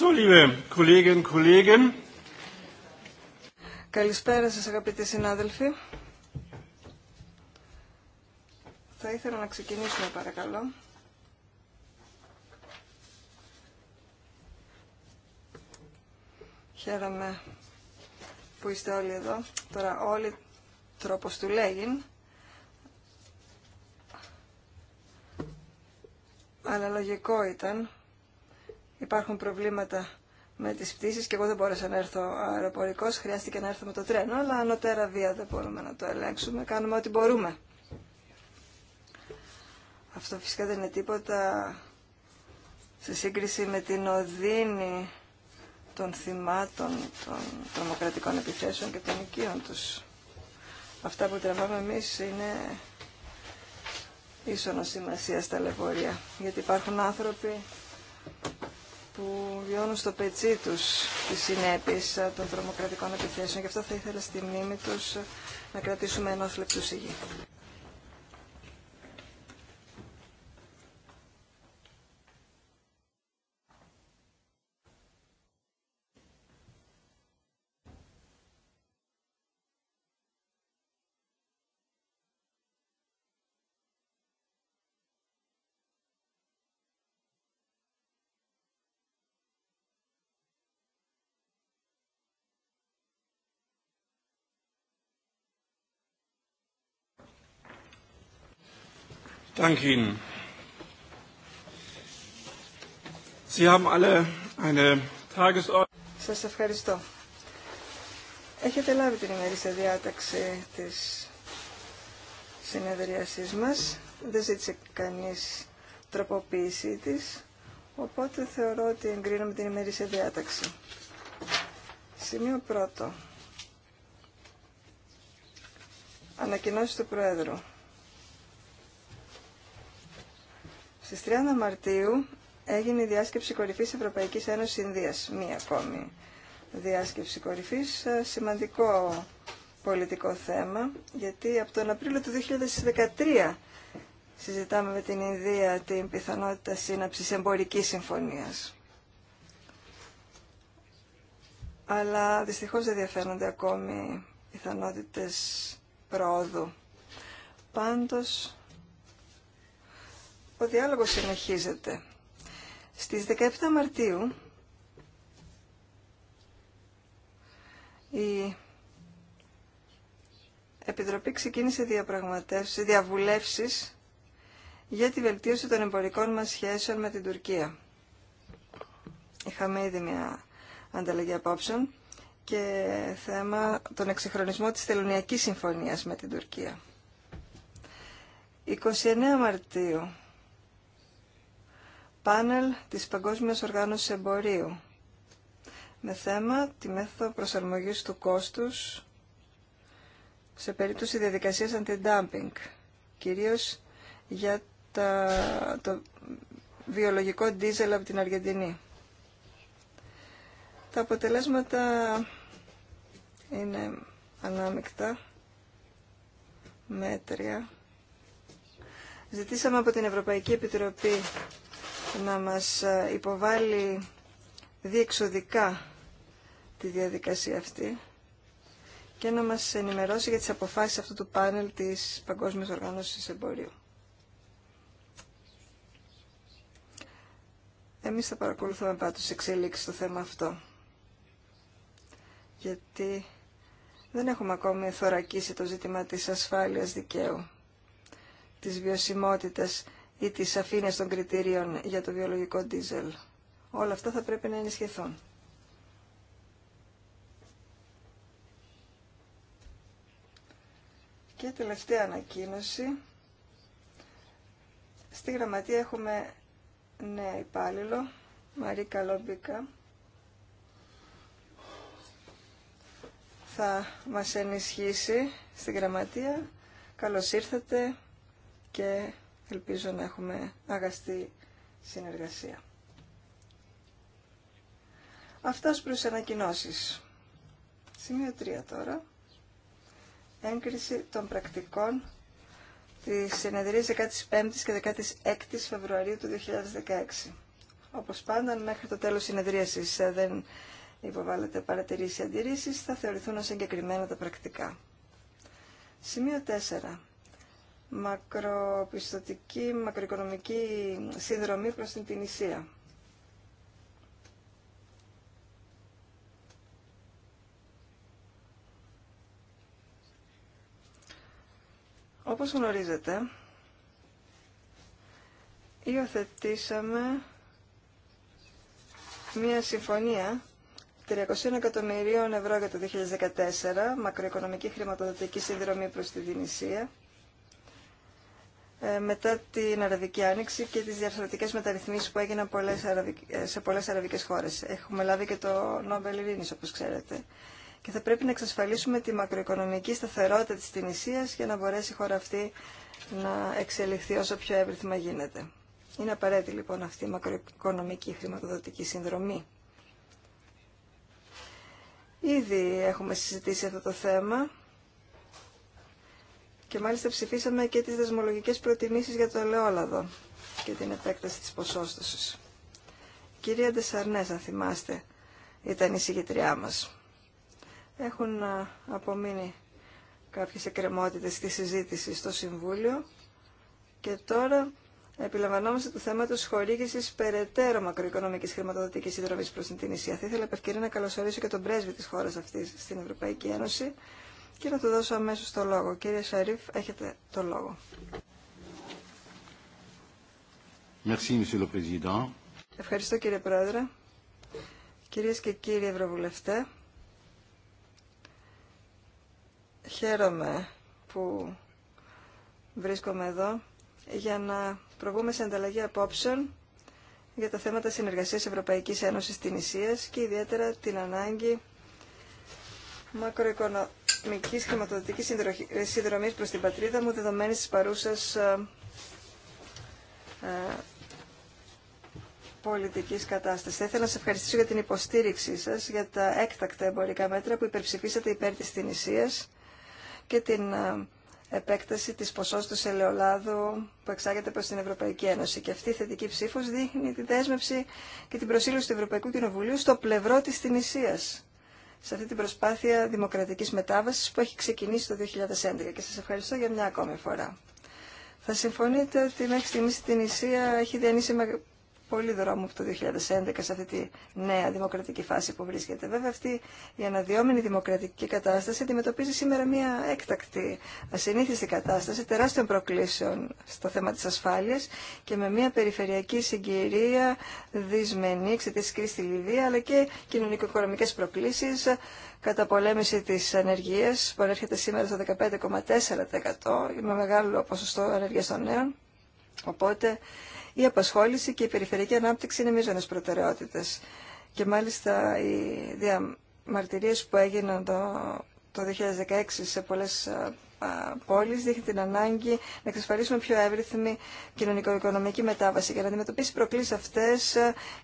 So, liebe Kollegen. Καλησπέρα σας αγαπητοί συνάδελφοι. Θα ήθελα να ξεκινήσουμε παρακαλώ. Χαίρομαι που είστε όλοι εδώ. Τώρα όλοι τρόπος του λέγειν. Αναλογικό ήταν υπάρχουν προβλήματα με τις πτήσεις και εγώ δεν μπόρεσα να έρθω αεροπορικός, χρειάστηκε να έρθω με το τρένο, αλλά ανωτέρα βία δεν μπορούμε να το ελέγξουμε, κάνουμε ό,τι μπορούμε. Αυτό φυσικά δεν είναι τίποτα σε σύγκριση με την οδύνη των θυμάτων των τρομοκρατικών επιθέσεων και των οικείων τους. Αυτά που τραβάμε εμείς είναι ίσονο σημασία στα λεωφορεία, γιατί υπάρχουν άνθρωποι που βιώνουν στο πετσί τους τις συνέπειες ε, των τρομοκρατικών επιθέσεων. Γι' αυτό θα ήθελα στη μνήμη τους να κρατήσουμε ενός λεπτού Danke Σας ευχαριστώ. Έχετε λάβει την ημερήσια διάταξη της συνεδριασής μας. Δεν ζήτησε κανείς τροποποίησή της, οπότε θεωρώ ότι εγκρίνομαι την ημερήσια διάταξη. Σημείο πρώτο. Ανακοινώσει του Προέδρου. Στι 30 Μαρτίου έγινε η διάσκεψη κορυφη κορυφή Ευρωπαϊκή Ένωση-Ινδία. Μία ακόμη διάσκεψη κορυφή. Ε, σημαντικό πολιτικό θέμα, γιατί από τον Απρίλιο του 2013 συζητάμε με την Ινδία την πιθανότητα σύναψη εμπορική συμφωνίας. Αλλά δυστυχώς δεν διαφαίνονται ακόμη πιθανότητες πρόοδου. Πάντως, ο διάλογος συνεχίζεται. Στις 17 Μαρτίου η Επιτροπή ξεκίνησε διαπραγματεύσεις, διαβουλεύσεις για τη βελτίωση των εμπορικών μας σχέσεων με την Τουρκία. Είχαμε ήδη μια ανταλλαγή απόψεων και θέμα τον εξυγχρονισμό της Θελωνιακής Συμφωνίας με την Τουρκία. 29 Μαρτίου πάνελ της Παγκόσμιας Οργάνωσης Εμπορίου με θέμα τη μέθοδο προσαρμογής του κόστους σε περίπτωση διαδικασίας αντι-dumping, κυρίως για τα, το βιολογικό ντίζελ από την Αργεντινή. Τα αποτελέσματα είναι ανάμεικτα, μέτρια. Ζητήσαμε από την Ευρωπαϊκή Επιτροπή να μας ε, υποβάλει διεξοδικά τη διαδικασία αυτή και να μας ενημερώσει για τις αποφάσεις αυτού του πάνελ της Παγκόσμιας Οργάνωσης Εμπορίου. Εμείς θα παρακολουθούμε πάντως εξελίξει στο θέμα αυτό. Γιατί δεν έχουμε ακόμη θωρακίσει το ζήτημα της ασφάλειας δικαίου, της βιωσιμότητας ή τις τον των κριτηρίων για το βιολογικό ντίζελ. Όλα αυτά θα πρέπει να ενισχυθούν. Και τελευταία ανακοίνωση. Στη γραμματεία έχουμε νέα υπάλληλο, Μαρή Καλόμπικα. Θα μας ενισχύσει στη γραμματεία. Καλώς ήρθατε και Ελπίζω να έχουμε αγαστή συνεργασία. Αυτά ως προς ανακοινώσεις. Σημείο 3 τώρα. Έγκριση των πρακτικών της συνεδρίας 15ης και 16ης Φεβρουαρίου του 2016. Όπως πάντα, μέχρι το τέλος συνεδρίασης ε, δεν υποβάλλεται παρατηρήσει ή αντιρρήσεις, θα θεωρηθούν ως εγκεκριμένα τα πρακτικά. Σημείο 4 μακροπιστωτική, μακροοικονομική συνδρομή προς την Τινησία. Όπως γνωρίζετε, υιοθετήσαμε μια συμφωνία 300 εκατομμυρίων ευρώ για το 2014, μακροοικονομική χρηματοδοτική συνδρομή προς την Τινησία, ε, μετά την Αραβική Άνοιξη και τις διαφορετικές μεταρρυθμίσεις που έγιναν πολλές ε, σε πολλές αραβικές χώρες. Έχουμε λάβει και το Νόμπελ Ειρήνης, όπως ξέρετε. Και θα πρέπει να εξασφαλίσουμε τη μακροοικονομική σταθερότητα της Τινησίας για να μπορέσει η χώρα αυτή να εξελιχθεί όσο πιο εύρυθμα γίνεται. Είναι απαραίτητη λοιπόν αυτή η μακροοικονομική χρηματοδοτική συνδρομή. Ήδη έχουμε συζητήσει αυτό το θέμα και μάλιστα ψηφίσαμε και τις δεσμολογικές προτιμήσεις για το ελαιόλαδο και την επέκταση της ποσόστοσης. Κυρία Ντεσαρνές, αν θυμάστε, ήταν η συγκεκριά μας. Έχουν απομείνει κάποιες εκκρεμότητες στη συζήτηση στο Συμβούλιο και τώρα επιλαμβανόμαστε θέμα της χορήγησης περαιτέρω μακροοικονομικής χρηματοδοτικής συνδρομής προς την Τινησία. Θα ήθελα επευκαιρία να καλωσορίσω και τον πρέσβη της χώρας αυτής στην Ευρωπαϊκή Ένωση και να του δώσω αμέσω το λόγο. Κύριε Σαρίφ, έχετε το λόγο. Ευχαριστώ κύριε Πρόεδρε. Κυρίες και κύριοι Ευρωβουλευτέ, χαίρομαι που βρίσκομαι εδώ για να προβούμε σε ανταλλαγή απόψεων για τα θέματα συνεργασίας Ευρωπαϊκής Ένωσης στην Ισίας και ιδιαίτερα την ανάγκη μακροοικονομικής μικρής χρηματοδοτικής ε, συνδρομής προς την πατρίδα μου, δεδομένης της παρούσας ε, ε, πολιτικής κατάστασης. Θα ήθελα να σας ευχαριστήσω για την υποστήριξή σας, για τα έκτακτα εμπορικά μέτρα που υπερψηφίσατε υπέρ της θυνησίας και την επέκταση της ποσότητας ελαιολάδου που εξάγεται προς την Ευρωπαϊκή Ένωση. Και αυτή η θετική ψήφος δείχνει τη δέσμευση και την προσήλωση του Ευρωπαϊκού Κοινοβουλίου στο πλευρό της θυνησίας σε αυτή την προσπάθεια δημοκρατικής μετάβασης που έχει ξεκινήσει το 2011 και σας ευχαριστώ για μια ακόμη φορά. Θα συμφωνείτε ότι μέχρι στιγμής η Ισία έχει διανύσει πολύ δρόμο από το 2011 σε αυτή τη νέα δημοκρατική φάση που βρίσκεται. Βέβαια αυτή η αναδυόμενη δημοκρατική κατάσταση αντιμετωπίζει σήμερα μια έκτακτη, ασυνήθιστη κατάσταση τεράστιων προκλήσεων στο θέμα της ασφάλειας και με μια περιφερειακή συγκυρία δυσμενή εξαιτία τη κρίση στη Λιβύη αλλά και κοινωνικο-οικονομικές προκλήσεις, πολέμηση της ανεργίας που ανέρχεται σήμερα στο 15,4% με μεγάλο ποσοστό ανεργίας των νέων. Οπότε η απασχόληση και η περιφερειακή ανάπτυξη είναι μείζονες προτεραιότητες. Και μάλιστα οι διαμαρτυρίες που έγιναν το, το 2016 σε πολλές πόλεις δείχνει την ανάγκη να εξασφαλίσουμε πιο εύρυθμη κοινωνικο-οικονομική μετάβαση. Για να αντιμετωπίσει προκλήσεις αυτές,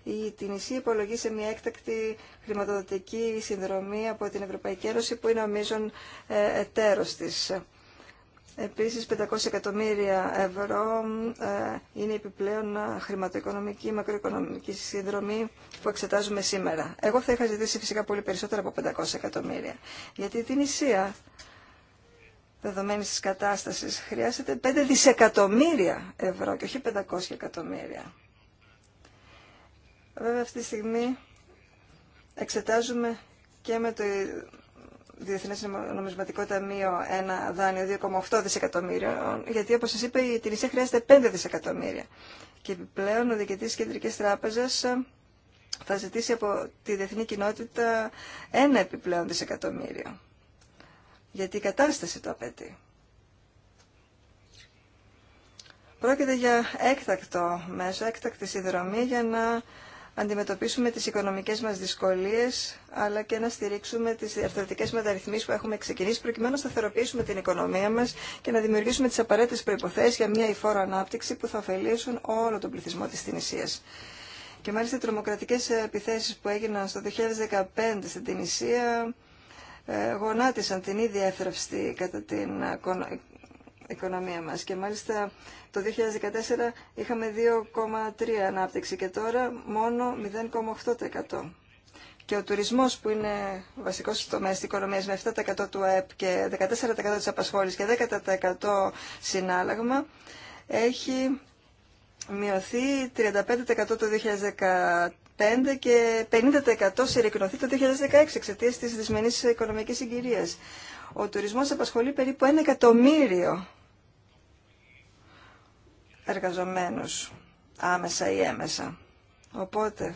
η την υπολογεί σε μια έκτακτη χρηματοδοτική συνδρομή από την Ευρωπαϊκή Ένωση που είναι ο μείζον ε, εταίρος της. Επίσης, 500 εκατομμύρια ευρώ ε, είναι επιπλέον ε, χρηματοοικονομική, μακροοικονομική συνδρομή που εξετάζουμε σήμερα. Εγώ θα είχα ζητήσει φυσικά πολύ περισσότερα από 500 εκατομμύρια, γιατί την Ισία, δεδομένης της κατάστασης, χρειάζεται 5 δισεκατομμύρια ευρώ και όχι 500 εκατομμύρια. Βέβαια, αυτή τη στιγμή εξετάζουμε και με το Διεθνές Νομισματικό Ταμείο ένα δάνειο 2,8 δισεκατομμύρια, γιατί όπως σας είπα η Τινησία χρειάζεται 5 δισεκατομμύρια. Και επιπλέον ο διοικητής της Κεντρικής Τράπεζας ε, θα ζητήσει από τη διεθνή κοινότητα ένα επιπλέον δισεκατομμύριο. Γιατί η κατάσταση το απαιτεί. Πρόκειται για έκτακτο μέσο, έκτακτη συνδρομή για να αντιμετωπίσουμε τις οικονομικές μας δυσκολίες, αλλά και να στηρίξουμε τις διαρθρωτικές μεταρρυθμίσεις που έχουμε ξεκινήσει, προκειμένου να σταθεροποιήσουμε την οικονομία μας και να δημιουργήσουμε τις απαραίτητες προϋποθέσεις για μια υφόρο ανάπτυξη που θα ωφελήσουν όλο τον πληθυσμό της Τινησίας. Και μάλιστα οι τρομοκρατικές επιθέσεις που έγιναν στο 2015 στην Τινησία ε, γονάτισαν την ίδια έθραυστη κατά την οικονομία μας. Και μάλιστα το 2014 είχαμε 2,3 ανάπτυξη και τώρα μόνο 0,8%. Και ο τουρισμός που είναι βασικός τομέας της οικονομίας με 7% του ΑΕΠ και 14% της απασχόλησης και 10% συνάλλαγμα έχει μειωθεί 35% το 2015 και 50% συρρυκνωθεί το 2016 εξαιτία τη δυσμενή οικονομική συγκυρία. Ο τουρισμός απασχολεί περίπου ένα εκατομμύριο εργαζομένους άμεσα ή έμεσα. Οπότε,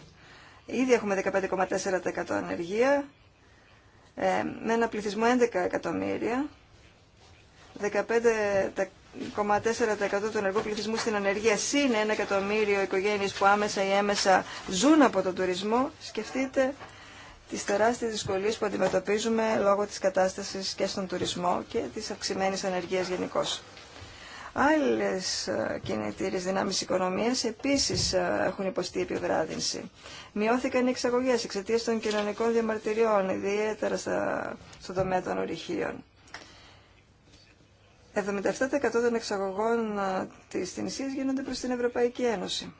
ήδη έχουμε 15,4% ανεργία, ε, με ένα πληθυσμό 11 εκατομμύρια, 15,4% του ενεργού πληθυσμού στην ανεργία, συν ένα εκατομμύριο οικογένειες που άμεσα ή έμεσα ζουν από τον τουρισμό, σκεφτείτε τι τεράστιε δυσκολίε που αντιμετωπίζουμε λόγω της κατάστασης και στον τουρισμό και τη αυξημένη ανεργίας γενικώ. Άλλες ε, κινητήρες δυνάμεις οικονομίας επίσης ε, έχουν υποστεί επιβράδυνση. Μειώθηκαν οι εξαγωγέ εξαιτίας των κοινωνικών διαμαρτυριών, ιδιαίτερα στον τομέα των ορυχείων. 77% των εξαγωγών ε, της γίνονται προς την Ευρωπαϊκή Ένωση.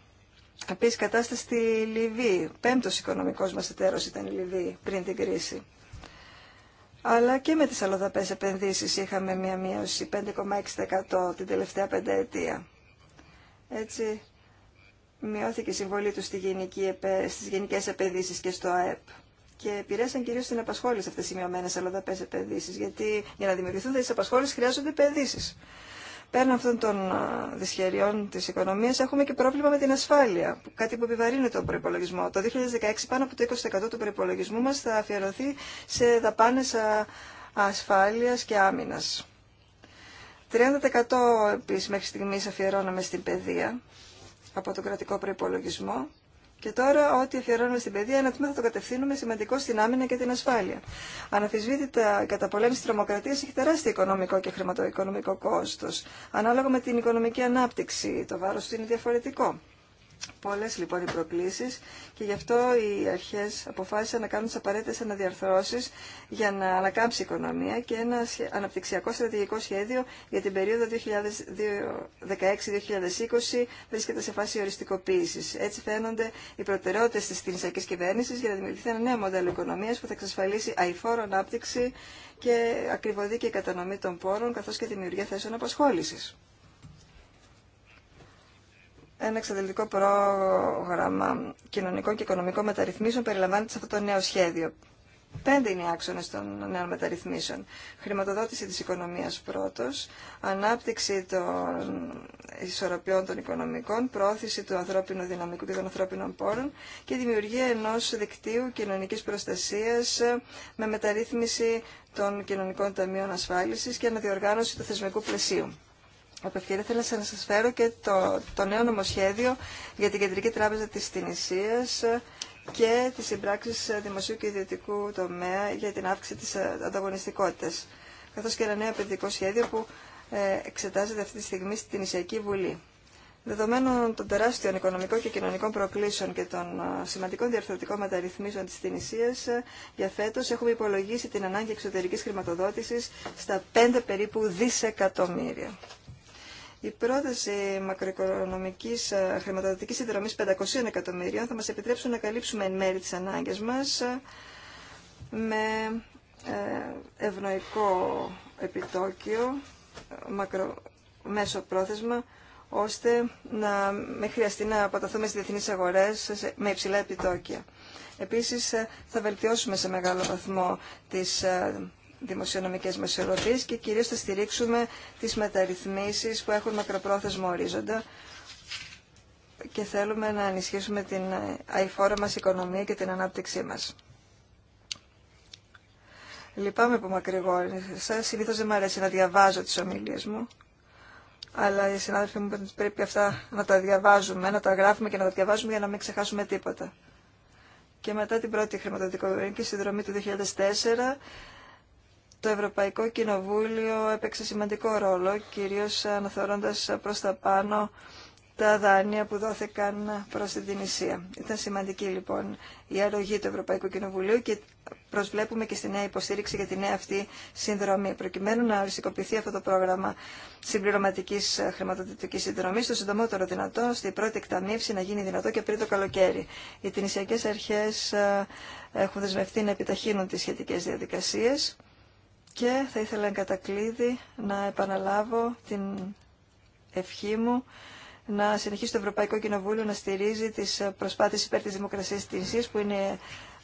Επίση, κατάσταση στη Λιβύη. Πέμπτος οικονομικός μα εταίρο ήταν η Λιβύη πριν την κρίση. Αλλά και με τις αλλοδαπές επενδύσει είχαμε μια μείωση 5,6% την τελευταία πενταετία. Έτσι μειώθηκε η συμβολή του στι γενικέ στις γενικές επενδύσεις και στο ΑΕΠ. Και επηρέασαν κυρίω την απασχόληση αυτέ οι μειωμένε αλλοδαπέ επενδύσει. Γιατί για να δημιουργηθούν τι απασχόληση χρειάζονται επενδύσει πέραν αυτών των δυσχεριών της οικονομίας έχουμε και πρόβλημα με την ασφάλεια, κάτι που επιβαρύνει τον προϋπολογισμό. Το 2016 πάνω από το 20% του προϋπολογισμού μας θα αφιερωθεί σε δαπάνες ασφάλειας και άμυνας. 30% επίσης μέχρι στιγμής αφιερώναμε στην παιδεία από τον κρατικό προϋπολογισμό και τώρα ό,τι αφιερώνουμε στην παιδεία, ένα τμήμα θα το κατευθύνουμε σημαντικό στην άμυνα και την ασφάλεια. Αναφυσβήτητα, η καταπολέμηση τη τρομοκρατία έχει τεράστιο οικονομικό και χρηματοοικονομικό κόστο. Ανάλογα με την οικονομική ανάπτυξη, το βάρο του είναι διαφορετικό. Πολλές λοιπόν οι προκλήσεις και γι' αυτό οι αρχές αποφάσισαν να κάνουν τις απαραίτητες αναδιαρθρώσεις για να ανακάμψει η οικονομία και ένα αναπτυξιακό στρατηγικό σχέδιο για την περίοδο 2016-2020 βρίσκεται σε φάση οριστικοποίησης. Έτσι φαίνονται οι προτεραιότητες της τινησιακής κυβέρνησης για να δημιουργηθεί ένα νέο μοντέλο οικονομίας που θα εξασφαλίσει αηφόρο ανάπτυξη και ακριβωδίκη κατανομή των πόρων καθώς και δημιουργία θέσεων απασχόλησης ένα εξαντλητικό πρόγραμμα κοινωνικών και οικονομικών μεταρρυθμίσεων περιλαμβάνεται σε αυτό το νέο σχέδιο. Πέντε είναι οι άξονε των νέων μεταρρυθμίσεων. Χρηματοδότηση τη οικονομία πρώτο, ανάπτυξη των ισορροπιών των οικονομικών, πρόθεση του ανθρώπινου δυναμικού και των ανθρώπινων πόρων και δημιουργία ενό δικτύου κοινωνική προστασία ε, με μεταρρύθμιση των κοινωνικών ταμείων ασφάλιση και αναδιοργάνωση του θεσμικού πλαισίου. Επ' θέλω να σας φέρω και το, το νέο νομοσχέδιο για την Κεντρική Τράπεζα της Τινησίας και τις συμπράξεις δημοσίου και ιδιωτικού τομέα για την αύξηση της ανταγωνιστικότητας, καθώς και ένα νέο παιδικό σχέδιο που ε, εξετάζεται αυτή τη στιγμή στην Ισιακή Βουλή. Δεδομένων των τεράστιων οικονομικών και κοινωνικών προκλήσεων και των ε, σημαντικών διαρθρωτικών μεταρρυθμίσεων τη Τινησίας, ε, για φέτο έχουμε υπολογίσει την ανάγκη εξωτερική χρηματοδότηση στα 5 περίπου δισεκατομμύρια. Η πρόθεση μακροοικονομικής ε, χρηματοδοτικής συνδρομή 500 εκατομμυρίων θα μας επιτρέψουν να καλύψουμε εν μέρη τις ανάγκες μας ε, με ε, ευνοϊκό επιτόκιο, μακρο, μέσο πρόθεσμα, ώστε να μην χρειαστεί να αποταθούμε στις διεθνείς αγορές με υψηλά επιτόκια. Επίσης, θα βελτιώσουμε σε μεγάλο βαθμό τις δημοσιονομικές μας και κυρίως θα στηρίξουμε τις μεταρρυθμίσεις που έχουν μακροπρόθεσμο ορίζοντα και θέλουμε να ενισχύσουμε την αηφόρα μας οικονομία και την ανάπτυξή μας. Λυπάμαι που μακρηγόρησα. συνήθω δεν μου αρέσει να διαβάζω τι ομιλίε μου. Αλλά οι συνάδελφοι μου πρέπει αυτά να τα διαβάζουμε, να τα γράφουμε και να τα διαβάζουμε για να μην ξεχάσουμε τίποτα. Και μετά την πρώτη χρηματοδοτική συνδρομή του 2004 το Ευρωπαϊκό Κοινοβούλιο έπαιξε σημαντικό ρόλο, κυρίως αναθεωρώντας προς τα πάνω τα δάνεια που δόθηκαν προς την Τινησία. Ήταν σημαντική λοιπόν η αρρωγή του Ευρωπαϊκού Κοινοβουλίου και προσβλέπουμε και στη νέα υποστήριξη για τη νέα αυτή συνδρομή. Προκειμένου να οριστικοποιηθεί αυτό το πρόγραμμα συμπληρωματική χρηματοδοτική συνδρομή, το συντομότερο δυνατό, στην πρώτη εκταμείευση να γίνει δυνατό και πριν το καλοκαίρι. Οι τινησιακέ αρχέ ε, έχουν δεσμευτεί να επιταχύνουν τι σχετικέ διαδικασίε. Και θα ήθελα εγκατακλείδη να επαναλάβω την ευχή μου να συνεχίσει το Ευρωπαϊκό Κοινοβούλιο να στηρίζει τις προσπάθειες υπέρ της δημοκρασίας της που είναι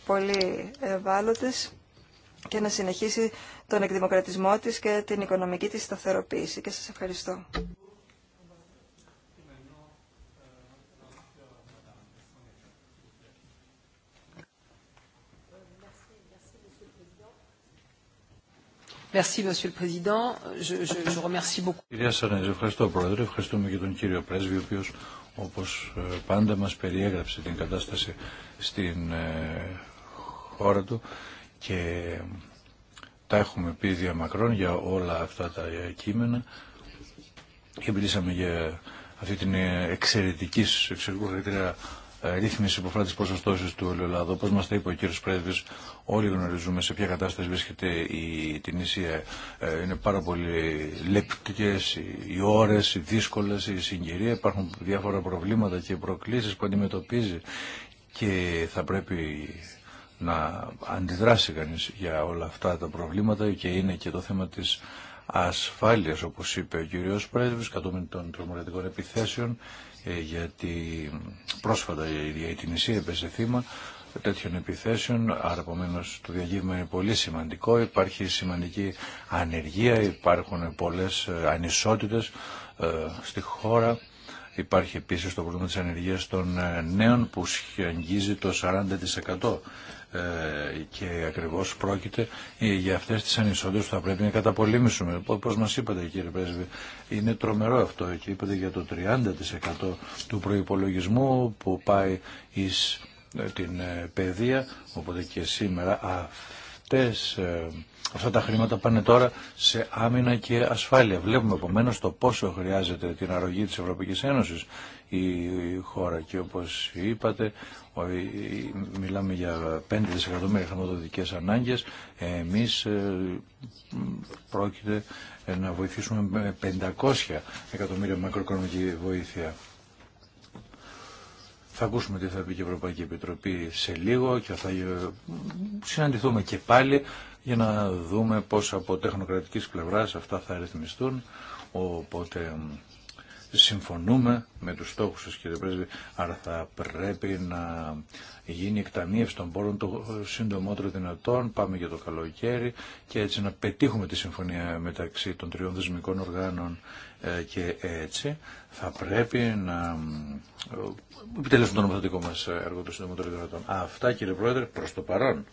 πολύ ευάλωτες και να συνεχίσει τον εκδημοκρατισμό της και την οικονομική της σταθεροποίηση. Και σας ευχαριστώ. Merci, Monsieur le Président. Je, je, je remercie beaucoup. Κυρία ευχαριστώ Πρόεδρε, ευχαριστούμε και τον κύριο Πρέσβη, ο οποίο, όπω ε, πάντα μα περιέγραψε την κατάσταση στην ε, χώρα του και τα έχουμε πει διαμακρών για όλα αυτά τα ε, κείμενα και μιλήσαμε για αυτή την ε, εξαιρετική εξαιρετικού ρύθμιση που αφορά τι ποσοστώσει του ελαιολάδου. Όπω μα τα είπε ο κύριο Πρέσβη, όλοι γνωρίζουμε σε ποια κατάσταση βρίσκεται η Τινησία. Ε, είναι πάρα πολύ λεπτικέ οι ώρε, οι δύσκολε, η συγκυρία. Υπάρχουν διάφορα προβλήματα και προκλήσει που αντιμετωπίζει και θα πρέπει να αντιδράσει κανείς για όλα αυτά τα προβλήματα και είναι και το θέμα της ασφάλειας όπως είπε ο κύριος Πρέσβης κατόπιν των τρομοκρατικών επιθέσεων ε, γιατί πρόσφατα η Τινησία έπεσε θύμα τέτοιων επιθέσεων, άρα επομένω το διαγύβημα είναι πολύ σημαντικό, υπάρχει σημαντική ανεργία, υπάρχουν πολλές ε, ανισότητες ε, στη χώρα. Υπάρχει επίσης το πρόβλημα της ανεργίας των νέων που αγγίζει το 40% ε, και ακριβώς πρόκειται για αυτές τις ανισότητες που θα πρέπει να καταπολεμήσουμε. Όπως μας είπατε κύριε Πρέσβη, είναι τρομερό αυτό και είπατε για το 30% του προϋπολογισμού που πάει εις ε, την ε, παιδεία, οπότε και σήμερα αυτές, αυτά τα χρήματα πάνε τώρα σε άμυνα και ασφάλεια. Βλέπουμε επομένω το πόσο χρειάζεται την αρρωγή της Ευρωπαϊκής Ένωσης η χώρα και όπως είπατε μιλάμε για 5 δισεκατομμύρια χρηματοδοτικές ανάγκες εμείς ε, πρόκειται ε, να βοηθήσουμε με 500 εκατομμύρια μακροοικονομική βοήθεια θα ακούσουμε τι θα πει και η Ευρωπαϊκή Επιτροπή σε λίγο και θα ε, συναντηθούμε και πάλι για να δούμε πώς από τεχνοκρατικής πλευράς αυτά θα ρυθμιστούν οπότε συμφωνούμε με τους στόχους σας κύριε Πρέσβη, άρα θα πρέπει να γίνει εκταμείευση των πόρων το συντομότερο δυνατόν, πάμε για το καλοκαίρι και έτσι να πετύχουμε τη συμφωνία μεταξύ των τριών δεσμικών οργάνων ε, και έτσι θα πρέπει να ε, επιτελέσουμε το νομοθετικό μας έργο το συντομότερο δυνατόν. Αυτά κύριε Πρόεδρε προς το παρόν.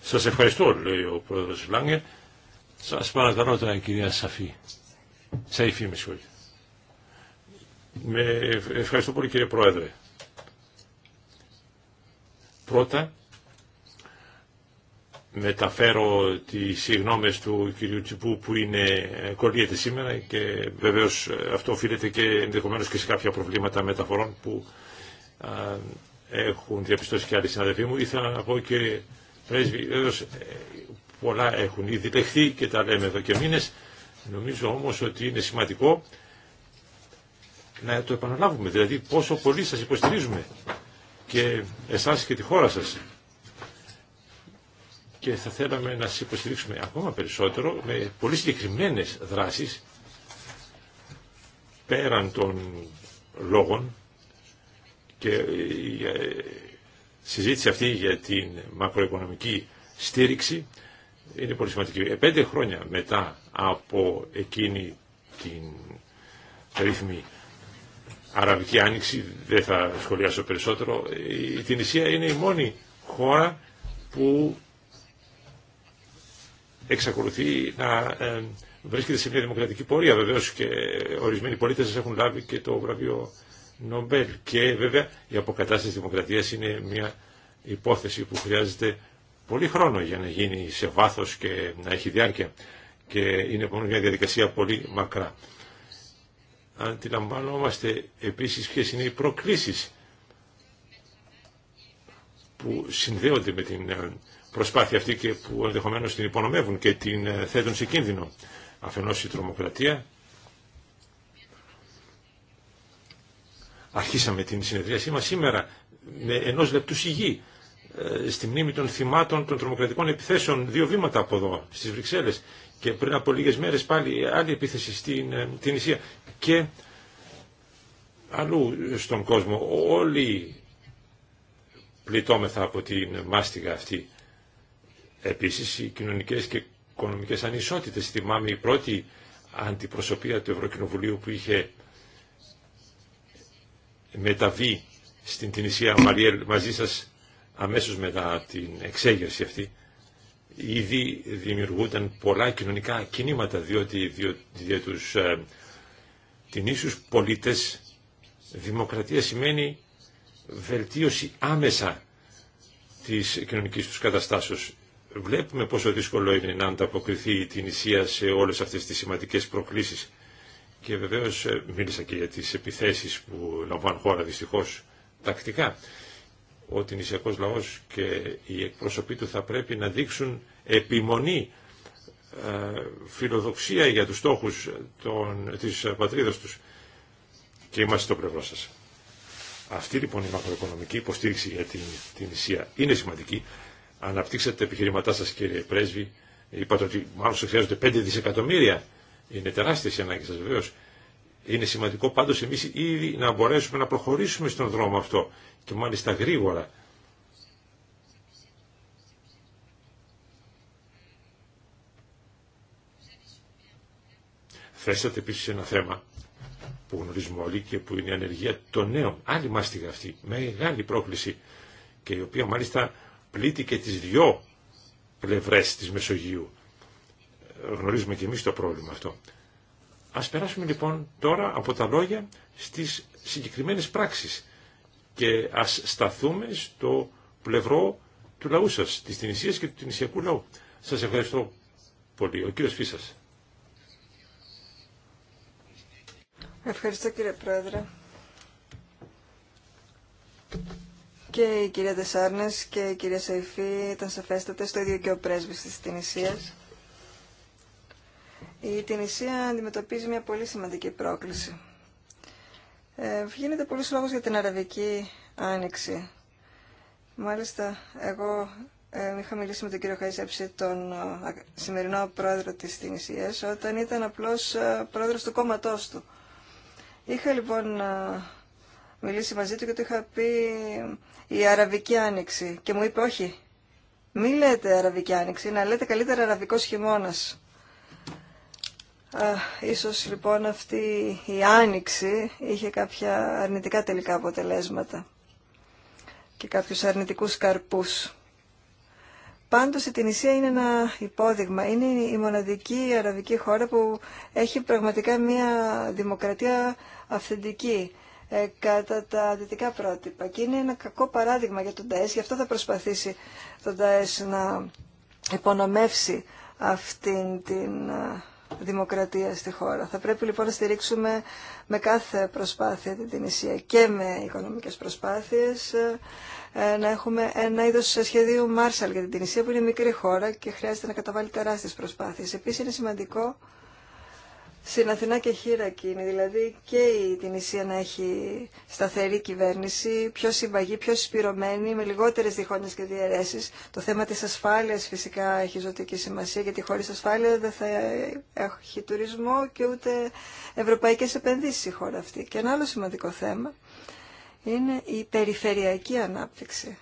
Σα ευχαριστώ, λέει ο πρόεδρος Λάγκε. Σας παρακαλώ τώρα, κυρία Σαφή. Σαϊφή, με συγχωρείτε. Με ευχαριστώ πολύ, κύριε πρόεδρε. Πρώτα, μεταφέρω τις συγγνώμε του κυρίου Τσιπού που είναι, κολλείται σήμερα και βεβαίω αυτό οφείλεται και ενδεχομένω και σε κάποια προβλήματα μεταφορών που έχουν διαπιστώσει και άλλοι συναδελφοί μου. Ήθελα να πω και Πρέσβη, έως ε, πολλά έχουν ήδη και τα λέμε εδώ και μήνες. Νομίζω όμως ότι είναι σημαντικό να το επαναλάβουμε, δηλαδή πόσο πολύ σας υποστηρίζουμε και εσάς και τη χώρα σας. Και θα θέλαμε να σας υποστηρίξουμε ακόμα περισσότερο με πολύ συγκεκριμένες δράσεις πέραν των λόγων και η ε, ε, συζήτηση αυτή για την μακροοικονομική στήριξη είναι πολύ σημαντική. Ε, πέντε χρόνια μετά από εκείνη την περίφημη Αραβική Άνοιξη, δεν θα σχολιάσω περισσότερο, η Τινησία είναι η μόνη χώρα που εξακολουθεί να ε, βρίσκεται σε μια δημοκρατική πορεία. Βεβαίως και ορισμένοι πολίτες έχουν λάβει και το βραβείο Νομπέλ. Και βέβαια η αποκατάσταση της δημοκρατίας είναι μια υπόθεση που χρειάζεται πολύ χρόνο για να γίνει σε βάθος και να έχει διάρκεια. Και είναι μόνο μια διαδικασία πολύ μακρά. Αντιλαμβανόμαστε επίσης ποιες είναι οι προκλήσεις που συνδέονται με την ε, προσπάθεια αυτή και που ενδεχομένως την υπονομεύουν και την ε, θέτουν σε κίνδυνο. Αφενός η τρομοκρατία Αρχίσαμε την συνεδρίασή μας σήμερα με ενός λεπτού σιγή ε, στη μνήμη των θυμάτων των τρομοκρατικών επιθέσεων δύο βήματα από εδώ, στις Βρυξέλλες και πριν από λίγες μέρες πάλι άλλη επίθεση στην ε, την Ισία και αλλού στον κόσμο. Όλοι πληττόμεθα από την μάστιγα αυτή. Επίσης οι κοινωνικές και οικονομικές ανισότητες. Θυμάμαι η πρώτη αντιπροσωπεία του Ευρωκοινοβουλίου που είχε μεταβεί στην Τινησία Μαριέλ μαζί σας αμέσως μετά την εξέγερση αυτή. Ήδη δημιουργούνταν πολλά κοινωνικά κινήματα διότι για του τους ε, πολίτες δημοκρατία σημαίνει βελτίωση άμεσα της κοινωνικής τους καταστάσεως. Βλέπουμε πόσο δύσκολο είναι να ανταποκριθεί η Τινησία σε όλες αυτές τις σημαντικές προκλήσεις. Και βεβαίω ε, μίλησα και για τι επιθέσει που λαμβάνουν χώρα δυστυχώ τακτικά. Ο νησιακό λαό και οι εκπροσωποί του θα πρέπει να δείξουν επιμονή, ε, φιλοδοξία για του στόχου τη πατρίδα του. Και είμαστε στο πλευρό σα. Αυτή λοιπόν η μακροοικονομική υποστήριξη για την, την είναι σημαντική. Αναπτύξατε επιχειρηματά σα κύριε Πρέσβη. Είπατε ότι μάλλον χρειάζονται 5 δισεκατομμύρια είναι τεράστιες οι ανάγκες σας βεβαίως. Είναι σημαντικό πάντως εμείς ήδη να μπορέσουμε να προχωρήσουμε στον δρόμο αυτό και μάλιστα γρήγορα. Θέσατε επίσης ένα θέμα που γνωρίζουμε όλοι και που είναι η ανεργία των νέων. Άλλη μάστιγα αυτή, μεγάλη πρόκληση και η οποία μάλιστα πλήττει και τις δυο πλευρές της Μεσογείου γνωρίζουμε και εμείς το πρόβλημα αυτό. Ας περάσουμε λοιπόν τώρα από τα λόγια στις συγκεκριμένες πράξεις και ας σταθούμε στο πλευρό του λαού σας, της Τινησίας και του Τινησιακού λαού. Σας ευχαριστώ πολύ. Ο κύριος Φίσας. Ευχαριστώ κύριε Πρόεδρε. Και η κυρία Δεσάρνες και η κυρία Σαϊφή ήταν σαφέστατε, στο ίδιο και ο πρέσβης της Τινησίας. Η Τινησία αντιμετωπίζει μια πολύ σημαντική πρόκληση. Ε, γίνεται πολλούς λόγους για την Αραβική Άνοιξη. Μάλιστα, εγώ ε, είχα μιλήσει με τον κύριο Χαϊσέψη, τον ε, σημερινό πρόεδρο της Τινησίας, όταν ήταν απλώς ε, πρόεδρος του κόμματός του. Είχα λοιπόν ε, μιλήσει μαζί του και του είχα πει η Αραβική Άνοιξη και μου είπε όχι, Μην λέτε Αραβική Άνοιξη, να λέτε καλύτερα Αραβικός χειμώνας ίσως λοιπόν αυτή η άνοιξη είχε κάποια αρνητικά τελικά αποτελέσματα και κάποιους αρνητικούς καρπούς. Πάντως η Τινησία είναι ένα υπόδειγμα. Είναι η μοναδική αραβική χώρα που έχει πραγματικά μια δημοκρατία αυθεντική ε, κατά τα δυτικά πρότυπα. Και είναι ένα κακό παράδειγμα για τον ΤΑΕΣ. Γι' αυτό θα προσπαθήσει τον ΤΑΕΣ να υπονομεύσει αυτήν την ε, δημοκρατία στη χώρα. Θα πρέπει λοιπόν να στηρίξουμε με κάθε προσπάθεια την Τινησία και με οικονομικές προσπάθειες ε, να έχουμε ένα είδος σχεδίου Μάρσαλ για την Τινησία που είναι μικρή χώρα και χρειάζεται να καταβάλει τεράστιες προσπάθειες. Επίσης είναι σημαντικό στην Αθηνά και χείρακη είναι, δηλαδή και η νησία να έχει σταθερή κυβέρνηση, πιο συμπαγή, πιο συσπηρωμένη, με λιγότερες διχόνε και διαιρέσει. Το θέμα της ασφάλειας φυσικά έχει ζωτική σημασία, γιατί χωρίς ασφάλεια δεν θα έχει τουρισμό και ούτε ευρωπαϊκέ επενδύσει η χώρα αυτή. Και ένα άλλο σημαντικό θέμα είναι η περιφερειακή ανάπτυξη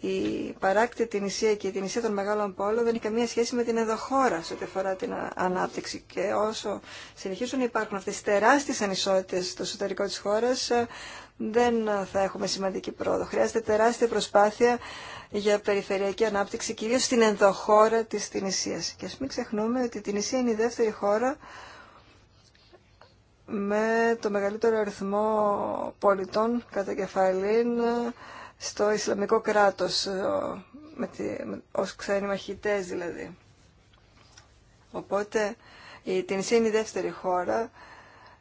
η παράκτητη νησία και η την νησία των μεγάλων πόλων δεν έχει καμία σχέση με την ενδοχώρα σε ό,τι αφορά την ανάπτυξη. Και όσο συνεχίσουν να υπάρχουν αυτές τις τεράστιες ανισότητες στο εσωτερικό της χώρας, ε, δεν θα έχουμε σημαντική πρόοδο. Χρειάζεται τεράστια προσπάθεια για περιφερειακή ανάπτυξη, κυρίως στην ενδοχώρα της νησίας Και ας μην ξεχνούμε ότι η νησία είναι η δεύτερη χώρα με το μεγαλύτερο αριθμό πολιτών κατά κεφαλήν ε, στο Ισλαμικό κράτος, ε, με τη, ως ξένοι μαχητές δηλαδή. Οπότε η Τινησία είναι η δεύτερη χώρα.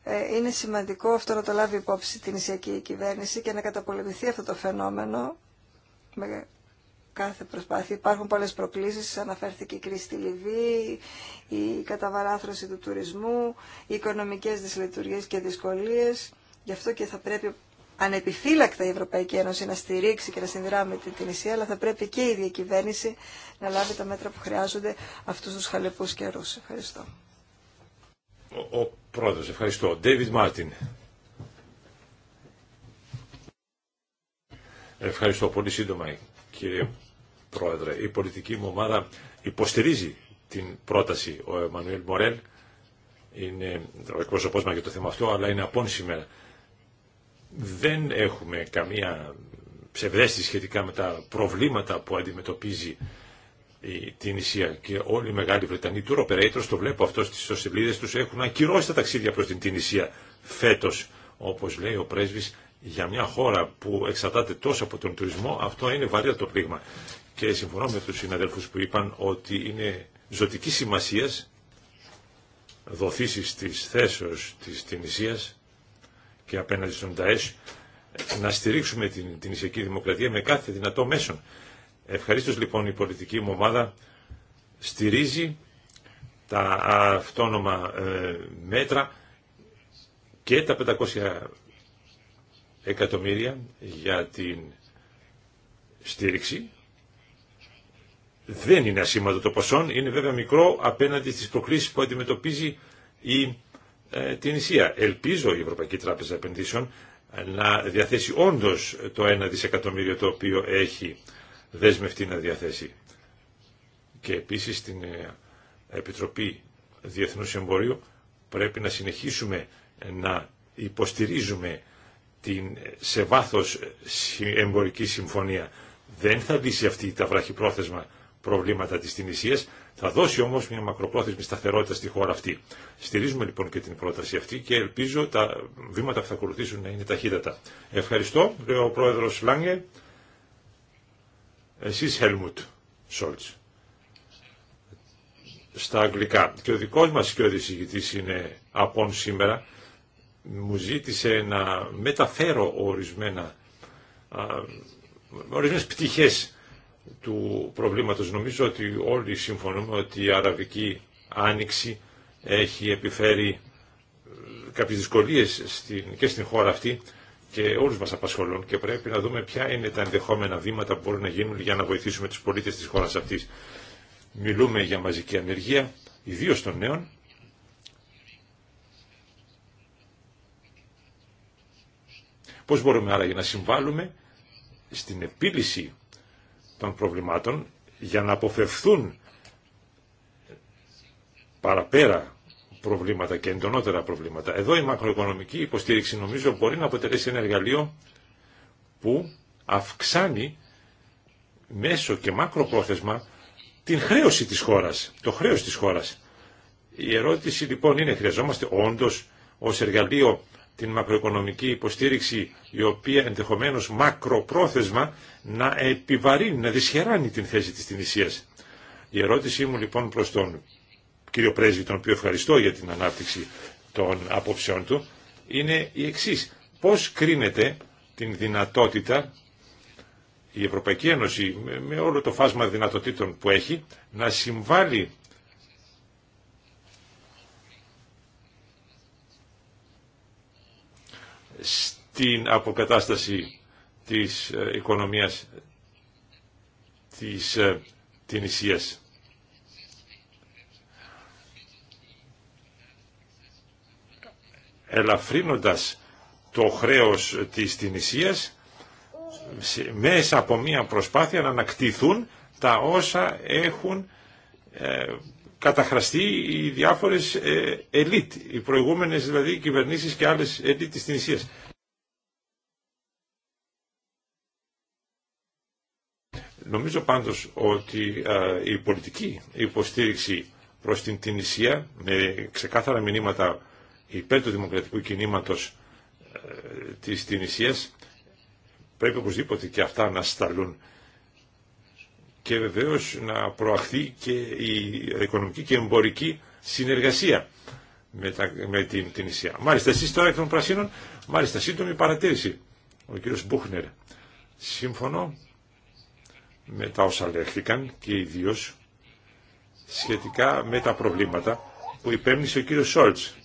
Ε, είναι σημαντικό αυτό να το λάβει υπόψη την Ισιακή κυβέρνηση και να καταπολεμηθεί αυτό το φαινόμενο με κάθε προσπάθεια. Υπάρχουν πολλές προκλήσεις, αναφέρθηκε η κρίση στη Λιβύη, η καταβαράθρωση του τουρισμού, οι οικονομικές δυσλειτουργίες και δυσκολίες. Γι' αυτό και θα πρέπει ανεπιφύλακτα η Ευρωπαϊκή Ένωση να στηρίξει και να συνδράμει την Τινησία, αλλά θα πρέπει και η κυβέρνηση να λάβει τα μέτρα που χρειάζονται αυτούς τους χαλεπούς καιρούς. Ευχαριστώ. Ο, ο πρόεδρος, ευχαριστώ. David Μάρτιν. Ευχαριστώ πολύ σύντομα κύριε Πρόεδρε. Η πολιτική μου ομάδα υποστηρίζει την πρόταση ο Εμμανουέλ Μορέλ. Είναι ο εκπρόσωπός μας για το θέμα αυτό, αλλά είναι απόν σήμερα δεν έχουμε καμία ψευδέστηση σχετικά με τα προβλήματα που αντιμετωπίζει την Ισία και όλοι οι μεγάλοι Βρετανοί tour operators, το βλέπω αυτό στις ιστοσελίδες τους, έχουν ακυρώσει τα ταξίδια προς την Τινησία φέτος. Όπως λέει ο πρέσβης, για μια χώρα που εξαρτάται τόσο από τον τουρισμό, αυτό είναι βαρύ το πλήγμα. Και συμφωνώ με τους συναδέλφους που είπαν ότι είναι ζωτική σημασία δοθήσεις της θέσεως της Τινησίας και απέναντι στον ΤΑΕΣ να στηρίξουμε την, την Ισιακή Δημοκρατία με κάθε δυνατό μέσο. Ευχαρίστω λοιπόν η πολιτική μου ομάδα στηρίζει τα αυτόνομα ε, μέτρα και τα 500 εκατομμύρια για την στήριξη. Δεν είναι ασήμαντο το ποσό, είναι βέβαια μικρό απέναντι στις προκλήσεις που αντιμετωπίζει η ε, την Ισία. Ελπίζω η Ευρωπαϊκή Τράπεζα Επενδύσεων να διαθέσει όντως το 1 δισεκατομμύριο το οποίο έχει δεσμευτεί να διαθέσει. Και επίσης στην ε, Επιτροπή Διεθνούς Εμπορίου πρέπει να συνεχίσουμε να υποστηρίζουμε την σε βάθος εμπορική συμφωνία. Δεν θα λύσει αυτή τα βραχυπρόθεσμα προβλήματα της Τινησίας, θα δώσει όμως μια μακροπρόθεσμη σταθερότητα στη χώρα αυτή. Στηρίζουμε λοιπόν και την πρόταση αυτή και ελπίζω τα βήματα που θα ακολουθήσουν να είναι ταχύτατα. Ευχαριστώ, λέει ο πρόεδρο Λάγκε. Εσείς, Χέλμουτ Σόλτ. Στα αγγλικά. Και ο δικός μας και ο είναι απόν σήμερα. Μου ζήτησε να μεταφέρω ορισμένα, ορισμένες του προβλήματος. Νομίζω ότι όλοι συμφωνούμε ότι η Αραβική Άνοιξη έχει επιφέρει ε, κάποιες δυσκολίες στην, και στην χώρα αυτή και όλους μας απασχολούν και πρέπει να δούμε ποια είναι τα ενδεχόμενα βήματα που μπορούν να γίνουν για να βοηθήσουμε τους πολίτες της χώρας αυτής. Μιλούμε για μαζική ανεργία, ιδίω των νέων, Πώς μπορούμε άραγε να συμβάλλουμε στην επίλυση των προβλημάτων για να αποφευθούν παραπέρα προβλήματα και εντονότερα προβλήματα. Εδώ η μακροοικονομική υποστήριξη νομίζω μπορεί να αποτελέσει ένα εργαλείο που αυξάνει μέσω και μακροπρόθεσμα την χρέωση της χώρας, το χρέος της χώρας. Η ερώτηση λοιπόν είναι, χρειαζόμαστε όντως ως εργαλείο την μακροοικονομική υποστήριξη η οποία ενδεχομένως μακροπρόθεσμα να επιβαρύνει, να δυσχεράνει την θέση της Τινησίας. Η ερώτησή μου λοιπόν προς τον κύριο Πρέσβη, τον οποίο ευχαριστώ για την ανάπτυξη των απόψεών του, είναι η εξής. Πώς κρίνεται την δυνατότητα η Ευρωπαϊκή Ένωση με όλο το φάσμα δυνατοτήτων που έχει να συμβάλλει στην αποκατάσταση της ε, οικονομίας της ε, την Ισίας. Ελαφρύνοντας το χρέος της Τινησίας μέσα από μια προσπάθεια να ανακτηθούν τα όσα έχουν ε, καταχραστεί οι διάφορες ε, ελίτ, οι προηγούμενες δηλαδή κυβερνήσεις και άλλες ελίτ της Τινησίας. Νομίζω πάντως ότι ε, η πολιτική υποστήριξη προς την Τινησία με ξεκάθαρα μηνύματα υπέρ του δημοκρατικού κινήματος ε, της Τινησίας πρέπει οπωσδήποτε και αυτά να σταλούν και βεβαίως να προαχθεί και η οικονομική και εμπορική συνεργασία με, τα, με την, την Ισία. Μάλιστα, εσείς τώρα εκ των Πρασίνων, μάλιστα, σύντομη παρατήρηση, ο κύριος Μπούχνερ. Σύμφωνο με τα όσα λέχθηκαν και ιδίω σχετικά με τα προβλήματα που υπέμνησε ο κύριος Σόλτς.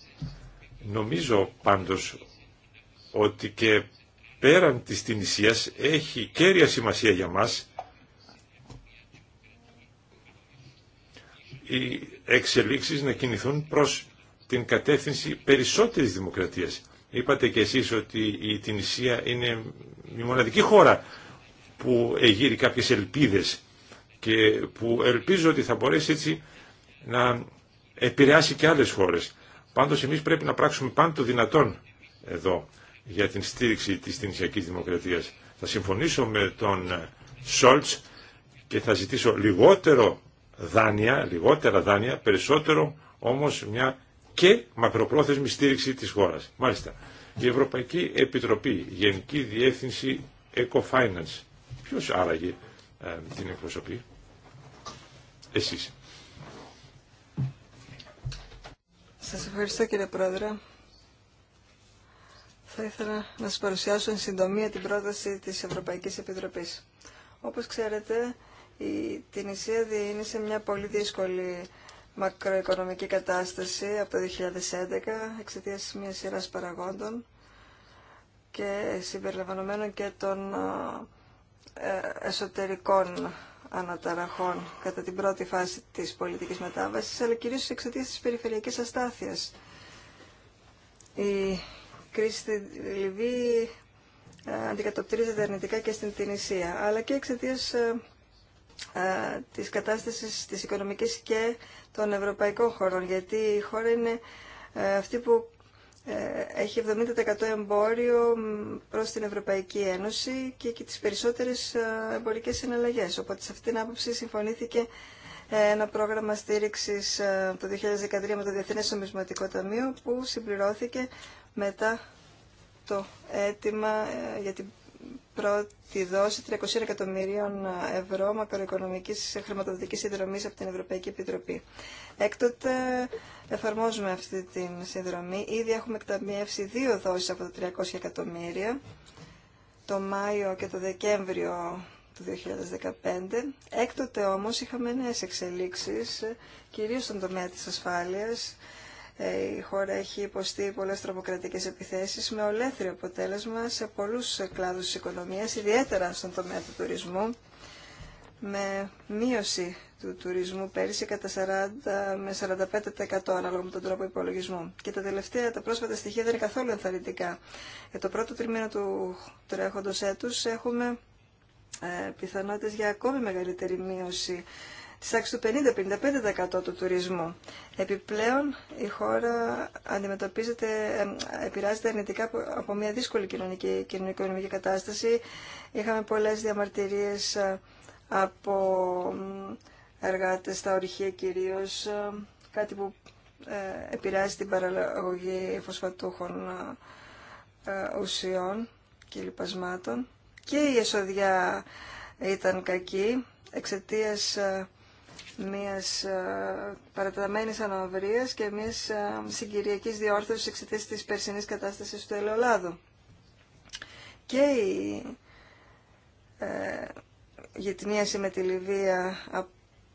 Νομίζω πάντως ότι και πέραν της Τινησίας έχει κέρια σημασία για μας οι εξελίξεις να κινηθούν προς την κατεύθυνση περισσότερης δημοκρατίας. Είπατε και εσείς ότι η Τινησία είναι η μοναδική χώρα που εγείρει κάποιες ελπίδες και που ελπίζω ότι θα μπορέσει έτσι να επηρεάσει και άλλες χώρες. Πάντως εμείς πρέπει να πράξουμε πάντα δυνατόν εδώ για την στήριξη της Τινησιακής Δημοκρατίας. Θα συμφωνήσω με τον Σόλτς και θα ζητήσω λιγότερο δάνεια, λιγότερα δάνεια, περισσότερο όμως μια και μακροπρόθεσμη στήριξη της χώρας. Μάλιστα, η Ευρωπαϊκή Επιτροπή, Γενική Διεύθυνση Ecofinance, ποιος άραγε ε, την εκπροσωπή, εσείς. Σας ευχαριστώ κύριε Πρόεδρε. Θα ήθελα να σας παρουσιάσω εν συντομία την πρόταση της Ευρωπαϊκής Επιτροπής. Όπως ξέρετε, η Τινησία είναι σε μια πολύ δύσκολη μακροοικονομική κατάσταση από το 2011 εξαιτία μια σειρά παραγόντων και συμπεριλαμβανομένων και των ε, εσωτερικών αναταραχών κατά την πρώτη φάση της πολιτικής μετάβασης, αλλά κυρίως εξαιτία της περιφερειακής αστάθειας. Η κρίση στη Λιβύη ε, αντικατοπτρίζεται αρνητικά και στην Τινησία, αλλά και εξαιτία ε, ε, της κατάστασης της οικονομικής και των ευρωπαϊκών χωρών, γιατί η χώρα είναι ε, αυτή που ε, έχει 70% εμπόριο προς την Ευρωπαϊκή Ένωση και, και τις περισσότερες εμπορικές συναλλαγές. Οπότε σε αυτήν την άποψη συμφωνήθηκε ένα πρόγραμμα στήριξης το 2013 με το Διεθνές Νομισματικό Ταμείο που συμπληρώθηκε μετά το αίτημα για την πρώτη δόση 300 εκατομμυρίων ευρώ μακροοικονομικής χρηματοδοτικής συνδρομής από την Ευρωπαϊκή Επιτροπή. Έκτοτε εφαρμόζουμε αυτή τη συνδρομή. Ήδη έχουμε εκταμιεύσει δύο δόσεις από τα 300 εκατομμύρια, το Μάιο και το Δεκέμβριο του 2015. Έκτοτε όμως είχαμε νέες εξελίξεις, κυρίως στον τομέα της ασφάλειας, ε, η χώρα έχει υποστεί πολλέ τρομοκρατικέ επιθέσει με ολέθριο αποτέλεσμα σε πολλού κλάδου τη οικονομία, ιδιαίτερα στον τομέα του τουρισμού, με μείωση του τουρισμού πέρυσι κατά 40 με 45% ανάλογα με τον τρόπο υπολογισμού. Και τα τελευταία, τα πρόσφατα στοιχεία δεν είναι καθόλου ενθαρρυντικά. Για ε, το πρώτο τριμήνο του τρέχοντος έτους έχουμε ε, πιθανότητες για ακόμη μεγαλύτερη μείωση της του 50-55% του τουρισμού. Επιπλέον, η χώρα αντιμετωπίζεται, επηρεάζεται αρνητικά από μια δύσκολη κοινωνική κοινωνική κατάσταση. Είχαμε πολλές διαμαρτυρίες ε, από εργάτες στα ορυχεία κυρίως, ε, κάτι που ε, επηρεάζει την παραγωγή φωσφατούχων ουσιών και λιπασμάτων. Και η εσοδιά ήταν κακή εξαιτίας μιας ε, παραταμένης ανομαυρίας και μιας ε, συγκυριακής διόρθωσης εξαιτίας της περσινής κατάστασης του ελαιολάδου. Και η ε, γετνίαση με τη Λιβύα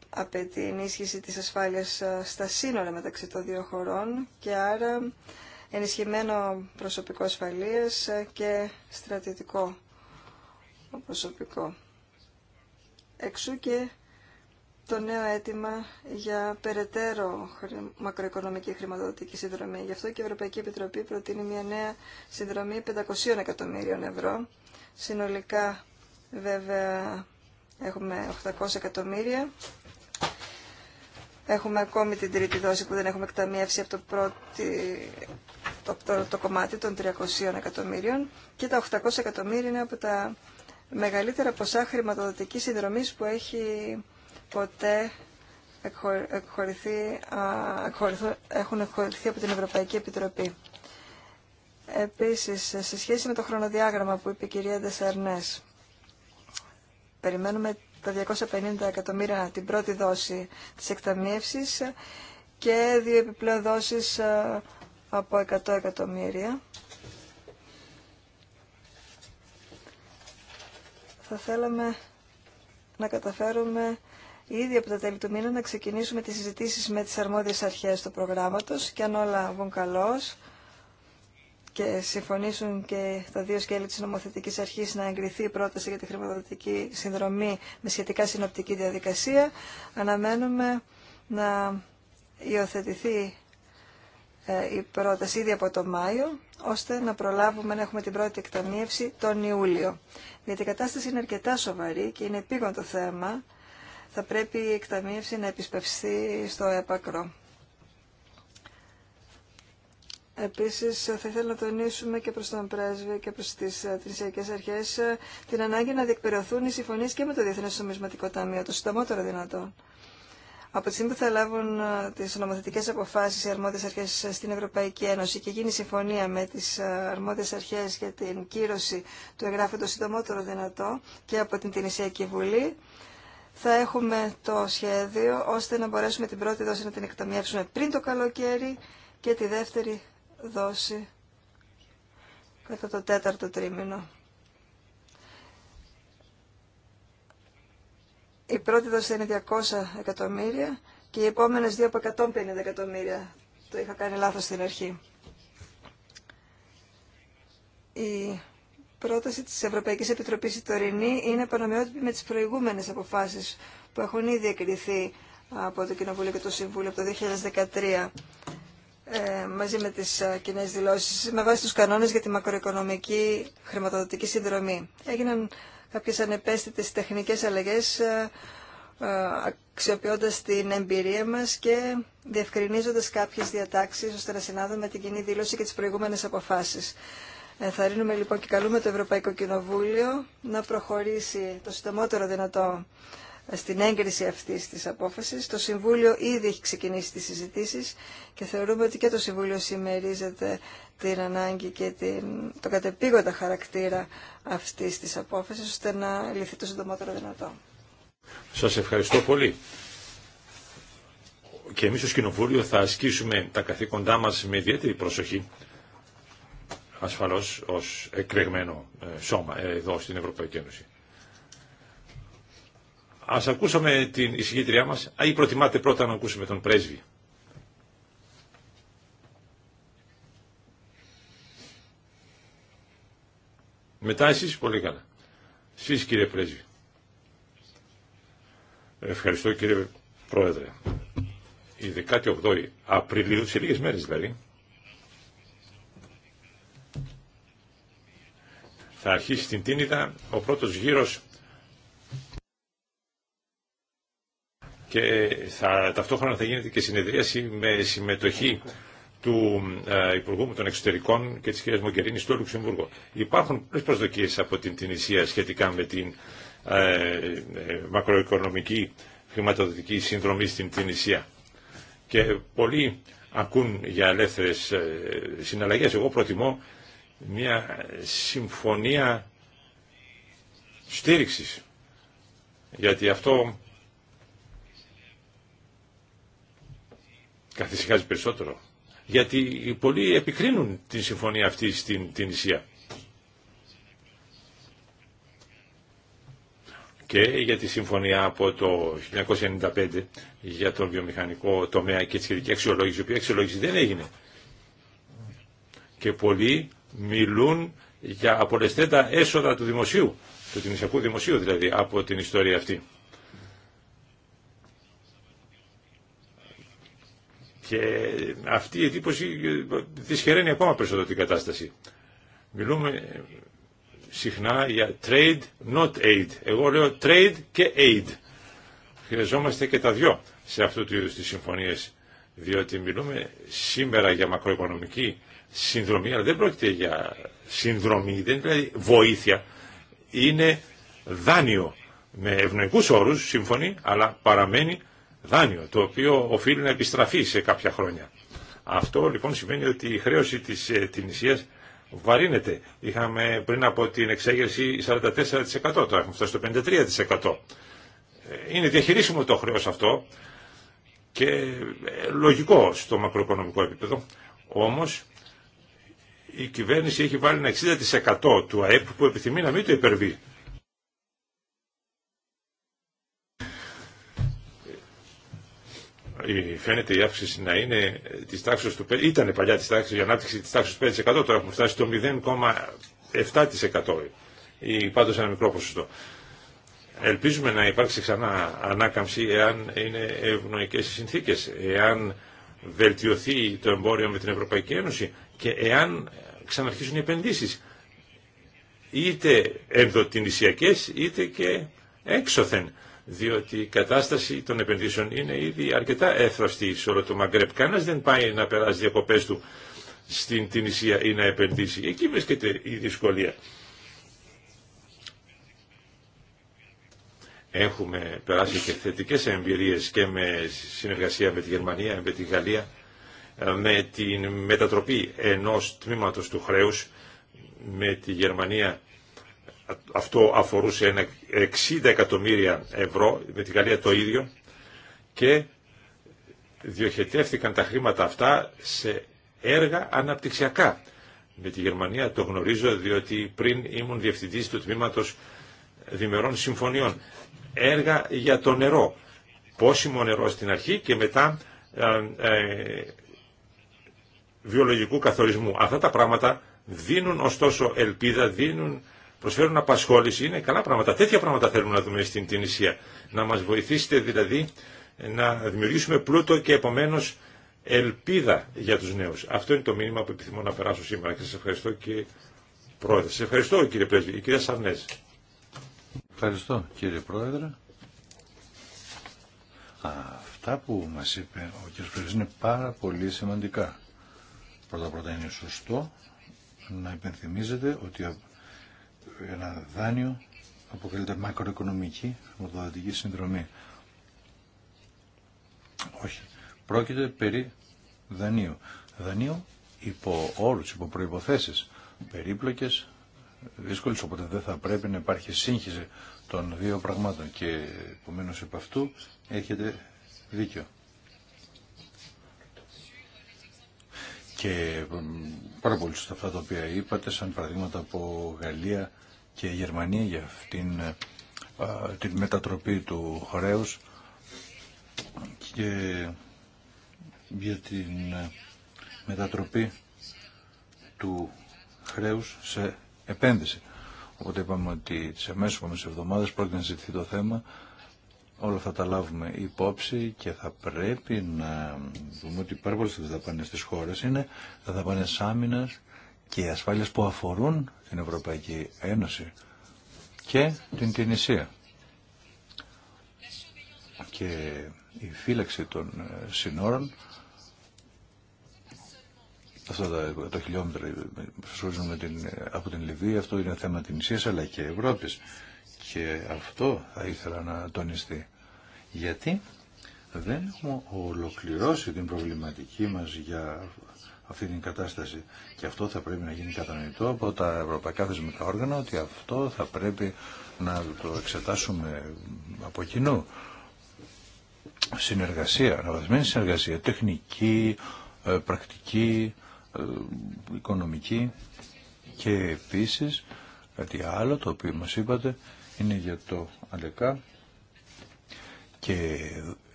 απαιτεί ενίσχυση της ασφάλειας στα σύνορα μεταξύ των δύο χωρών και άρα ενισχυμένο προσωπικό ασφαλείας και στρατιωτικό προσωπικό. Εξού και το νέο αίτημα για περαιτέρω μακροοικονομική χρηματοδοτική συνδρομή. Γι' αυτό και η Ευρωπαϊκή Επιτροπή προτείνει μια νέα συνδρομή 500 εκατομμύριων ευρώ. Συνολικά βέβαια έχουμε 800 εκατομμύρια. Έχουμε ακόμη την τρίτη δόση που δεν έχουμε εκταμίευση από το, πρώτο το, το, το κομμάτι των 300 εκατομμύριων και τα 800 εκατομμύρια είναι από τα μεγαλύτερα ποσά χρηματοδοτικής συνδρομής που έχει ποτέ έχουν εκχωρηθεί από την Ευρωπαϊκή Επιτροπή. Επίσης, σε σχέση με το χρονοδιάγραμμα που είπε η κυρία Δεσσαρνές, περιμένουμε τα 250 εκατομμύρια την πρώτη δόση της εκταμίευσης και δύο επιπλέον δόσεις από 100 εκατομμύρια. Θα θέλαμε να καταφέρουμε ήδη από τα τέλη του μήνα να ξεκινήσουμε τις συζητήσεις με τις αρμόδιες αρχές του προγράμματος και αν όλα βγουν καλώς και συμφωνήσουν και τα δύο σκέλη της νομοθετικής αρχής να εγκριθεί η πρόταση για τη χρηματοδοτική συνδρομή με σχετικά συνοπτική διαδικασία, αναμένουμε να υιοθετηθεί ε, η πρόταση ήδη από το Μάιο, ώστε να προλάβουμε να έχουμε την πρώτη εκταμίευση τον Ιούλιο. Γιατί η κατάσταση είναι αρκετά σοβαρή και είναι επίγοντο θέμα θα πρέπει η εκταμείευση να επισπευστεί στο έπακρο. Επίσης θα ήθελα να τονίσουμε και προς τον πρέσβη και προς τις ε, τρησιακές αρχές ε, την ανάγκη να διεκπαιρεωθούν οι συμφωνίες και με το Διεθνές Νομισματικό Ταμείο, το συντομότερο δυνατό. Από τη στιγμή που θα λάβουν ε, τις νομοθετικές αποφάσεις οι αρμόδιες αρχές στην Ευρωπαϊκή Ένωση και γίνει συμφωνία με τις αρμόδιες αρχές για την κύρωση του εγγράφου το συντομότερο δυνατό και από την Τινησιακή Βουλή, θα έχουμε το σχέδιο ώστε να μπορέσουμε την πρώτη δόση να την εκταμιεύσουμε πριν το καλοκαίρι και τη δεύτερη δόση κατά το τέταρτο τρίμηνο. Η πρώτη δόση είναι 200 εκατομμύρια και οι επόμενες δύο από 150 εκατομμύρια. Το είχα κάνει λάθος στην αρχή. Η πρόταση της Ευρωπαϊκής Επιτροπής η τωρινή είναι πανομοιότυπη με τις προηγούμενες αποφάσεις που έχουν ήδη εκριθεί από το Κοινοβούλιο και το Συμβούλιο από το 2013 ε, μαζί με τις ε, κοινέ δηλώσεις με βάση τους κανόνες για τη μακροοικονομική χρηματοδοτική συνδρομή. Έγιναν κάποιες ανεπαίσθητες τεχνικές αλλαγές ε, αξιοποιώντας την εμπειρία μας και διευκρινίζοντας κάποιες διατάξεις ώστε να συνάδουν την κοινή δήλωση και τις προηγούμενες αποφάσεις. Ενθαρρύνουμε λοιπόν και καλούμε το Ευρωπαϊκό Κοινοβούλιο να προχωρήσει το συντομότερο δυνατό ε, στην έγκριση αυτή τη απόφαση. Το Συμβούλιο ήδη έχει ξεκινήσει τις συζητήσει και θεωρούμε ότι και το Συμβούλιο συμμερίζεται την ανάγκη και την, το κατεπήγοντα χαρακτήρα αυτής της απόφασης ώστε να λυθεί το συντομότερο δυνατό. Σα ευχαριστώ πολύ. Και εμεί ω Κοινοβούλιο θα ασκήσουμε τα καθήκοντά μα με ιδιαίτερη προσοχή ασφαλώς ως εκλεγμένο ε, σώμα ε, εδώ στην Ευρωπαϊκή Ένωση. Ας ακούσουμε την εισηγήτριά μας, ή προτιμάτε πρώτα να ακούσουμε τον πρέσβη. Μετά εσείς πολύ καλά. Εσείς κύριε πρέσβη. Ευχαριστώ κύριε Πρόεδρε. Η 18η Απριλίου, σε λίγες μέρες δηλαδή, θα αρχίσει την Τίνιδα ο πρώτος γύρος και θα, ταυτόχρονα θα γίνεται και συνεδρίαση με συμμετοχή του ε, Υπουργού μου των Εξωτερικών και της κυρίας Μογκερίνη στο Λουξεμβούργο. Υπάρχουν πολλέ προσδοκίες από την Τινησία σχετικά με την ε, ε, μακροοικονομική χρηματοδοτική συνδρομή στην Τινησία. Και πολλοί ακούν για ελεύθερε συναλλαγές. Εγώ προτιμώ μια συμφωνία στήριξης. Γιατί αυτό καθησυχάζει περισσότερο. Γιατί πολλοί επικρίνουν την συμφωνία αυτή στην την Ισία. Και για τη συμφωνία από το 1995 για τον βιομηχανικό τομέα και τη σχετική αξιολόγηση, η οποία αξιολόγηση δεν έγινε. Και πολλοί μιλούν για απολεσθέντα έσοδα του δημοσίου, του τιμησιακού δημοσίου δηλαδή, από την ιστορία αυτή. Και αυτή η εντύπωση δυσχεραίνει ακόμα περισσότερο την κατάσταση. Μιλούμε ε, συχνά για trade, not aid. Εγώ λέω trade και aid. Χρειαζόμαστε και τα δυο σε αυτού του είδους τις συμφωνίες, διότι μιλούμε σήμερα για μακροοικονομική συνδρομή, αλλά δεν πρόκειται για συνδρομή, δεν είναι δηλαδή βοήθεια. Είναι δάνειο με ευνοικού όρου, σύμφωνοι, αλλά παραμένει δάνειο, το οποίο οφείλει να επιστραφεί σε κάποια χρόνια. Αυτό λοιπόν σημαίνει ότι η χρέωση της ε, Τινησία βαρύνεται. Είχαμε πριν από την εξέγερση 44%, τώρα έχουμε φτάσει στο 53%. Ε, είναι διαχειρίσιμο το χρέο αυτό και ε, λογικό στο μακροοικονομικό επίπεδο. Όμως η κυβέρνηση έχει βάλει ένα 60% του ΑΕΠ που επιθυμεί να μην το υπερβεί. Φαίνεται η αύξηση να είναι τη τάξη του 5%, ήταν παλιά τη τάξη η ανάπτυξη τη Τάξη του 5%, τώρα έχουμε φτάσει στο 0,7% ή πάντως ένα μικρό ποσοστό. Ελπίζουμε να υπάρξει ξανά ανάκαμψη εάν είναι ευνοϊκέ οι συνθήκες, εάν βελτιωθεί το εμπόριο με την Ευρωπαϊκή Ένωση και εάν ξαναρχίζουν οι επενδύσεις. Είτε ενδοτινησιακές είτε και έξωθεν. Διότι η κατάσταση των επενδύσεων είναι ήδη αρκετά έθραστη σε όλο το Μαγκρέπ. Κανένα δεν πάει να περάσει διακοπέ του στην Τινησία ή να επενδύσει. Εκεί βρίσκεται η δυσκολία. Έχουμε περάσει και θετικές εμπειρίες και με συνεργασία με τη Γερμανία, με τη Γαλλία ε, με την μετατροπή ενός τμήματος του χρέους με τη Γερμανία αυτό αφορούσε 60 εκατομμύρια ευρώ, με τη Γαλλία το ίδιο και διοχετεύτηκαν τα χρήματα αυτά σε έργα αναπτυξιακά. Με τη Γερμανία το γνωρίζω διότι πριν ήμουν διευθυντής του τμήματος διμερών συμφωνιών. Έργα για το νερό, πόσιμο νερό στην αρχή και μετά ε, ε, βιολογικού καθορισμού. Αυτά τα πράγματα δίνουν ωστόσο ελπίδα, δίνουν, προσφέρουν απασχόληση, είναι καλά πράγματα. Τέτοια πράγματα θέλουμε να δούμε στην Τινησία. Να μας βοηθήσετε δηλαδή να δημιουργήσουμε πλούτο και επομένως ελπίδα για τους νέους. Αυτό είναι το μήνυμα που επιθυμώ να περάσω σήμερα και σας ευχαριστώ και πρόεδρε. Σας ευχαριστώ κύριε Πρέσβη, η κυρία Σαρνέζ. Ευχαριστώ κύριε πρόεδρε. Αυτά που μας είπε ο κ. Πρέσβη είναι πάρα πολύ σημαντικά. Πρώτα πρώτα είναι σωστό να υπενθυμίζεται ότι ένα δάνειο αποκαλείται μακροοικονομική χρηματοδοτική συνδρομή. Όχι. Πρόκειται περί δανείου. Δανείου υπό όρους, υπό προϋποθέσεις περίπλοκες, δύσκολες, οπότε δεν θα πρέπει να υπάρχει σύγχυση των δύο πραγμάτων και επομένω επ' αυτού έχετε δίκιο. και πάρα πολύ σωστά αυτά τα οποία είπατε, σαν παραδείγματα από Γαλλία και Γερμανία για αυτήν ε, την μετατροπή του χρέους και για την ε, μετατροπή του χρέους σε επένδυση. Οπότε είπαμε ότι τις αμέσως επόμενες εβδομάδες πρόκειται να ζητηθεί το θέμα όλα αυτά τα λάβουμε υπόψη και θα πρέπει να δούμε ότι πάρα πολλέ δαπάνε στις χώρες είναι δαπάνε άμυνα και ασφάλεια που αφορούν την Ευρωπαϊκή Ένωση και την Τινησία. Και η φύλαξη των ε, συνόρων αυτό τα, χιλιόμετρο χιλιόμετρα που την, από την Λιβύη, αυτό είναι θέμα Τινησίας αλλά και Ευρώπης. Και αυτό θα ήθελα να τονιστεί γιατί δεν έχουμε ολοκληρώσει την προβληματική μας για αυτή την κατάσταση. Και αυτό θα πρέπει να γίνει κατανοητό από τα ευρωπαϊκά θεσμικά όργανα ότι αυτό θα πρέπει να το εξετάσουμε από κοινού. Συνεργασία, αναβαθμένη συνεργασία, τεχνική, ε, πρακτική, ε, οικονομική και επίσης κάτι άλλο το οποίο μας είπατε είναι για το αλεκά και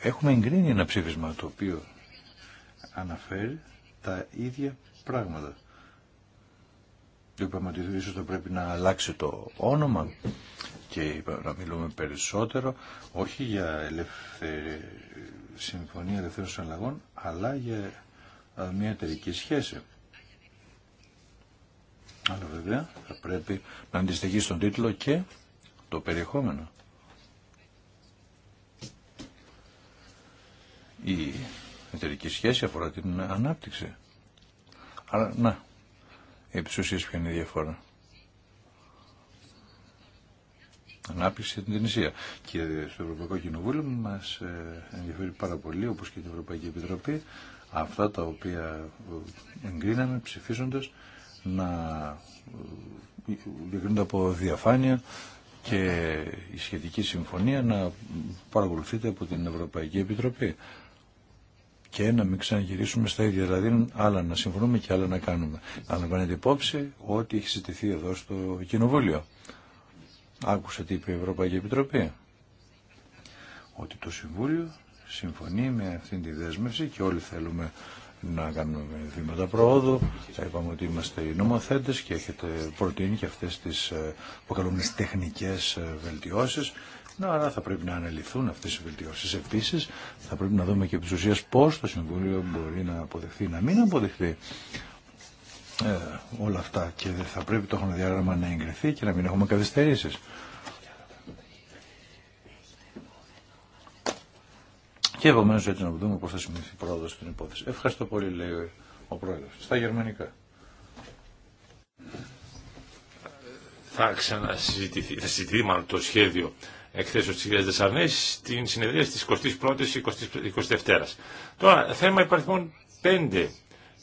έχουμε εγκρίνει ένα ψήφισμα το οποίο αναφέρει τα ίδια πράγματα. Το είπαμε ότι ίσως θα πρέπει να αλλάξει το όνομα και να μιλούμε περισσότερο, όχι για ελεύθερη συμφωνία ελευθέρων αλλαγών, αλλά για ε, μια εταιρική σχέση. Αλλά βέβαια θα πρέπει να αντιστοιχεί στον τίτλο και το περιεχόμενο. Η εταιρική σχέση αφορά την ανάπτυξη. Αλλά να, επί της ουσίας ποια είναι η διαφορά. Ανάπτυξη την Τινησία. Και στο Ευρωπαϊκό Κοινοβούλιο μας ε, ενδιαφέρει πάρα πολύ, όπως και την Ευρωπαϊκή Επιτροπή, αυτά τα οποία ε, εγκρίναμε ψηφίζοντας να ε, διακρίνονται από διαφάνεια και η σχετική συμφωνία να παρακολουθείται από την Ευρωπαϊκή Επιτροπή και να μην ξαναγυρίσουμε στα ίδια. Δηλαδή, άλλα να συμφωνούμε και άλλα να κάνουμε. Να λαμβάνετε υπόψη ότι έχει συζητηθεί εδώ στο Κοινοβούλιο. Άκουσα τι είπε η Ευρωπαϊκή Επιτροπή. Ότι το Συμβούλιο συμφωνεί με αυτήν τη δέσμευση και όλοι θέλουμε να κάνουμε βήματα προόδου. Θα είπαμε ότι είμαστε οι νομοθέτες και έχετε προτείνει και αυτές τις ε, αποκαλούμενες τεχνικές ε, βελτιώσεις Άρα θα πρέπει να αναλυθούν αυτέ οι βελτιώσει. Επίση, θα πρέπει να δούμε και επί ουσία πώ το Συμβούλιο μπορεί να αποδεχθεί ή να μην αποδεχθεί ε, όλα αυτά. Και θα πρέπει το χρονοδιάγραμμα να εγκριθεί και να μην έχουμε καθυστερήσει. Και επομένω έτσι να δούμε πώ θα η πρόοδο στην υπόθεση. Ευχαριστώ πολύ, λέει ο πρόεδρο. Στα γερμανικά. Θα ξανασυζητηθεί, το σχέδιο εκθέσεως της κυρία Δεσαρνές στην συνεδρία της 21ης 22ης. Τώρα, θέμα υπαριθμών 5.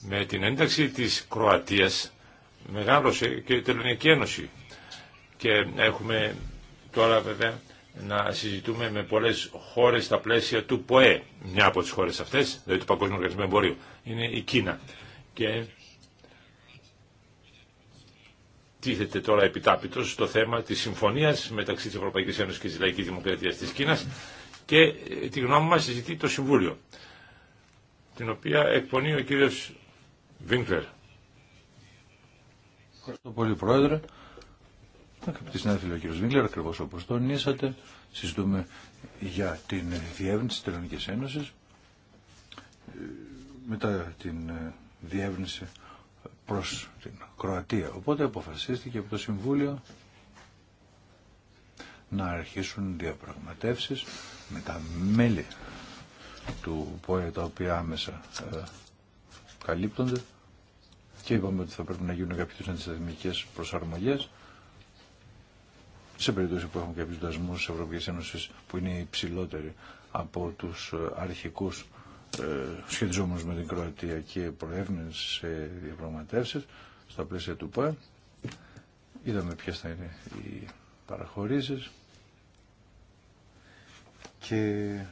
Με την ένταξη της Κροατίας μεγάλωσε και η Τελωνιακή Ένωση. Και έχουμε τώρα βέβαια να συζητούμε με πολλές χώρες στα πλαίσια του ΠΟΕ. Μια από τις χώρες αυτές, δηλαδή του Παγκόσμιου Οργανισμού Εμπορίου, είναι η Κίνα. Και τίθεται τώρα επιτάπητο στο θέμα τη συμφωνίας μεταξύ τη Ευρωπαϊκή Ένωση και τη Λαϊκή Δημοκρατία τη Κίνα και ε, τη γνώμη μα συζητεί το Συμβούλιο, την οποία εκπονεί ο κύριος Βίνκλερ. Ευχαριστώ πολύ Πρόεδρε. Αγαπητοί συνάδελφοι, ο κύριος Βίγκλερ, ακριβώς όπως τονίσατε, συζητούμε για την διεύρυνση τη Τελωνικής Ένωση ε, μετά την ε, διεύρυνση προς την Κροατία. Οπότε αποφασίστηκε από το Συμβούλιο να αρχίσουν διαπραγματεύσεις με τα μέλη του ΠΟΕ τα οποία άμεσα ε, καλύπτονται και είπαμε ότι θα πρέπει να γίνουν κάποιες αντισταθμικές προσαρμογές σε περίπτωση που έχουν κάποιους δασμούς της Ευρωπαϊκής Ένωσης που είναι υψηλότεροι από τους αρχικούς ε, σχετιζόμενος με την Κροατία και σε διαπραγματεύσεις στα πλαίσια του ΠΑΕ. Είδαμε ποιες θα είναι οι παραχωρήσεις και οι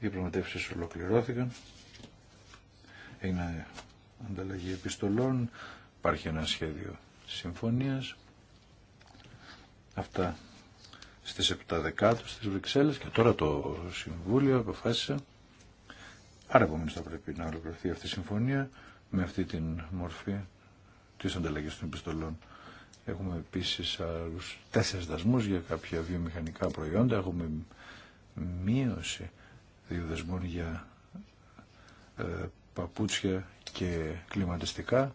διαπραγματεύσεις ολοκληρώθηκαν. Έγινε ανταλλαγή επιστολών, υπάρχει ένα σχέδιο συμφωνίας. Αυτά στις 7 Δεκάτου στις Βρυξέλλες και τώρα το Συμβούλιο αποφάσισε άρα επομένω θα πρέπει να ολοκληρωθεί αυτή η συμφωνία με αυτή την μορφή της ανταλλαγής των επιστολών. Έχουμε επίσης άλλους τέσσερις δασμούς για κάποια βιομηχανικά προϊόντα. Έχουμε μείωση δύο δασμών για ε, παπούτσια και κλιματιστικά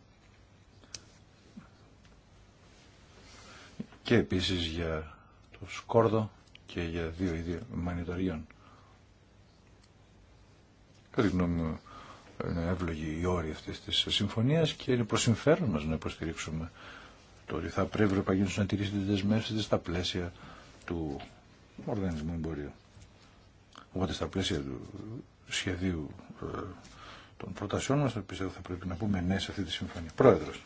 και επίσης για το σκόρδο και για δύο είδη μανιτοριών. Κατά τη γνώμη μου είναι εύλογη η όρη αυτής της συμφωνίας και είναι προς συμφέρον μας να υποστηρίξουμε το ότι θα πρέπει ο Ευρωπαϊκή να τηρήσει τις δεσμεύσεις της στα πλαίσια του οργανισμού εμπορίου. Οπότε στα πλαίσια του σχεδίου ε, των προτασιών μας, πιστεύω θα πρέπει να πούμε ναι σε αυτή τη συμφωνία. Πρόεδρος.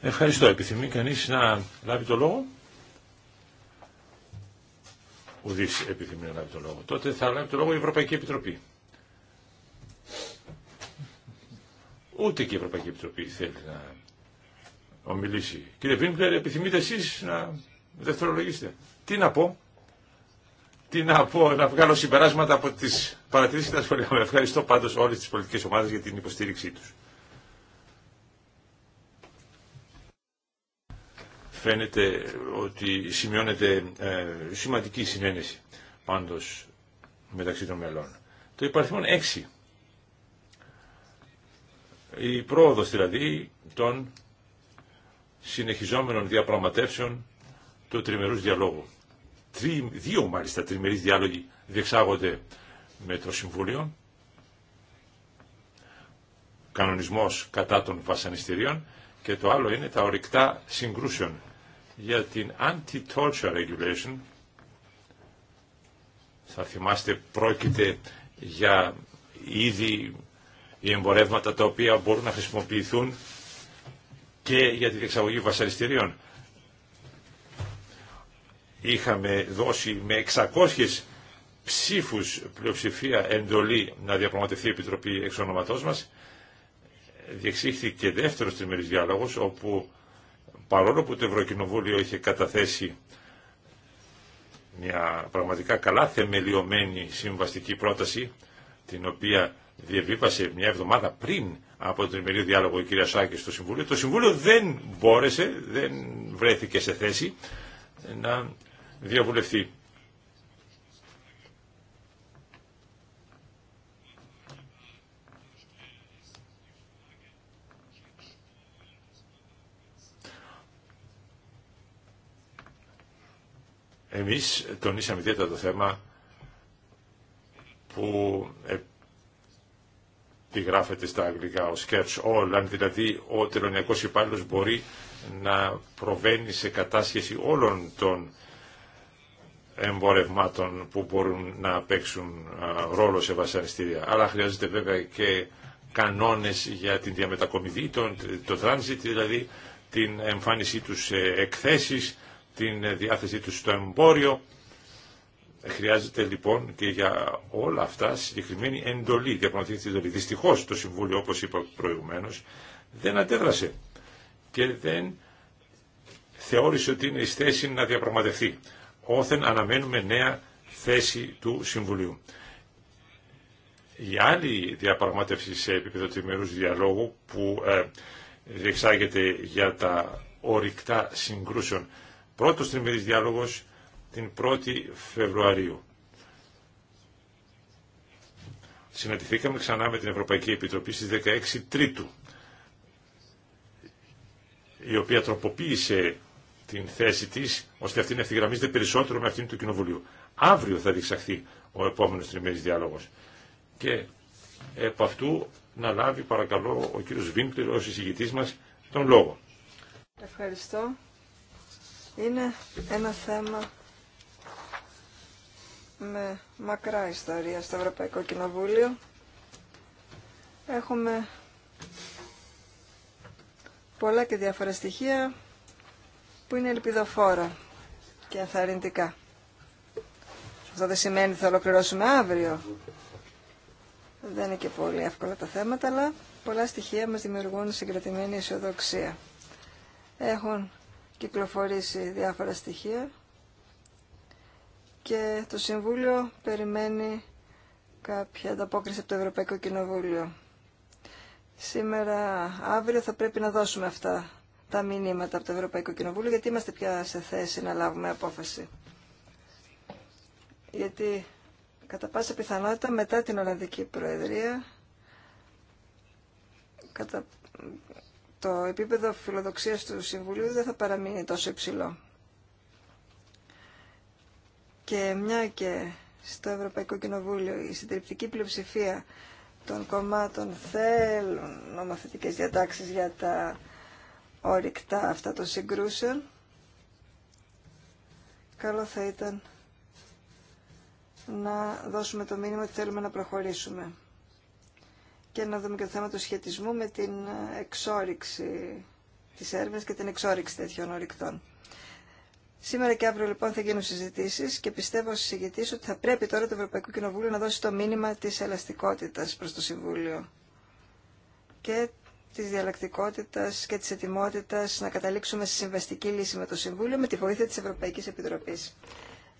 Ευχαριστώ. Επιθυμεί κανείς να λάβει το λόγο ουδή επιθυμεί να λάβει το λόγο. Τότε θα λάβει το λόγο η Ευρωπαϊκή Επιτροπή. Ούτε και η Ευρωπαϊκή Επιτροπή θέλει να ομιλήσει. Κύριε Βίμπλερ, επιθυμείτε εσεί να δευτερολογήσετε. Τι να πω. Τι να πω, να βγάλω συμπεράσματα από τις παρατηρήσεις και τα σχολεία μου. Ευχαριστώ πάντως όλε τις πολιτικές ομάδες για την υποστήριξή τους. φαίνεται ότι σημειώνεται ε, σημαντική συνένεση πάντως μεταξύ των μελών. Το υπαριθμόν 6. Η πρόοδος δηλαδή των συνεχιζόμενων διαπραγματεύσεων του τριμερούς διαλόγου. δύο μάλιστα τριμερείς διάλογοι διεξάγονται με το Συμβούλιο. Κανονισμός κατά των βασανιστήριων και το άλλο είναι τα ορυκτά συγκρούσεων για την Anti-Torture Regulation. Θα θυμάστε πρόκειται για ήδη οι εμπορεύματα τα οποία μπορούν να χρησιμοποιηθούν και για τη διεξαγωγή βασανιστήριων. Είχαμε δώσει με 600 ψήφους πλειοψηφία εντολή να διαπραγματευτεί η Επιτροπή εξ μας. Διεξήχθηκε δεύτερος τριμερής διάλογος όπου παρόλο που το Ευρωκοινοβούλιο είχε καταθέσει μια πραγματικά καλά θεμελιωμένη συμβαστική πρόταση, την οποία διαβίβασε μια εβδομάδα πριν από τον ημερή διάλογο η κυρία Σάκη στο Συμβούλιο. Το Συμβούλιο δεν μπόρεσε, δεν βρέθηκε σε θέση να διαβουλευτεί. Εμείς τονίσαμε ιδιαίτερα το θέμα που επιγράφεται στα αγγλικά ο sketch all, δηλαδή ο τελωνιακός υπάλληλος μπορεί να προβαίνει σε κατάσχεση όλων των εμπορευμάτων που μπορούν να παίξουν ρόλο σε βασανιστήρια. Αλλά χρειάζεται βέβαια και κανόνες για την διαμετακομιδή, το, το transit, δηλαδή την εμφάνισή τους σε εκθέσεις, την ε, διάθεσή του στο εμπόριο. Χρειάζεται λοιπόν και για όλα αυτά συγκεκριμένη εντολή, διαπραγματευτική εντολή. Δηλαδή, Δυστυχώ το Συμβούλιο, όπω είπα προηγουμένω, δεν αντέδρασε και δεν θεώρησε ότι είναι η θέση να διαπραγματευτεί. Όθεν αναμένουμε νέα θέση του Συμβουλίου. Η άλλη διαπραγμάτευση σε επίπεδο τριμερούς διαλόγου που ε, διεξάγεται για τα ορυκτά συγκρούσεων πρώτος τριμερής διάλογος την 1η Φεβρουαρίου. Συναντηθήκαμε ξανά με την Ευρωπαϊκή Επιτροπή στις 16 Τρίτου, η οποία τροποποίησε την θέση της, ώστε αυτή να ευθυγραμμίζεται περισσότερο με αυτήν του Κοινοβουλίου. Αύριο θα διεξαχθεί ο επόμενος τριμερής διάλογος. Και επ' αυτού να λάβει παρακαλώ ο κύριος Βίνκλερ ως εισηγητής μας τον λόγο. Ευχαριστώ. Είναι ένα θέμα με μακρά ιστορία στο Ευρωπαϊκό Κοινοβούλιο. Έχουμε πολλά και διάφορα στοιχεία που είναι ελπιδοφόρα και ενθαρρυντικά. Αυτό δεν σημαίνει ότι θα ολοκληρώσουμε αύριο. Δεν είναι και πολύ εύκολα τα θέματα, αλλά πολλά στοιχεία μας δημιουργούν συγκρατημένη αισιοδοξία. Έχουν κυκλοφορήσει διάφορα στοιχεία και το Συμβούλιο περιμένει κάποια ανταπόκριση από το Ευρωπαϊκό Κοινοβούλιο. Σήμερα, αύριο θα πρέπει να δώσουμε αυτά τα μηνύματα από το Ευρωπαϊκό Κοινοβούλιο γιατί είμαστε πια σε θέση να λάβουμε απόφαση. Γιατί κατά πάσα πιθανότητα μετά την Ολλανδική Προεδρία κατά το επίπεδο φιλοδοξίας του Συμβουλίου δεν θα παραμείνει τόσο υψηλό. Και μια και στο Ευρωπαϊκό Κοινοβούλιο η συντριπτική πλειοψηφία των κομμάτων θέλουν νομοθετικές διατάξεις για τα ορυκτά αυτά των συγκρούσεων, καλό θα ήταν να δώσουμε το μήνυμα ότι θέλουμε να προχωρήσουμε και να δούμε και το θέμα του σχετισμού με την εξόριξη της έρευνας και την εξόριξη τέτοιων ορυκτών. Σήμερα και αύριο λοιπόν θα γίνουν συζητήσει και πιστεύω ω συζητητή ότι θα πρέπει τώρα το Ευρωπαϊκό Κοινοβούλιο να δώσει το μήνυμα τη ελαστικότητα προ το Συμβούλιο και τη διαλλακτικότητα και τη ετοιμότητα να καταλήξουμε στη συμβαστική λύση με το Συμβούλιο με τη βοήθεια τη Ευρωπαϊκή Επιτροπή.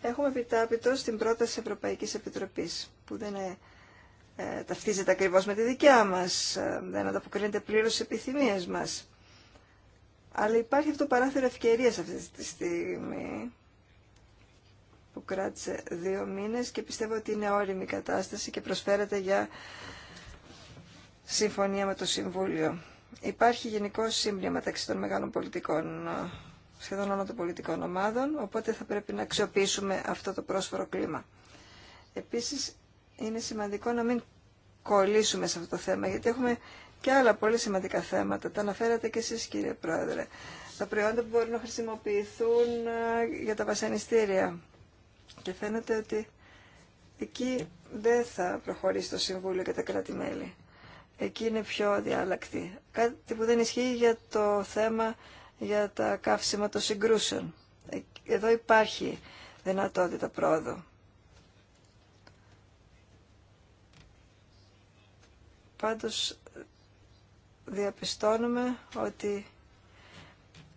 Έχουμε επιτάπητο στην πρόταση Ευρωπαϊκή Επιτροπή που δεν είναι ε, ταυτίζεται ακριβώς με τη δικιά μας, ε, δεν ανταποκρίνεται πλήρως στις επιθυμίες μας. Αλλά υπάρχει αυτό το παράθυρο ευκαιρία αυτή τη στιγμή που κράτησε δύο μήνες και πιστεύω ότι είναι όριμη η κατάσταση και προσφέρεται για συμφωνία με το Συμβούλιο. Υπάρχει γενικό σύμπνοια μεταξύ των μεγάλων πολιτικών, ε, σχεδόν όλων των πολιτικών ομάδων, οπότε θα πρέπει να αξιοποιήσουμε αυτό το πρόσφορο κλίμα. Επίσης, είναι σημαντικό να μην κολλήσουμε σε αυτό το θέμα, γιατί έχουμε και άλλα πολύ σημαντικά θέματα. Τα αναφέρατε και εσείς κύριε Πρόεδρε. Τα προϊόντα που μπορούν να χρησιμοποιηθούν ε, για τα βασανιστήρια. Και φαίνεται ότι εκεί δεν θα προχωρήσει το Συμβούλιο και τα κράτη-μέλη. Εκεί είναι πιο διάλακτη. Κάτι που δεν ισχύει για το θέμα για τα καύσιμα των συγκρούσεων. Ε, εδώ υπάρχει δυνατότητα πρόοδου. Πάντως διαπιστώνουμε ότι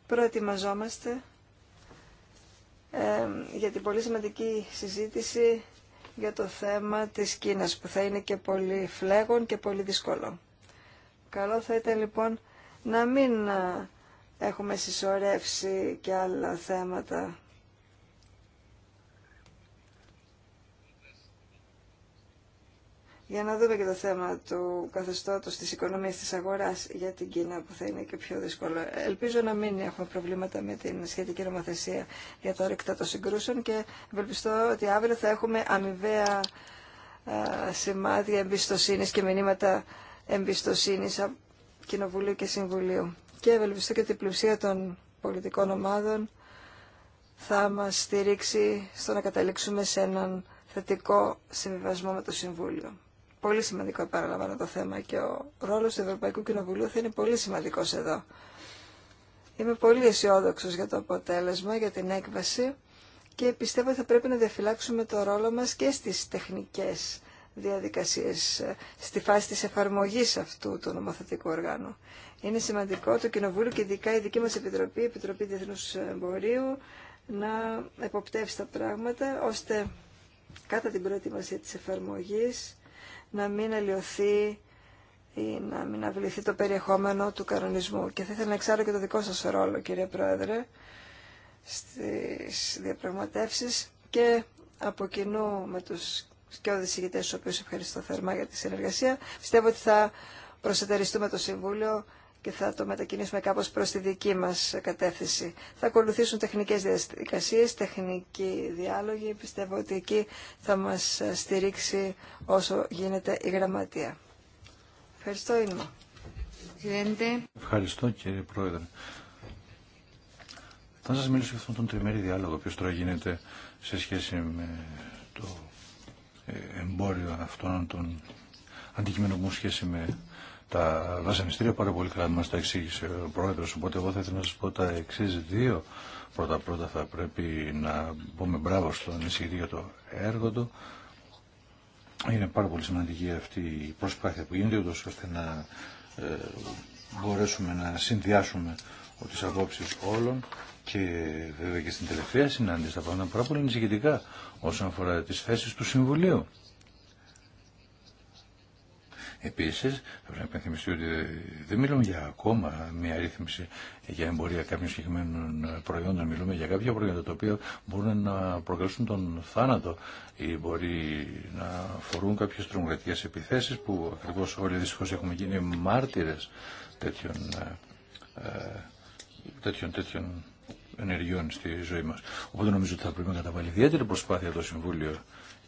προετοιμαζόμαστε για την πολύ σημαντική συζήτηση για το θέμα της Κίνας που θα είναι και πολύ φλέγον και πολύ δύσκολο. Καλό θα ήταν λοιπόν να μην ε, έχουμε συσσωρεύσει και άλλα θέματα για να δούμε και το θέμα του καθεστώτος της οικονομίας της αγοράς για την Κίνα που θα είναι και πιο δύσκολο. Ελπίζω να μην έχουμε προβλήματα με την σχετική νομοθεσία για το ρεκτά των συγκρούσεων και ευελπιστώ ότι αύριο θα έχουμε αμοιβαία σημάδια εμπιστοσύνη και μηνύματα εμπιστοσύνη από Κοινοβουλίου και Συμβουλίου. Και ευελπιστώ και την πλουσία των πολιτικών ομάδων θα μας στηρίξει στο να καταλήξουμε σε έναν θετικό συμβιβασμό με το Συμβούλιο πολύ σημαντικό επαναλαμβάνω το θέμα και ο ρόλος του Ευρωπαϊκού Κοινοβουλίου θα είναι πολύ σημαντικός εδώ. Είμαι πολύ αισιόδοξο για το αποτέλεσμα, για την έκβαση και πιστεύω ότι θα πρέπει να διαφυλάξουμε το ρόλο μας και στις τεχνικές διαδικασίες στη φάση της εφαρμογής αυτού του νομοθετικού οργάνου. Είναι σημαντικό το Κοινοβούλιο και ειδικά η δική μας Επιτροπή, η Επιτροπή Διεθνούς Εμπορίου, να εποπτεύσει τα πράγματα, ώστε κατά την προετοιμασία της εφαρμογής να μην αλλοιωθεί ή να μην αυληθεί το περιεχόμενο του κανονισμού. Και θα ήθελα να ξέρω και το δικό σας ρόλο, κύριε Πρόεδρε, στις διαπραγματεύσεις και από κοινού με τους και ηγητές, τους οποίους ευχαριστώ θερμά για τη συνεργασία. Πιστεύω ότι θα προσετεριστούμε το Συμβούλιο και θα το μετακινήσουμε κάπως προς τη δική μας κατεύθυνση. Θα ακολουθήσουν τεχνικές διαδικασίες, τεχνικοί διάλογοι. Πιστεύω ότι εκεί θα μας στηρίξει όσο γίνεται η γραμματεία. Ευχαριστώ, Ίνμα. Ευχαριστώ, κύριε Πρόεδρε. Θα σας μιλήσω για αυτόν τον τριμερή διάλογο οποίος τώρα γίνεται σε σχέση με το ε, εμπόριο αυτών των αντικειμένων που σχέση με τα βασανιστήρια πάρα πολύ καλά μας τα εξήγησε ο Πρόεδρος, οπότε εγώ θα ήθελα να σας πω τα εξή δύο. Πρώτα-πρώτα θα πρέπει να πούμε μπράβο στον εισηγητή για το έργο του. Είναι πάρα πολύ σημαντική αυτή η προσπάθεια που γίνεται, ούτως ώστε να ε, μπορέσουμε να συνδυάσουμε τις απόψεις όλων και βέβαια και στην τελευταία συνάντηση θα πάμε πάρα πολύ εισηγητικά όσον αφορά τις θέσεις του Συμβουλίου. Επίση, θα πρέπει να υπενθυμιστεί ότι δεν μιλούμε για ακόμα μια ρύθμιση για εμπορία κάποιων συγκεκριμένων προϊόντων. Μιλούμε για κάποια προϊόντα τα οποία μπορούν να προκαλέσουν τον θάνατο ή μπορεί να φορούν κάποιε τρομοκρατικέ επιθέσει που ακριβώ όλοι δυστυχώ έχουμε γίνει μάρτυρε τέτοιων, ε, τέτοιων, τέτοιων ενεργειών στη ζωή μα. Οπότε νομίζω ότι θα πρέπει να καταβάλει ιδιαίτερη προσπάθεια το Συμβούλιο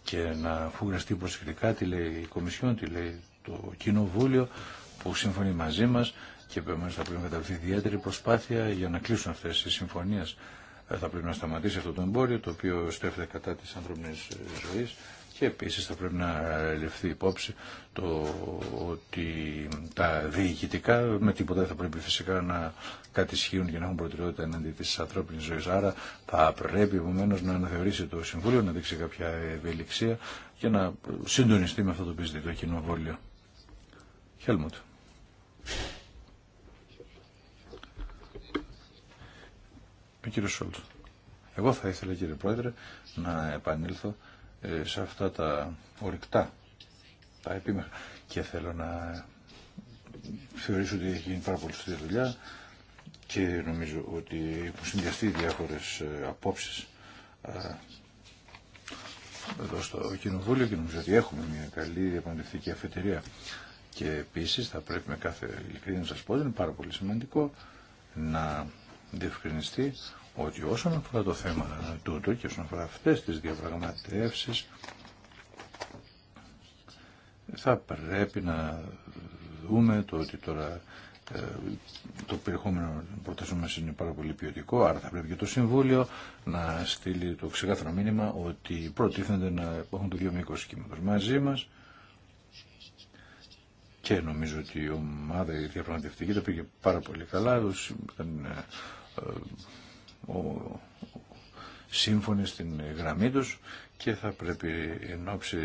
και να φουγραστεί προσεκτικά τι λέει η Κομισιόν, τι λέει το Κοινοβούλιο που συμφωνεί μαζί μας και επομένως θα πρέπει να καταβληθεί ιδιαίτερη προσπάθεια για να κλείσουν αυτές τις συμφωνίες. Ε, θα πρέπει να σταματήσει αυτό το εμπόριο το οποίο στρέφεται κατά της ανθρώπινης ε, ζωής και επίσης θα πρέπει να ε, ληφθεί υπόψη το ότι τα διοικητικά με τίποτα θα πρέπει φυσικά να κατησχύουν και να έχουν προτεραιότητα εναντί της ανθρώπινης ζωής. Άρα θα πρέπει επομένω να αναθεωρήσει το Συμβούλιο, να δείξει κάποια ευελιξία και να συντονιστεί με αυτό το πίστη το κοινοβόλιο. Χέλμουτ. Εγώ θα ήθελα κύριε Πρόεδρε να επανήλθω ε, σε αυτά τα ορυκτά, τα επίμεχα. Και θέλω να θεωρήσω ότι έχει γίνει πάρα πολύ στη δουλειά και νομίζω ότι έχουν συνδυαστεί διάφορες ε, απόψεις ε, εδώ στο Κοινοβούλιο και νομίζω ότι έχουμε μια καλή διαπαντευτική αφετηρία. Και επίσης θα πρέπει με κάθε ειλικρίνη να σας πω ότι είναι πάρα πολύ σημαντικό να διευκρινιστεί ότι όσον αφορά το θέμα τούτο και όσον αφορά αυτές τις διαπραγματεύσεις θα πρέπει να δούμε το ότι τώρα ε, το περιεχόμενο προτάσεων μας είναι πάρα πολύ ποιοτικό, άρα θα πρέπει και το Συμβούλιο να στείλει το ξεκάθαρο μήνυμα ότι προτίθενται να έχουν το μήκος κύματος μαζί μας και νομίζω ότι η ομάδα η διαπραγματευτική το πήγε πάρα πολύ καλά. Ήταν ε, ε, σύμφωνοι στην γραμμή του και θα πρέπει εν ώψη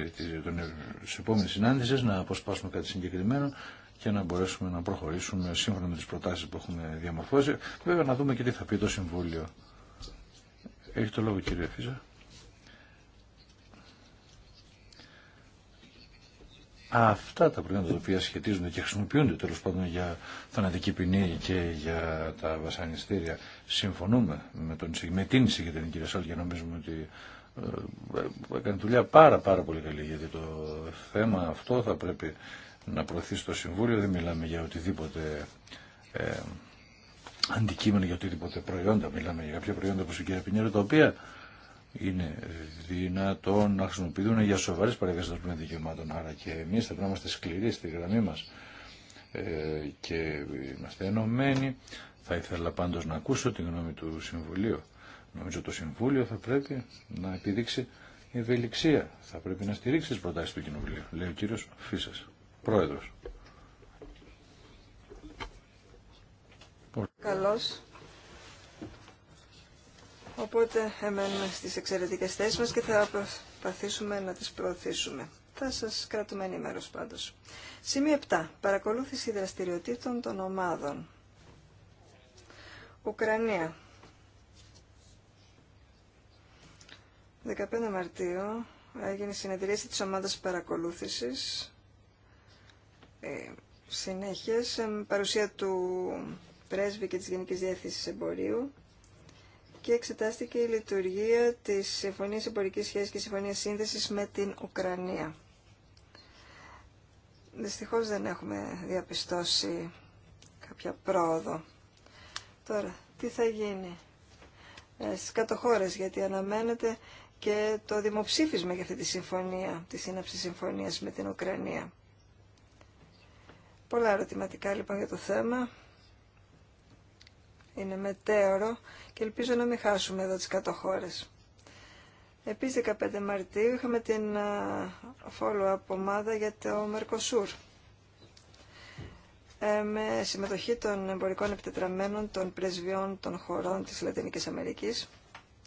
των επόμενη συνάντησης να αποσπάσουμε κάτι συγκεκριμένο και να μπορέσουμε να προχωρήσουμε σύμφωνα με τι προτάσεις που έχουμε διαμορφώσει. Βέβαια να δούμε και τι θα πει το Συμβούλιο. Έχει το λόγο κύριε Φίζα. αυτά τα προϊόντα τα οποία σχετίζονται και χρησιμοποιούνται τέλο πάντων για θανατική ποινή και για τα βασανιστήρια συμφωνούμε με, τον, με την συγκεκριμένη κυρία Σόλτ και νομίζουμε ότι ε, ε, έκανε δουλειά πάρα πάρα πολύ καλή γιατί το θέμα αυτό θα πρέπει να προωθεί στο Συμβούλιο δεν μιλάμε για οτιδήποτε ε, αντικείμενο για οτιδήποτε προϊόντα μιλάμε για κάποια προϊόντα όπω η κυρία Πινιέρη τα οποία είναι δυνατόν να χρησιμοποιούν για σοβαρέ παρεμβάσει των δικαιωμάτων. Άρα και εμεί θα πρέπει να είμαστε σκληροί στη γραμμή μα ε, και είμαστε ενωμένοι. Θα ήθελα πάντω να ακούσω τη γνώμη του Συμβουλίου. Νομίζω το Συμβούλιο θα πρέπει να επιδείξει ευελιξία. Θα πρέπει να στηρίξει τι προτάσει του Κοινοβουλίου. Λέει ο κύριο Φίσα, πρόεδρο. Καλώς. Οπότε εμένουμε στις εξαιρετικές θέσεις μας και θα προσπαθήσουμε να τις προωθήσουμε. Θα σας κρατούμε ενήμερος πάντως. Σημείο 7. Παρακολούθηση δραστηριοτήτων των ομάδων. Ουκρανία. 15 Μαρτίου έγινε η συνεδρίαση της ομάδας παρακολούθησης ε, συνέχεια παρουσία του πρέσβη και της Γενικής Διεύθυνσης Εμπορίου και εξετάστηκε η λειτουργία της Συμφωνίας Εμπορικής Σχέσης και Συμφωνίας Σύνδεσης με την Ουκρανία. Δυστυχώς δεν έχουμε διαπιστώσει κάποια πρόοδο. Τώρα, τι θα γίνει ε, στις κατοχώρες, γιατί αναμένεται και το δημοψήφισμα για αυτή τη συμφωνία, τη σύναψη συμφωνίας με την Ουκρανία. Πολλά ερωτηματικά λοιπόν για το θέμα είναι μετέωρο και ελπίζω να μην χάσουμε εδώ τις κατοχώρες. Επίσης 15 Μαρτίου είχαμε την follow-up ομάδα για το Μερκοσούρ ε, με συμμετοχή των εμπορικών επιτετραμένων των πρεσβειών των χωρών της Λατινικής Αμερικής,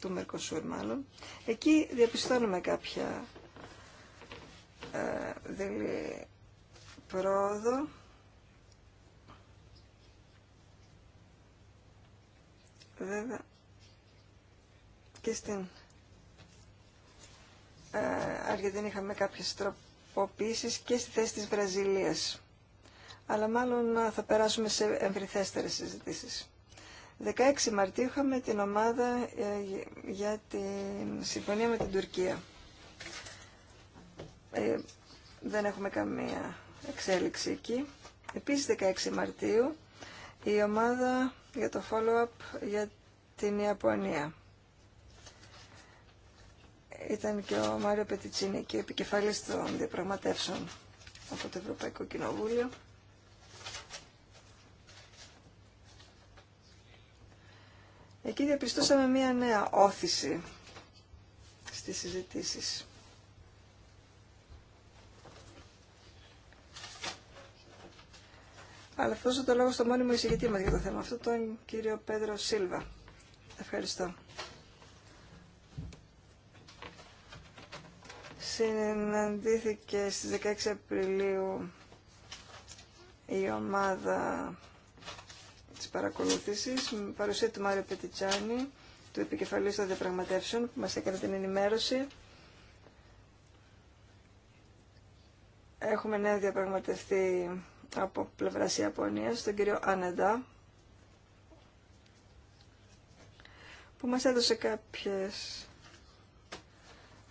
του Μερκοσούρ μάλλον. Εκεί διαπιστώνουμε κάποια ε, πρόοδο βέβαια και στην ε, Αργεντινή είχαμε κάποιες τροποποίησεις και στη θέση της Βραζιλίας. Αλλά μάλλον ε, θα περάσουμε σε εμβριθέστερες συζητήσεις. 16 Μαρτίου είχαμε την ομάδα ε, για την συμφωνία με την Τουρκία. δεν έχουμε καμία εξέλιξη εκεί. Επίσης 16 Μαρτίου η ομάδα για το follow-up για την Ιαπωνία. Ήταν και ο Μάριο Πετιτσίνη και επικεφαλής των διαπραγματεύσεων από το Ευρωπαϊκό Κοινοβούλιο. Εκεί διαπιστώσαμε μία νέα όθηση στις συζητήσεις. Αλλά αυτό το λόγο στο μόνιμο εισηγητή μα για το θέμα αυτό, τον κύριο Πέδρο Σίλβα. Ευχαριστώ. Συναντήθηκε στις 16 Απριλίου η ομάδα της παρακολούθησης με παρουσία του Μάριο Πετιτσάνη, του επικεφαλής των διαπραγματεύσεων που μας έκανε την ενημέρωση. Έχουμε νέα διαπραγματευτεί από πλευρά Ιαπωνία τον κύριο Ανεντά, που μας έδωσε κάποιες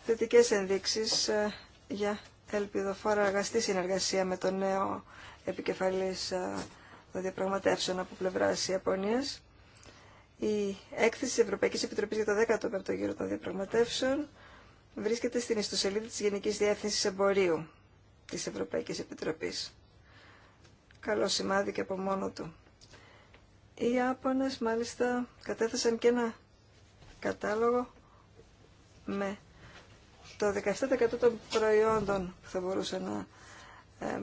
θετικές ενδείξεις ε, για ελπιδοφόρα εργαστή συνεργασία με τον νέο επικεφαλής ε, των διαπραγματεύσεων από πλευράς Ιαπωνίας. Η έκθεση της Ευρωπαϊκής Επιτροπής για το 15ο γύρο των διαπραγματεύσεων βρίσκεται στην ιστοσελίδα της Γενικής Διεύθυνσης Εμπορίου της Ευρωπαϊκής Επιτροπής καλό σημάδι και από μόνο του. Οι Ιάπωνες μάλιστα κατέθεσαν και ένα κατάλογο με το 17% των προϊόντων που θα μπορούσε να ε,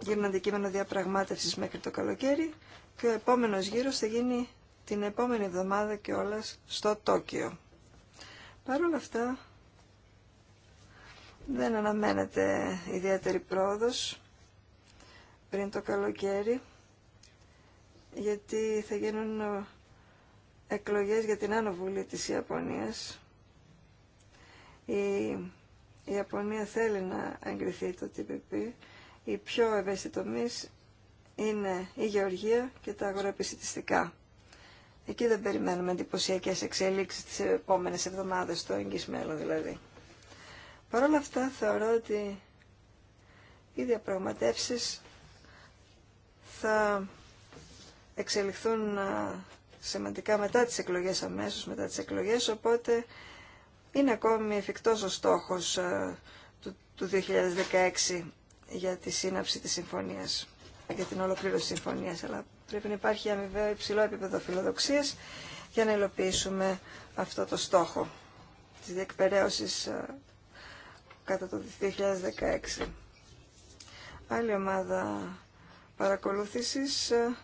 γίνουν αντικείμενο διαπραγμάτευσης μέχρι το καλοκαίρι και ο επόμενος γύρος θα γίνει την επόμενη εβδομάδα και όλας στο Τόκιο. Παρ' όλα αυτά δεν αναμένεται ιδιαίτερη πρόοδος πριν το καλοκαίρι, γιατί θα γίνουν ε, εκλογές για την Άνω Βουλή της Ιαπωνίας. Η, η Ιαπωνία θέλει να εγκριθεί το TPP. Οι πιο ευαίσθητοι τομείς είναι η γεωργία και τα αγροεπιστητιστικά. Εκεί δεν περιμένουμε εντυπωσιακέ εξέλιξεις τις επόμενες εβδομάδες, το εγγύς δηλαδή. Παρ' όλα αυτά θεωρώ ότι οι διαπραγματεύσεις θα εξελιχθούν σημαντικά μετά τις εκλογές αμέσως, μετά τις εκλογές, οπότε είναι ακόμη εφικτός ο στόχος του, 2016 για τη σύναψη της συμφωνίας, για την ολοκλήρωση της συμφωνίας, αλλά πρέπει να υπάρχει αμοιβαίο υψηλό επίπεδο φιλοδοξίας για να υλοποιήσουμε αυτό το στόχο της διεκπαιρέωσης κατά το 2016. Άλλη ομάδα παρακολούθησης ε,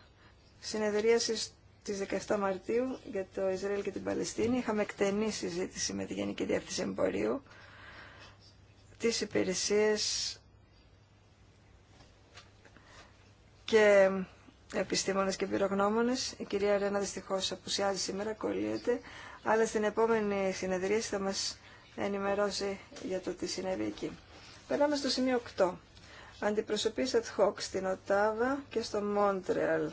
συνεδρίασης της 17 Μαρτίου για το Ισραήλ και την Παλαιστίνη. Είχαμε εκτενή συζήτηση με τη Γενική Διεύθυνση Εμπορίου, τις υπηρεσίες και επιστήμονες και πυρογνώμονες. Η κυρία Ρένα δυστυχώς απουσιάζει σήμερα, κολλείται αλλά στην επόμενη συνεδρίαση θα μας ενημερώσει για το τι συνέβη εκεί. Περάμε στο σημείο 8 αντιπροσωπείς ad hoc στην Οτάβα και στο Μόντρεαλ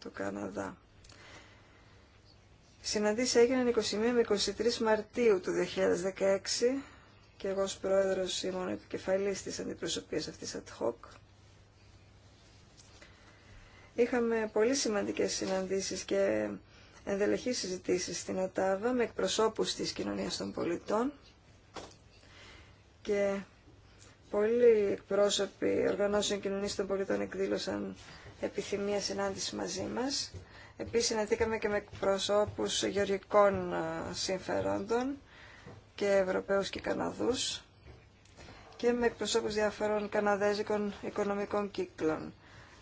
του Καναδά. Συναντήσεις έγιναν 21 με 23 Μαρτίου του 2016 και εγώ ως πρόεδρος ήμουν επικεφαλής της αντιπροσωπείας αυτής ad hoc. Είχαμε πολύ σημαντικές συναντήσεις και ενδελεχείς συζητήσεις στην ΟΤΑΒΑ με εκπροσώπους της κοινωνίας των πολιτών και πολλοί εκπρόσωποι οργανώσεων κοινωνία των πολιτών εκδήλωσαν επιθυμία συνάντηση μαζί μας. Επίσης συναντήκαμε και με εκπροσώπους γεωργικών συμφερόντων και Ευρωπαίους και Καναδούς και με εκπροσώπους διάφορων καναδέζικων οικονομικών κύκλων.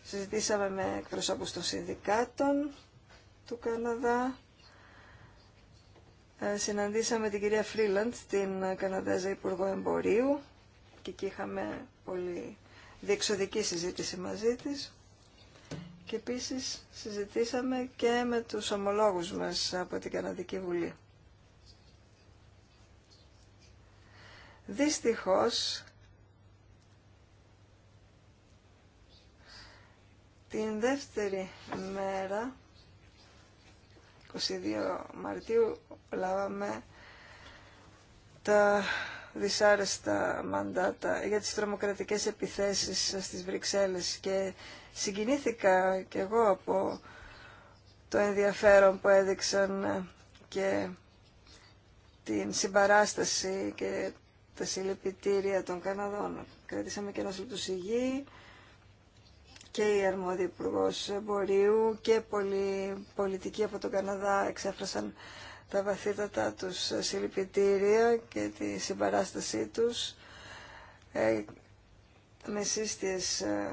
Συζητήσαμε με εκπροσώπους των συνδικάτων του Καναδά. Ε, συναντήσαμε την κυρία Φρίλαντ, την Καναδέζα Υπουργό Εμπορίου και εκεί είχαμε πολύ διεξοδική συζήτηση μαζί της και επίσης συζητήσαμε και με τους ομολόγους μας από την Καναδική Βουλή. Δυστυχώς, την δεύτερη μέρα, 22 Μαρτίου, λάβαμε τα δυσάρεστα μαντάτα για τις τρομοκρατικές επιθέσεις στις Βρυξέλλες και συγκινήθηκα κι εγώ από το ενδιαφέρον που έδειξαν και την συμπαράσταση και τα συλληπιτήρια των Καναδών. Κρατήσαμε και ένας του και η αρμόδια εμπορίου και πολλοί πολιτικοί από τον Καναδά εξέφρασαν τα βαθύτατα τους συλληπιτήρια και τη συμπαράστασή τους ε, με σύστιες ε,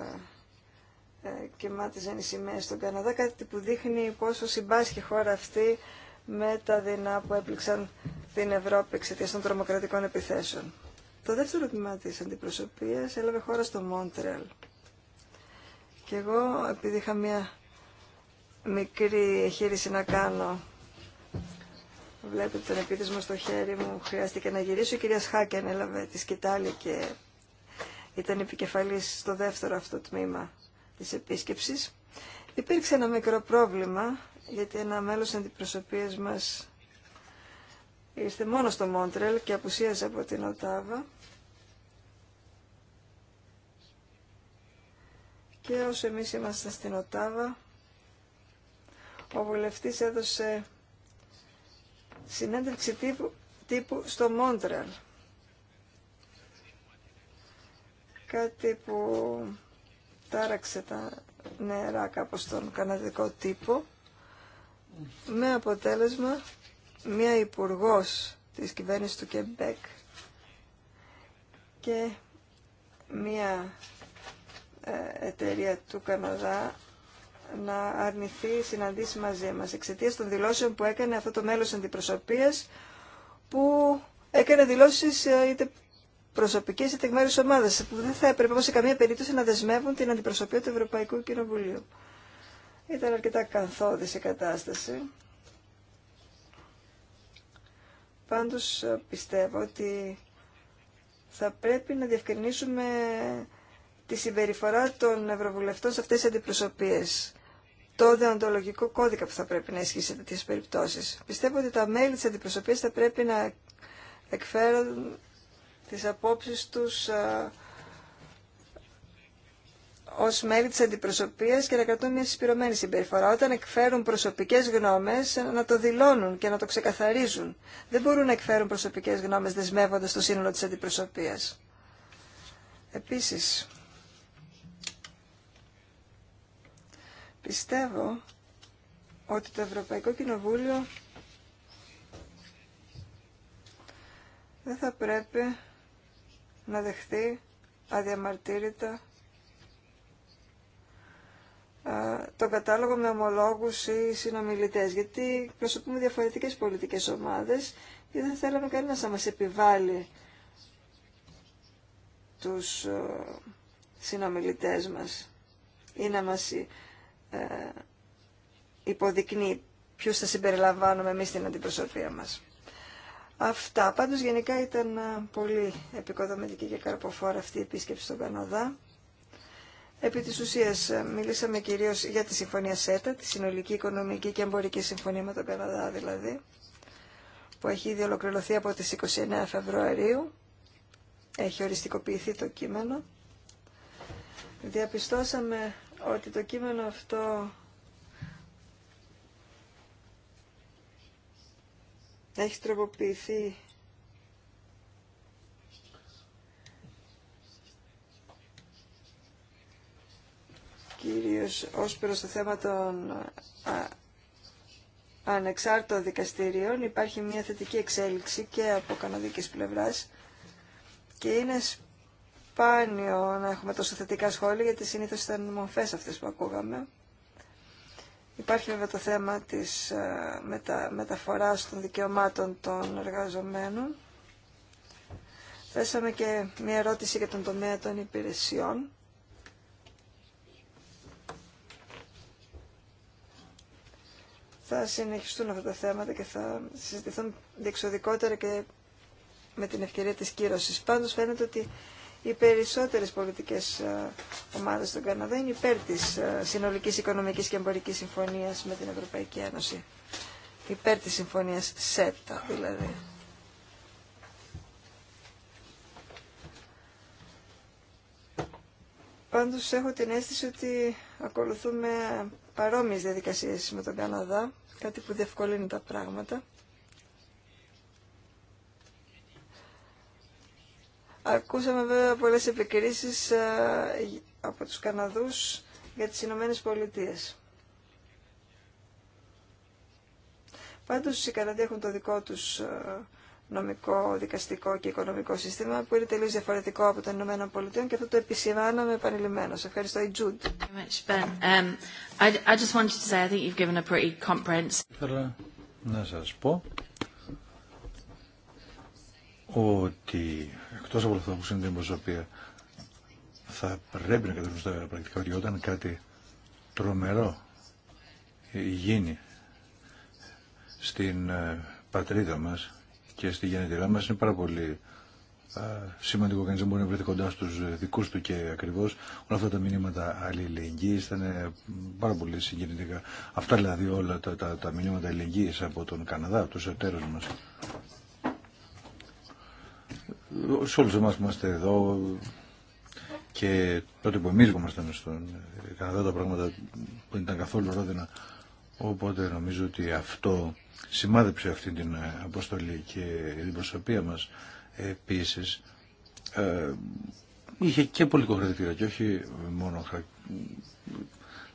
ε, και μάτιζαν οι σημαίες στον Καναδά, κάτι που δείχνει πόσο συμπάσχει η χώρα αυτή με τα δεινά που έπληξαν την Ευρώπη εξαιτία των τρομοκρατικών επιθέσεων. Το δεύτερο τμήμα της αντιπροσωπείας έλαβε χώρα στο Μόντρελ. Και εγώ, επειδή είχα μια μικρή εγχείρηση να κάνω Βλέπετε τον επίδεσμο στο χέρι μου. Χρειάστηκε να γυρίσω. Η κυρία Σχάκεν έλαβε τη σκητάλη και ήταν επικεφαλής στο δεύτερο αυτό τμήμα της επίσκεψης. Υπήρξε ένα μικρό πρόβλημα, γιατί ένα μέλος αντιπροσωπείας μας ήρθε μόνο στο Μόντρελ και απουσίαζε από την Οτάβα. Και όσο εμείς ήμασταν στην Οτάβα, ο βουλευτής έδωσε συνέντευξη τύπου, στο μόντραλ, Κάτι που τάραξε τα νερά κάπως στον καναδικό τύπο με αποτέλεσμα μία υπουργός της κυβέρνησης του Κεμπέκ και μία ε, εταιρεία του Καναδά να αρνηθεί συναντήσει μαζί μας εξαιτίας των δηλώσεων που έκανε αυτό το μέλος αντιπροσωπείας που έκανε δηλώσει ε, είτε προσωπικέ είτε εκ μέρους ομάδας που δεν θα έπρεπε όμως σε καμία περίπτωση να δεσμεύουν την αντιπροσωπεία του Ευρωπαϊκού Κοινοβουλίου. Ήταν αρκετά καθόδης η κατάσταση. Πάντως ε, πιστεύω ότι θα πρέπει να διευκρινίσουμε τη συμπεριφορά των Ευρωβουλευτών σε αυτές τις αντιπροσωπείες το διοντολογικό κώδικα που θα πρέπει να ισχύσει σε τέτοιε περιπτώσει. Πιστεύω ότι τα μέλη τη αντιπροσωπεία θα πρέπει να εκφέρουν τι απόψει του ε, ω μέλη τη αντιπροσωπεία και να κρατούν μια συσπηρωμένη συμπεριφορά. Όταν εκφέρουν προσωπικέ γνώμε, να το δηλώνουν και να το ξεκαθαρίζουν. Δεν μπορούν να εκφέρουν προσωπικέ γνώμε δεσμεύοντα το σύνολο τη αντιπροσωπεία. Επίσης, Πιστεύω ότι το Ευρωπαϊκό Κοινοβούλιο δεν θα πρέπει να δεχθεί αδιαμαρτύρητα τον κατάλογο με ομολόγους ή συνομιλητές, γιατί προσωπούμε διαφορετικές πολιτικές ομάδες και δεν θέλαμε κανένα να μας επιβάλλει τους συνομιλητές μας ή να μας ε, υποδεικνύει ποιους θα συμπεριλαμβάνουμε εμείς στην αντιπροσωπεία μας. Αυτά. Πάντως γενικά ήταν ε, πολύ επικοδομητική και καρποφόρα αυτή η επίσκεψη στον Καναδά. Επί της ουσίας ε, μιλήσαμε κυρίως για τη Συμφωνία ΣΕΤΑ, τη Συνολική Οικονομική και Εμπορική Συμφωνία με τον Καναδά δηλαδή, που έχει ήδη ολοκληρωθεί από τις 29 Φεβρουαρίου. Έχει οριστικοποιηθεί το κείμενο. Διαπιστώσαμε ότι το κείμενο αυτό έχει τροποποιηθεί κυρίως ως προς το θέμα των ανεξάρτητων δικαστηρίων υπάρχει μια θετική εξέλιξη και από καναδικής πλευράς και είναι σπάνιο να έχουμε τόσο θετικά σχόλια, γιατί συνήθως ήταν μορφές αυτές που ακούγαμε. Υπάρχει βέβαια το θέμα της ε, μετα, μεταφοράς των δικαιωμάτων των εργαζομένων. Θέσαμε και μια ερώτηση για τον τομέα των υπηρεσιών. Θα συνεχιστούν αυτά τα θέματα και θα συζητηθούν διεξοδικότερα και με την ευκαιρία της κύρωσης. Πάντως φαίνεται ότι οι περισσότερες πολιτικές ε, ομάδες στον Καναδά είναι υπέρ της ε, συνολικής οικονομικής και εμπορικής συμφωνίας με την Ευρωπαϊκή Ένωση. Υπέρ της συμφωνίας ΣΕΤΑ δηλαδή. Πάντως έχω την αίσθηση ότι ακολουθούμε παρόμοιες διαδικασίες με τον Καναδά, κάτι που διευκολύνει τα πράγματα. Ακούσαμε βέβαια πολλές επικρίσεις ε, από τους Καναδούς για τις Ηνωμένε Πολιτείε. Πάντως οι Καναδοί έχουν το δικό τους ε, νομικό, δικαστικό και οικονομικό σύστημα που είναι τελείως διαφορετικό από τα Ηνωμένα Πολιτείων και αυτό το επισημάναμε επανειλημμένως. Ευχαριστώ η Τζουντ. Ήθελα να σας πω ότι εκτός από αυτό που είναι την προσωπία θα πρέπει να καταφέρουμε στα πρακτικά ότι όταν κάτι τρομερό γίνει στην ε, πατρίδα μας και στη γενετηρά μας είναι πάρα πολύ σημαντικό κανεί, δεν μπορεί να βρεθεί κοντά στους ε, δικούς του και ακριβώς όλα αυτά τα μηνύματα αλληλεγγύης ήταν πάρα πολύ συγκινητικά αυτά δηλαδή όλα τα, τα, τα μηνύματα αλληλεγγύης από τον Καναδά, από τους εταίρους μας σε όλους εμάς που είμαστε εδώ και τότε που εμείς ήμασταν στον Καναδά τα πράγματα που ήταν καθόλου ρόδινα οπότε νομίζω ότι αυτό σημάδεψε αυτή την αποστολή και την προσωπία μας επίσης ε, είχε και πολιτικό χαρακτήρα και όχι μόνο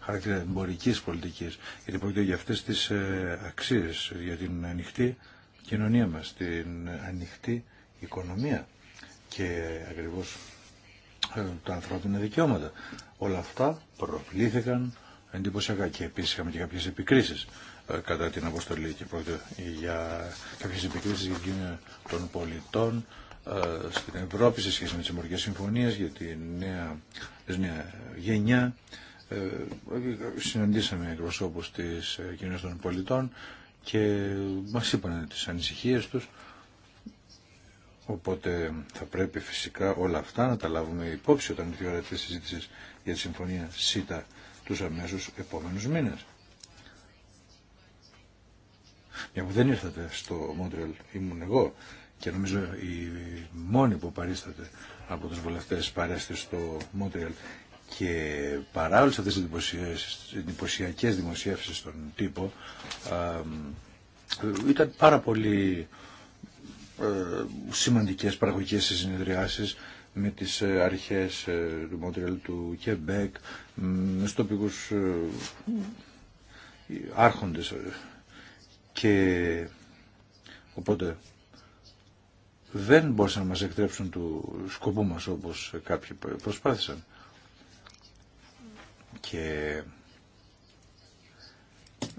χαρακτήρα εμπορική πολιτικής γιατί πρόκειται για αυτές τις ε, αξίες για την ανοιχτή κοινωνία μας την ανοιχτή οικονομία και ακριβώς ε, τα ανθρώπινα δικαιώματα. Όλα αυτά προβλήθηκαν εντυπωσιακά και επίσης είχαμε και κάποιες επικρίσεις ε, κατά την αποστολή και πρόκειται για κάποιες επικρίσεις για την των πολιτών ε, στην Ευρώπη σε σχέση με τις εμπορικές συμφωνίες για τη νέα, νέα γενιά. Συναντήσαμε εκπροσώπους της κοινωνίας των πολιτών και μας είπαν τις ανησυχίες τους Οπότε θα πρέπει φυσικά όλα αυτά να τα λάβουμε υπόψη όταν ήρθε η ώρα συζήτηση για τη Συμφωνία ΣΥΤΑ του αμέσω επόμενου μήνε. Μια που δεν ήρθατε στο Μόντρελ, ήμουν εγώ και νομίζω η μόνη που παρίσταται από τους βουλευτέ παρέστε στο Μόντρελ και παρά όλε αυτέ τι εντυπωσιακέ δημοσιεύσει στον τύπο ήταν πάρα πολύ ε, σημαντικές παραγωγικές συνεδριάσεις με τις ε, αρχές ε, του Μοντρέλ του Κεμπέκ, με τοπικούς άρχοντες και οπότε δεν μπορούσαν να μας εκτρέψουν του σκοπού μας όπως κάποιοι προσπάθησαν και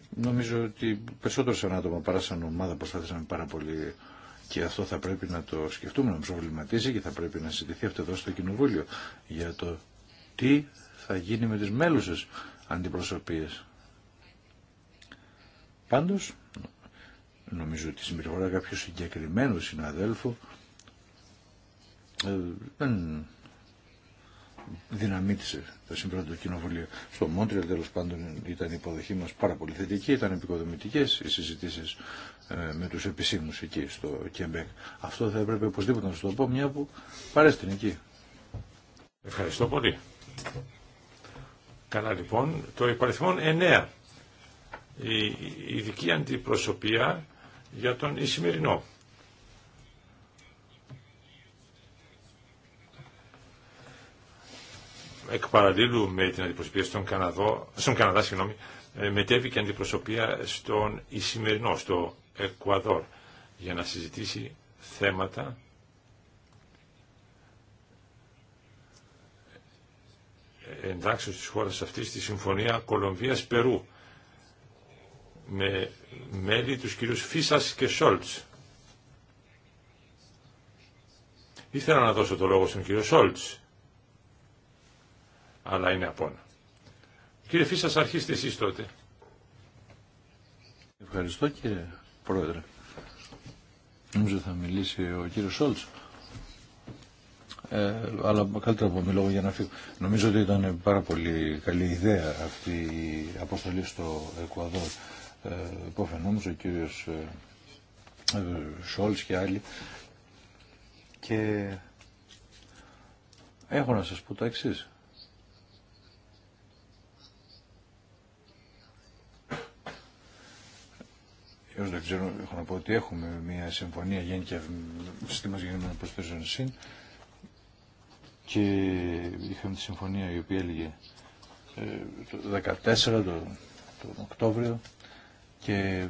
νομίζω ότι περισσότερο σαν άτομα παρά σαν ομάδα προσπάθησαν πάρα πολύ και αυτό θα πρέπει να το σκεφτούμε, να προβληματίσει και θα πρέπει να συζητηθεί αυτό εδώ στο Κοινοβούλιο για το τι θα γίνει με τις μέλουσες αντιπροσωπείες. Πάντως, νομίζω ότι η συμπεριφορά κάποιου συγκεκριμένου συναδέλφου ε, δεν δυναμίτησε το συμφέρον του Κοινοβουλίου. Στο Μόντριο τέλος πάντων ήταν η υποδοχή μας πάρα πολύ θετική, ήταν επικοδομητικές οι συζητήσεις ε, με τους επισήμους εκεί στο Κεμπέκ. Αυτό θα έπρεπε οπωσδήποτε να σου το πω, μια που παρέστην εκεί. Ευχαριστώ πολύ. Καλά λοιπόν, το υπαριθμόν 9. Η ειδική αντιπροσωπεία για τον Ισημερινό. Εκ με την αντιπροσωπεία στον, Καναδό, στον Καναδά, συγγνώμη, ε, μετέβηκε αντιπροσωπεία στον Ισημερινό, στο Εκουαδόρ για να συζητήσει θέματα εντάξει στις χώρες αυτής στη Συμφωνία Κολομβίας-Περού με μέλη τους κυρίους Φίσας και Σόλτς. Ήθελα να δώσω το λόγο στον κύριο Σόλτς, αλλά είναι απόνα. Κύριε Φίσας, αρχίστε εσείς τότε. Ευχαριστώ κύριε Πρόεδρε. Νομίζω θα μιλήσει ο κύριος Σόλτς. Ε, αλλά καλύτερα από μιλόγω για να φύγω. Νομίζω ότι ήταν πάρα πολύ καλή ιδέα αυτή η αποστολή στο Εκουαδόρ. Ε, υποφαινόμως ο κύριος ε, ε και άλλοι. Και έχω να σας πω τα εξής. εγώ δεν ξέρω, έχω να πω ότι έχουμε μια συμφωνία γέννη και συστήμα γεννημένων προσθέσεων συν και είχαμε τη συμφωνία η οποία έλεγε ε, το 14 τον Οκτώβριο και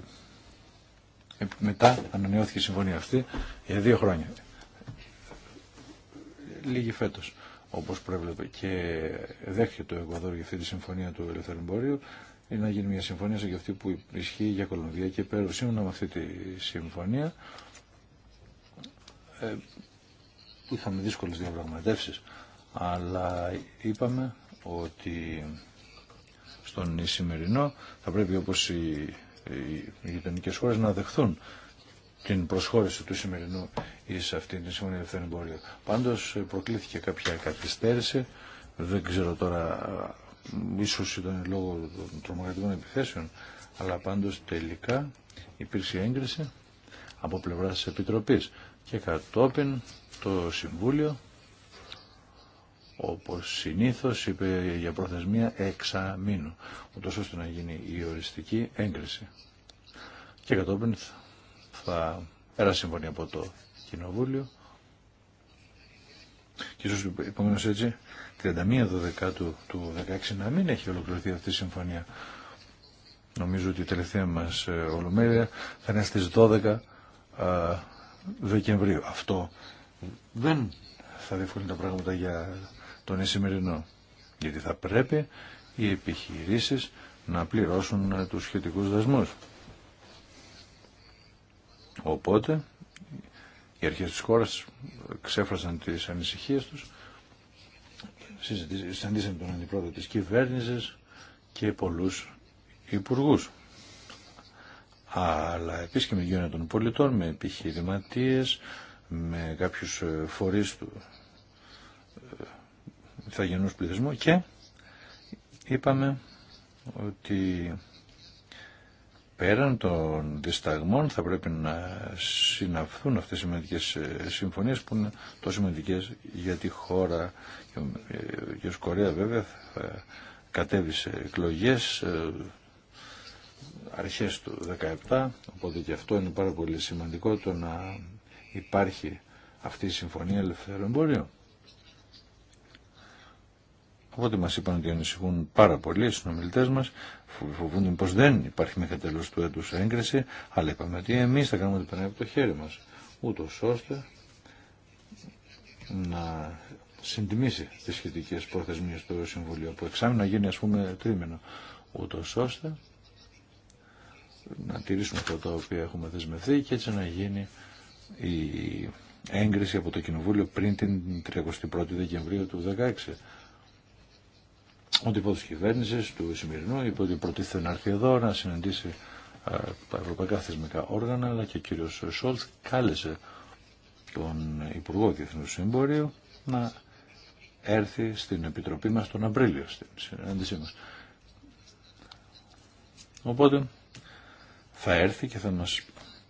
ε, μετά ανανεώθηκε η συμφωνία αυτή για δύο χρόνια. Λίγη φέτος όπως προέβλεπε και δέχεται το Εκουαδόρ για αυτή τη συμφωνία του ελεύθερου εμπόριου, είναι να γίνει μια συμφωνία σαν και αυτή που ισχύει για Κολομβία και Περού. Σύμφωνα με αυτή τη συμφωνία ε, είχαμε δύσκολες διαπραγματεύσει, αλλά είπαμε ότι στον σημερινό θα πρέπει όπως οι, οι, οι γειτονικέ χώρε να δεχθούν την προσχώρηση του σημερινού εις αυτήν την Συμφωνία Ελευθερών Εμπορίου. Πάντως προκλήθηκε κάποια καθυστέρηση, δεν ξέρω τώρα, ε, ίσως ήταν λόγω των τρομοκρατικών επιθέσεων, αλλά πάντως τελικά υπήρξε έγκριση από πλευρά τη Επιτροπής και κατόπιν το Συμβούλιο όπως συνήθως είπε για προθεσμία εξαμήνου, ούτως ώστε να γίνει η οριστική έγκριση. Και κατόπιν θα πέρασε συμφωνία από το Κοινοβούλιο. Και ίσως επομένως έτσι 31 Δεκάτου του 16 να μην έχει ολοκληρωθεί αυτή η συμφωνία. Νομίζω ότι η τελευταία μας ε, ολομέλεια θα είναι στις 12 ε, Δεκεμβρίου. Αυτό δεν θα διευκολύνει τα πράγματα για τον εσημερινό. Γιατί θα πρέπει οι επιχειρήσεις να πληρώσουν ε, τους σχετικούς δασμούς. Οπότε οι αρχές της χώρας ξέφρασαν τις ανησυχίες τους, συζητήσαν τον αντιπρόεδρο της κυβέρνησης και πολλούς υπουργούς. Αλλά και με των πολιτών, με επιχειρηματίες, με κάποιους ε, φορείς του ε, θα πληθυσμού και είπαμε ότι πέραν των δισταγμών θα πρέπει να συναυθούν αυτές οι σημαντικές ε, συμφωνίες που είναι τόσο σημαντικές για τη χώρα και ως ε, Κορέα βέβαια κατέβησε κατέβει σε εκλογές ε, αρχές του 17 οπότε και αυτό είναι πάρα πολύ σημαντικό το να υπάρχει αυτή η συμφωνία ελευθερών εμπόριο. Οπότε μας είπαν ότι ανησυχούν πάρα πολλοί οι συνομιλητές μας φοβούνται πως δεν υπάρχει μέχρι τέλος του έτους έγκριση, αλλά είπαμε ότι εμείς θα κάνουμε την περνάει από το χέρι μας, ούτω ώστε να συντιμήσει τις σχετικές προθεσμίες του Συμβουλίου, που εξάμεινο να γίνει ας πούμε τρίμηνο, ούτω ώστε να τηρήσουμε αυτά τα οποία έχουμε δεσμευθεί και έτσι να γίνει η έγκριση από το Κοινοβούλιο πριν την 31η Δεκεμβρίου του 2016 ο τύπο τη κυβέρνηση του σημερινού είπε ότι προτίθεται να έρθει εδώ να συναντήσει ε, τα ευρωπαϊκά θεσμικά όργανα, αλλά και ο κύριος Σόλτ κάλεσε τον Υπουργό Διεθνού Συμπορίου να έρθει στην Επιτροπή μας τον Απρίλιο, στην συνάντησή μας. Οπότε θα έρθει και θα μας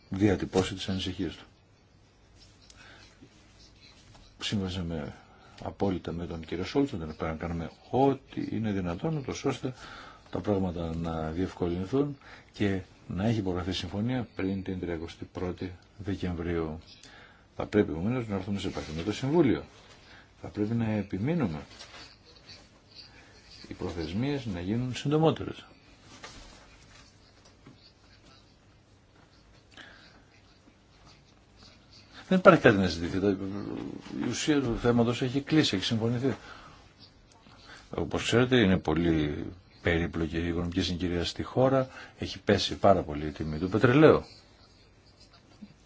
διατυπώσει τις ανησυχίες του. Σύμφωνα με απόλυτα με τον κύριο Σόλτ, να πρέπει να κάνουμε ό,τι είναι δυνατόν, το ώστε τα πράγματα να διευκολυνθούν και να έχει υπογραφεί συμφωνία πριν την 31η Δεκεμβρίου. Θα πρέπει επομένω να έρθουμε σε επαφή με το Συμβούλιο. Θα πρέπει να επιμείνουμε οι προθεσμίες να γίνουν συντομότερες. Δεν υπάρχει κάτι να ζητηθεί. Η ουσία του θέματο έχει κλείσει, έχει συμφωνηθεί. Όπω ξέρετε είναι πολύ περίπλοκη η οικονομική συγκυρία στη χώρα. Έχει πέσει πάρα πολύ η τιμή του πετρελαίου.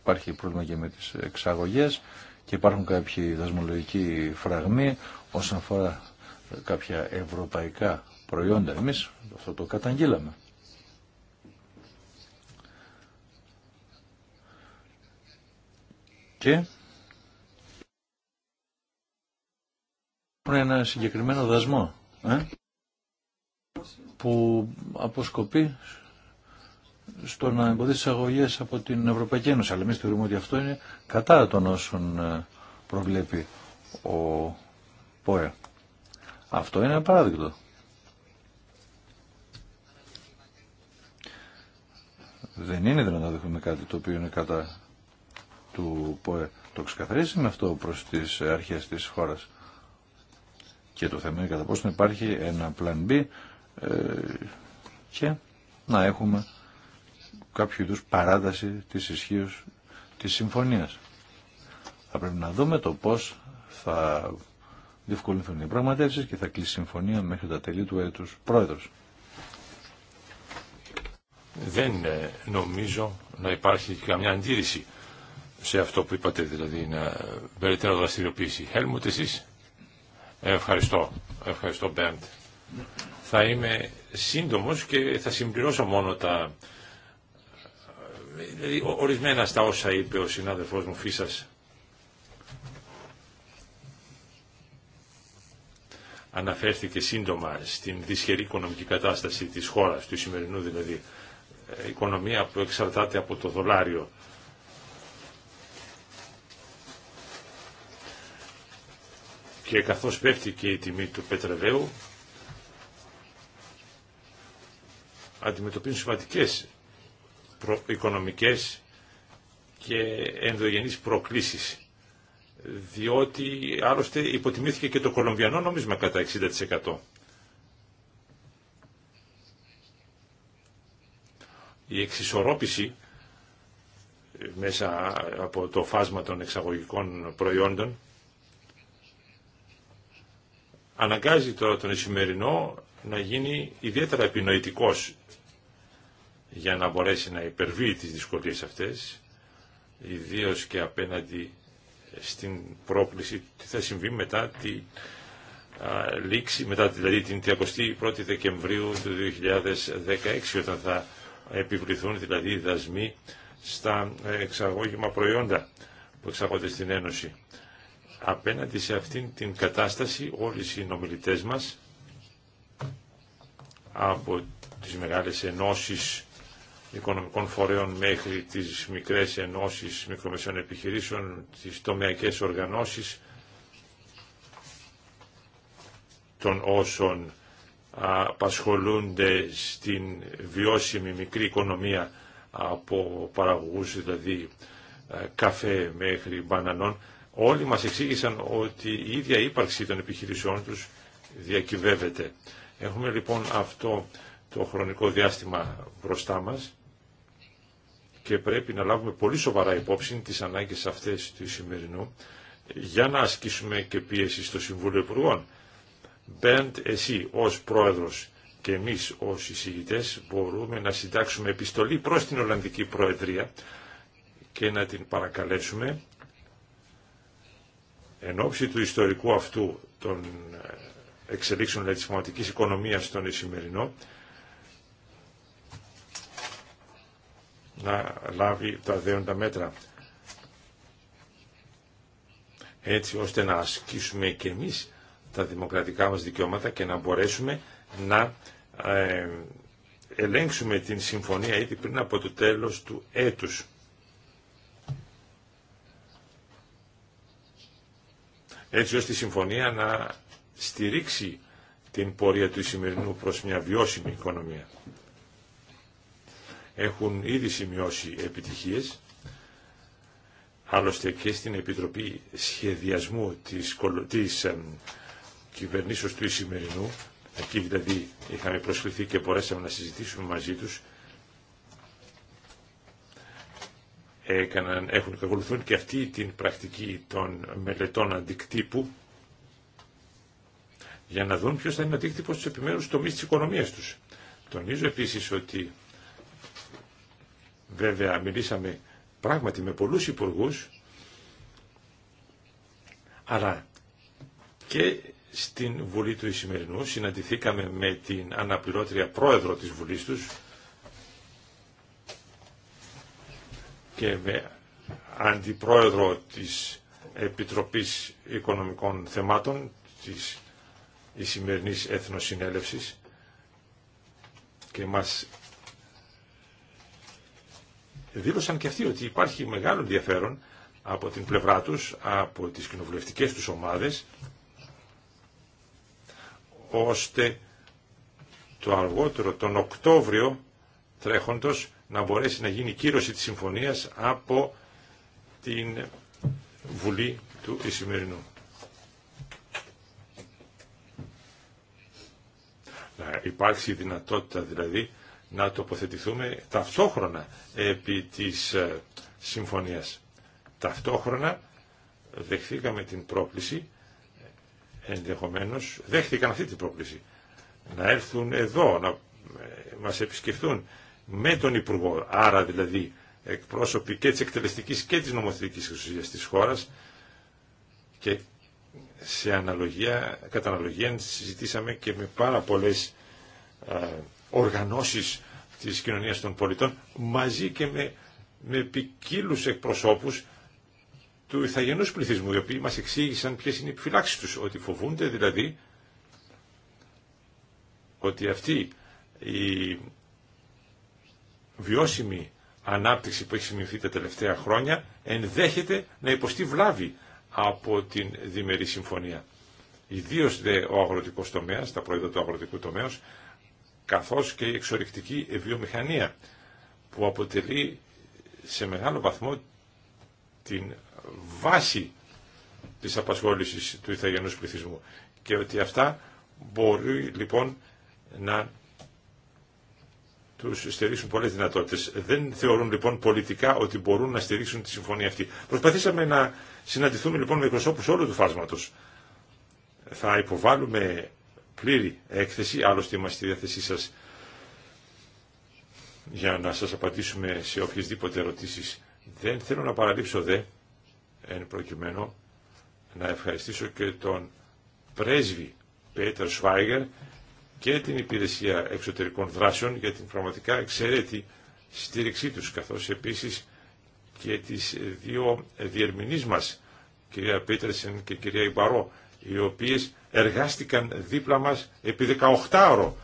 Υπάρχει πρόβλημα και με τις εξαγωγές και υπάρχουν κάποιοι δασμολογικοί φραγμοί όσον αφορά κάποια ευρωπαϊκά προϊόντα. Εμεί, αυτό το καταγγείλαμε. Και ένα συγκεκριμένο δασμό ε, που αποσκοπεί στο να εμποδίσει αγωγέ από την Ευρωπαϊκή Ένωση. Αλλά εμεί θεωρούμε ότι αυτό είναι κατά των όσων ε, προβλέπει ο ΠΟΕ. Αυτό είναι παράδειγμα. Δεν είναι δυνατόν να δείχνουμε κάτι το οποίο είναι κατά του ΠΟΕ. Το με αυτό προς τις ε, αρχές της χώρας. Και το θέμα είναι κατά πόσο υπάρχει ένα plan B ε, και να έχουμε κάποιο είδους παράταση της ισχύω της συμφωνίας. Θα πρέπει να δούμε το πώς θα διευκολυνθούν οι πραγματεύσεις και θα κλείσει συμφωνία μέχρι τα τελή του έτους πρόεδρος. Δεν ε, νομίζω να υπάρχει καμιά αντίρρηση σε αυτό που είπατε, δηλαδή να περαιτέρω δραστηριοποίηση. Χέλμουτ, εσείς. Ευχαριστώ. Ευχαριστώ, Μπέρντ. Θα είμαι σύντομο και θα συμπληρώσω μόνο τα δηλαδή, ορισμένα στα όσα είπε ο συνάδελφός μου Φίσας. Αναφέρθηκε σύντομα στην δυσχερή οικονομική κατάσταση της χώρας, του σημερινού δηλαδή, ε, οικονομία που εξαρτάται από το δολάριο και καθώς πέφτει και η τιμή του πετρελαίου αντιμετωπίζουν σημαντικές οικονομικές και ενδογενείς προκλήσεις διότι άλλωστε υποτιμήθηκε και το κολομβιανό νόμισμα κατά 60%. Η εξισορρόπηση μέσα από το φάσμα των εξαγωγικών προϊόντων αναγκάζει τώρα τον Ισημερινό να γίνει ιδιαίτερα επινοητικός για να μπορέσει να υπερβεί τις δυσκολίες αυτές, ιδίως και απέναντι στην πρόκληση τι θα συμβεί μετά τη λήξη, μετά δηλαδή την 31η Δεκεμβρίου του 2016, όταν θα επιβληθούν δηλαδή οι δασμοί στα εξαγώγημα προϊόντα που εξαγόνται στην Ένωση. Απέναντι σε αυτήν την κατάσταση όλοι οι συνομιλητές μας από τις μεγάλες ενώσεις οικονομικών φορέων μέχρι τις μικρές ενώσεις μικρομεσαίων επιχειρήσεων, τις τομεακές οργανώσεις των όσων απασχολούνται στην βιώσιμη μικρή οικονομία από παραγωγούς δηλαδή ε, καφέ μέχρι μπανανών Όλοι μας εξήγησαν ότι η ίδια ύπαρξη των επιχειρήσεών τους διακυβεύεται. Έχουμε λοιπόν αυτό το χρονικό διάστημα μπροστά μας και πρέπει να λάβουμε πολύ σοβαρά υπόψη τις ανάγκες αυτές του σημερινού για να ασκήσουμε και πίεση στο Συμβούλιο Υπουργών. Μπέντ, εσύ ως πρόεδρος και εμείς ως εισηγητές μπορούμε να συντάξουμε επιστολή προς την Ολλανδική Προεδρία και να την παρακαλέσουμε Εν ώψη του ιστορικού αυτού των ε, εξελίξεων δηλαδή, της πραγματικής οικονομίας στον Ισημερινό να λάβει τα δέοντα μέτρα έτσι ώστε να ασκήσουμε και εμείς τα δημοκρατικά μας δικαιώματα και να μπορέσουμε να ε, ελέγξουμε την συμφωνία ήδη πριν από το τέλος του έτους. έτσι ώστε η συμφωνία να στηρίξει την πορεία του σημερινού προς μια βιώσιμη οικονομία. Έχουν ήδη σημειώσει επιτυχίες, άλλωστε και στην Επιτροπή Σχεδιασμού της, της κυβερνήσεως του Ισημερινού, εκεί δηλαδή είχαμε προσκληθεί και μπορέσαμε να συζητήσουμε μαζί τους έκαναν, έχουν ακολουθούν και αυτή την πρακτική των μελετών αντικτύπου για να δουν ποιος θα είναι ο αντίκτυπος στους επιμέρους τομείς της οικονομίας τους. Τονίζω επίσης ότι βέβαια μιλήσαμε πράγματι με πολλούς υπουργούς αλλά και στην Βουλή του Ισημερινού συναντηθήκαμε με την αναπληρώτρια πρόεδρο της Βουλής τους και με αντιπρόεδρο της Επιτροπής Οικονομικών Θεμάτων της η σημερινή έθνοσυνέλευση, και μας δήλωσαν και αυτοί ότι υπάρχει μεγάλο ενδιαφέρον από την πλευρά τους, από τις κοινοβουλευτικέ τους ομάδες, ώστε το αργότερο, τον Οκτώβριο τρέχοντος, να μπορέσει να γίνει κύρωση της συμφωνίας από την Βουλή του Ισημερινού. Να υπάρξει δυνατότητα δηλαδή να τοποθετηθούμε ταυτόχρονα επί της ε, συμφωνίας. Ταυτόχρονα δεχθήκαμε την πρόκληση, ενδεχομένως δέχθηκαν αυτή την πρόκληση, να έρθουν εδώ, να ε, μας επισκεφτούν με τον Υπουργό. Άρα δηλαδή εκπρόσωποι και της εκτελεστικής και της νομοθετικής εξουσίας της χώρας και σε αναλογία, κατά αναλογία συζητήσαμε και με πάρα πολλές ε, οργανώσεις της κοινωνίας των πολιτών μαζί και με, με ποικίλου εκπροσώπους του ηθαγενούς πληθυσμού οι οποίοι μας εξήγησαν ποιες είναι οι επιφυλάξεις τους ότι φοβούνται δηλαδή ότι αυτοί η βιώσιμη ανάπτυξη που έχει σημειωθεί τα τελευταία χρόνια ενδέχεται να υποστεί βλάβη από την διμερή συμφωνία. Ιδίω δε ο αγροτικό τομέα, τα προϊόντα του αγροτικού τομέα, καθώ και η εξορρυκτική βιομηχανία που αποτελεί σε μεγάλο βαθμό την βάση της απασχόλησης του Ιθαγενούς πληθυσμού και ότι αυτά μπορεί λοιπόν να τους στηρίξουν πολλέ δυνατότητε. Δεν θεωρούν λοιπόν πολιτικά ότι μπορούν να στηρίξουν τη συμφωνία αυτή. Προσπαθήσαμε να συναντηθούμε λοιπόν με εκπροσώπου όλου του φάσματος. Θα υποβάλουμε πλήρη έκθεση, άλλωστε είμαστε στη διάθεσή σα για να σας απαντήσουμε σε οποιασδήποτε ερωτήσεις. Δεν θέλω να παραλείψω δε, εν προκειμένου, να ευχαριστήσω και τον πρέσβη Πέτερ Σφάιγερ, και την Υπηρεσία Εξωτερικών Δράσεων για την πραγματικά εξαιρέτη στήριξή τους, καθώς επίσης και τις δύο διερμηνείς μας, κυρία Πίτερσεν και κυρία Ιμπαρό, οι οποίες εργάστηκαν δίπλα μας επί 18 ώρο.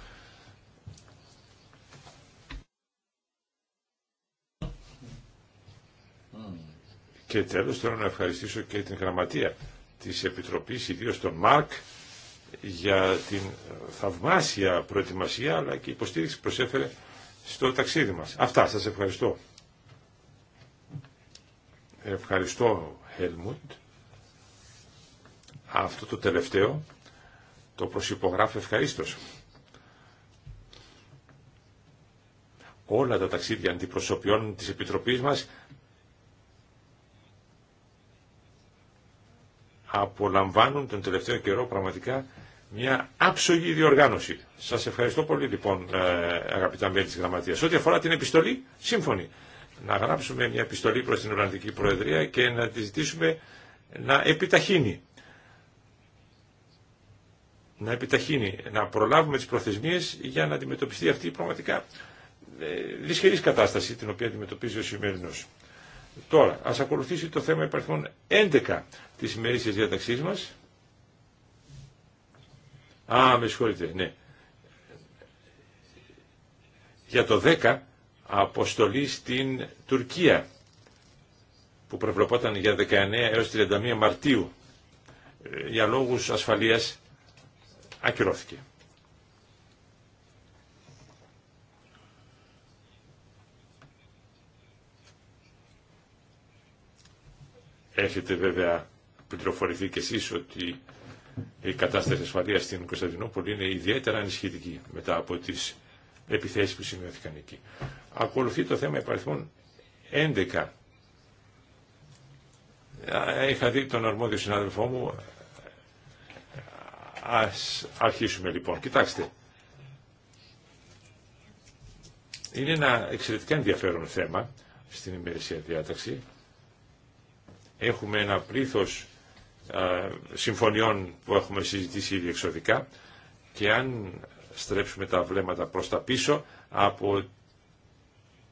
Και τέλος θέλω να ευχαριστήσω και την γραμματεία της Επιτροπής, ιδίως τον Μάρκ, για την θαυμάσια προετοιμασία αλλά και υποστήριξη προσέφερε στο ταξίδι μας. Αυτά, σας ευχαριστώ. Ευχαριστώ, Χέλμουντ. Αυτό το τελευταίο το προσυπογράφω ευχαρίστως. Όλα τα ταξίδια αντιπροσωπιών της Επιτροπής μας απολαμβάνουν τον τελευταίο καιρό πραγματικά μια άψογη διοργάνωση. Σας ευχαριστώ πολύ λοιπόν ε, αγαπητά μέλη της Γραμματείας. Ό,τι αφορά την επιστολή, σύμφωνοι. Να γράψουμε μια επιστολή προς την Ολλανδική Προεδρία και να τη ζητήσουμε να επιταχύνει. Να επιταχύνει, να προλάβουμε τις προθεσμίες για να αντιμετωπιστεί αυτή η πραγματικά ε, δυσχερής κατάσταση την οποία αντιμετωπίζει ο σημερινός. Τώρα, ας ακολουθήσει το θέμα υπαρχών 11 της ημερήσιας διαταξή μας. Α, με συγχωρείτε, ναι. Για το 10 αποστολή στην Τουρκία που προβλεπόταν για 19 έως 31 Μαρτίου ε, για λόγους ασφαλείας ακυρώθηκε. Έχετε βέβαια πληροφορηθεί κι εσείς ότι η κατάσταση ασφαλείας στην Κωνσταντινούπολη είναι ιδιαίτερα ανισχυτική μετά από τις επιθέσεις που σημειώθηκαν εκεί. Ακολουθεί το θέμα υπαριθμών 11. Είχα δει τον αρμόδιο συνάδελφό μου. Ας αρχίσουμε λοιπόν. Κοιτάξτε. Είναι ένα εξαιρετικά ενδιαφέρον θέμα στην ημερησία διάταξη. Έχουμε ένα πλήθος ε, συμφωνιών που έχουμε συζητήσει ήδη εξωτικά και αν στρέψουμε τα βλέμματα προς τα πίσω από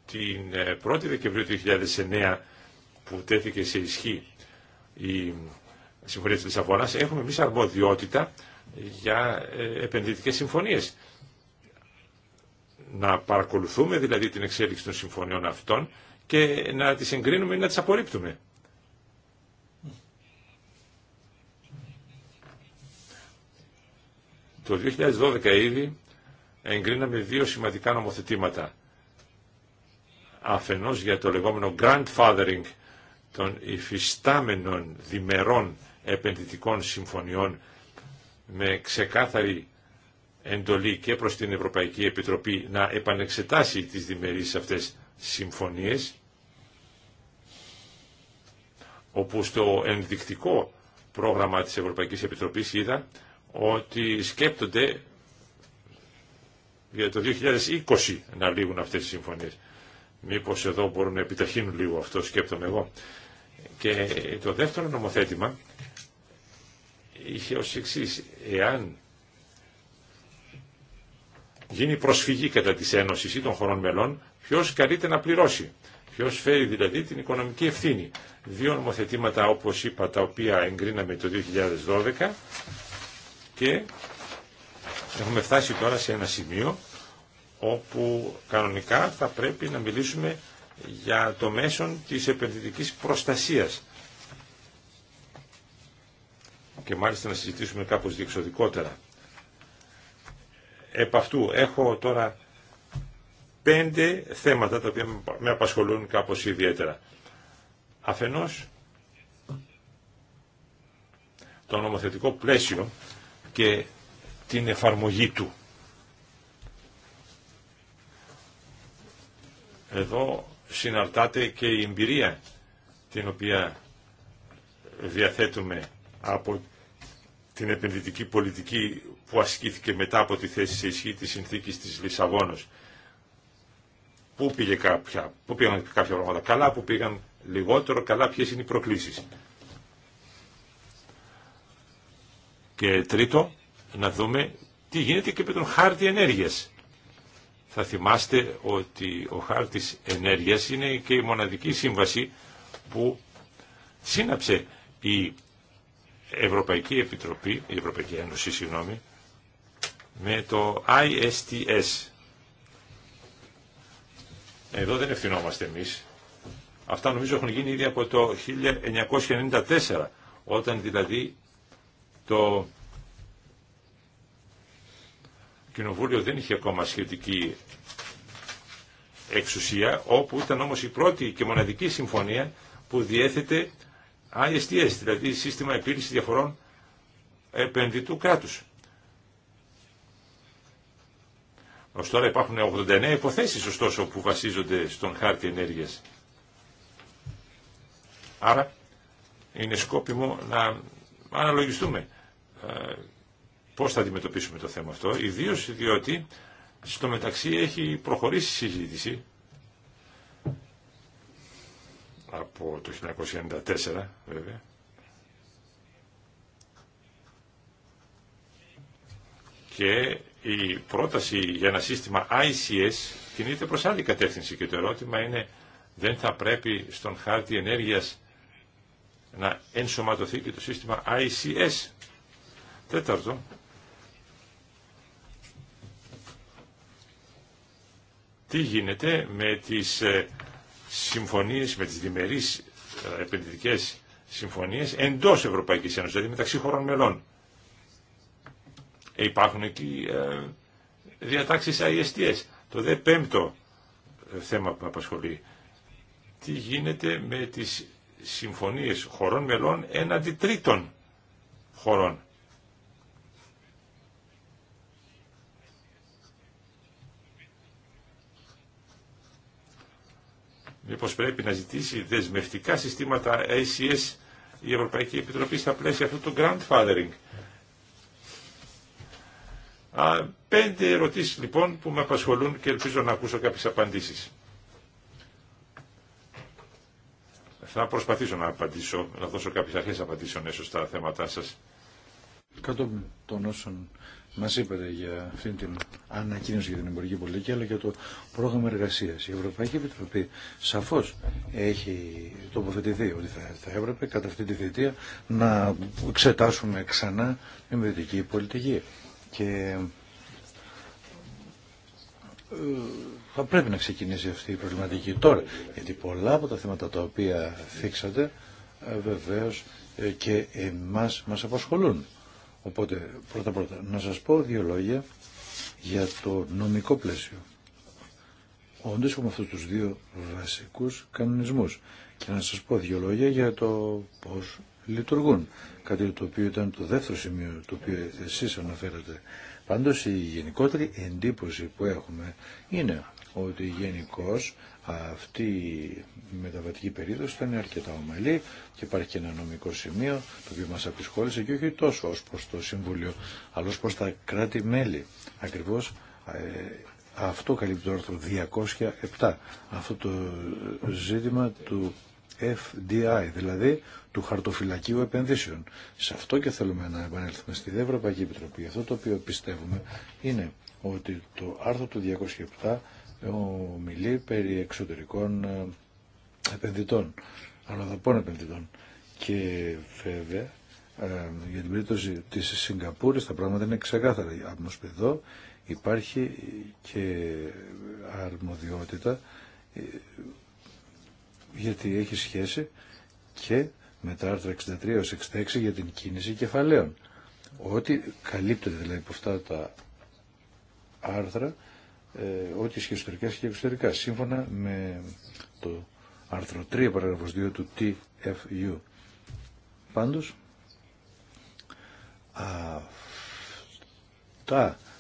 την 1η ε, Δεκεμβρίου του 2009 που τέθηκε σε ισχύ η Συμφωνία της Λισαβόνας έχουμε εμείς αρμοδιότητα για ε, επενδυτικές συμφωνίες. Να παρακολουθούμε δηλαδή την εξέλιξη των συμφωνιών αυτών και να τις εγκρίνουμε ή να τις απορρίπτουμε. Το 2012 ήδη εγκρίναμε δύο σημαντικά νομοθετήματα. Αφενός για το λεγόμενο grandfathering των υφιστάμενων διμερών επενδυτικών συμφωνιών με ξεκάθαρη εντολή και προς την Ευρωπαϊκή Επιτροπή να επανεξετάσει τις διμερείς αυτές συμφωνίες όπου στο ενδεικτικό πρόγραμμα της Ευρωπαϊκής Επιτροπής είδα ότι σκέπτονται για το 2020 να λήγουν αυτές οι συμφωνίες. Μήπως εδώ μπορούν να επιταχύνουν λίγο αυτό, σκέπτομαι εγώ. Και το δεύτερο νομοθέτημα είχε ως εξή εάν γίνει προσφυγή κατά της Ένωσης ή των χωρών μελών, ποιος καλείται να πληρώσει. Ποιο φέρει δηλαδή την οικονομική ευθύνη. Δύο νομοθετήματα, όπως είπα, τα οποία εγκρίναμε το 2012 και έχουμε φτάσει τώρα σε ένα σημείο όπου κανονικά θα πρέπει να μιλήσουμε για το μέσον της επενδυτικής προστασίας και μάλιστα να συζητήσουμε κάπως διεξοδικότερα. Επ' αυτού έχω τώρα πέντε θέματα τα οποία με απασχολούν κάπως ιδιαίτερα. Αφενός, το νομοθετικό πλαίσιο και την εφαρμογή του. Εδώ συναρτάται και η εμπειρία την οποία διαθέτουμε από την επενδυτική πολιτική που ασκήθηκε μετά από τη θέση σε ισχύ της συνθήκης της Λισαβόνος. Πού πήγε κάποια, πού πήγαν κάποια πράγματα καλά, πού πήγαν λιγότερο καλά, ποιες είναι οι προκλήσεις. Και τρίτο, να δούμε τι γίνεται και με τον χάρτη ενέργειας. Θα θυμάστε ότι ο χάρτης ενέργειας είναι και η μοναδική σύμβαση που σύναψε η Ευρωπαϊκή Επιτροπή, η Ευρωπαϊκή Ένωση, συγγνώμη, με το ISTS. Εδώ δεν ευθυνόμαστε εμείς. Αυτά νομίζω έχουν γίνει ήδη από το 1994, όταν δηλαδή το Κοινοβούλιο δεν είχε ακόμα σχετική εξουσία, όπου ήταν όμως η πρώτη και μοναδική συμφωνία που διέθετε ISTS, δηλαδή Σύστημα Επίλυσης Διαφορών Επενδυτού Κράτους. Ως τώρα υπάρχουν 89 υποθέσεις ωστόσο που βασίζονται στον χάρτη ενέργειας. Άρα είναι σκόπιμο να αναλογιστούμε ε, πώς θα αντιμετωπίσουμε το θέμα αυτό, ιδίως διότι στο μεταξύ έχει προχωρήσει η συζήτηση από το 1994 βέβαια, και η πρόταση για ένα σύστημα ICS κινείται προς άλλη κατεύθυνση και το ερώτημα είναι δεν θα πρέπει στον χάρτη ενέργειας να ενσωματωθεί και το σύστημα ICS. Τέταρτο, τι γίνεται με τις ε, συμφωνίες, με τις διμερείς ε, επενδυτικές συμφωνίες εντός Ευρωπαϊκής Ένωσης, δηλαδή μεταξύ χωρών μελών. Ε, υπάρχουν εκεί διατάξεις ISTS. Το δε πέμπτο θέμα που με απασχολεί, τι γίνεται με τις συμφωνίες χωρών μελών έναντι τρίτων χωρών. Μήπως πρέπει να ζητήσει δεσμευτικά συστήματα ACS η Ευρωπαϊκή Επιτροπή στα πλαίσια αυτού του grandfathering. Α, πέντε ερωτήσεις λοιπόν που με απασχολούν και ελπίζω να ακούσω κάποιες απαντήσεις. Θα προσπαθήσω να απαντήσω, να δώσω κάποιες αρχές απαντήσεων έσω στα θέματά σας. Κάτω των όσων μας είπατε για αυτήν την ανακοίνωση για την εμπορική πολιτική, αλλά και το πρόγραμμα εργασίας. Η Ευρωπαϊκή Επιτροπή σαφώς έχει τοποθετηθεί ότι θα, θα έπρεπε κατά αυτή τη θητεία να εξετάσουμε ξανά την εμπορική πολιτική. Και ε, θα πρέπει να ξεκινήσει αυτή η προβληματική τώρα. Γιατί πολλά από τα θέματα τα οποία θίξατε ε, βεβαίως ε, και εμά μας απασχολούν. Οπότε πρώτα πρώτα να σας πω δύο λόγια για το νομικό πλαίσιο. Όντω έχουμε αυτού τους δύο βασικούς κανονισμού και να σας πω δύο λόγια για το πώς λειτουργούν. Κάτι το οποίο ήταν το δεύτερο σημείο το οποίο εσεί αναφέρατε. Πάντως η γενικότερη εντύπωση που έχουμε είναι ότι γενικώ αυτή η μεταβατική περίοδος ήταν αρκετά ομαλή και υπάρχει και ένα νομικό σημείο το οποίο μα απασχόλησε και όχι τόσο ω προ το Συμβούλιο αλλά ως προς τα κράτη-μέλη. Ακριβώς ε, αυτό καλύπτει το άρθρο 207. Αυτό το ζήτημα του FDI, δηλαδή του χαρτοφυλακίου επενδύσεων. Σε αυτό και θέλουμε να επανέλθουμε στη Ευρωπαϊκή Επιτροπή. Αυτό το οποίο πιστεύουμε είναι ότι το άρθρο του 207 ομιλεί περί εξωτερικών ε, επενδυτών, αλλοδαπών επενδυτών. Και βέβαια ε, για την περίπτωση της Σιγκαπούρης τα πράγματα είναι ξεκάθαρα. Από εδώ υπάρχει και αρμοδιότητα ε, γιατί έχει σχέση και με τα άρθρα 63 66 για την κίνηση κεφαλαίων. Ό,τι καλύπτεται δηλαδή από αυτά τα άρθρα ε, ό,τι ισχύει ιστορικά και εξωτερικά, σύμφωνα με το άρθρο 3, παράγραφος 2 του TFU. Πάντως, αυτά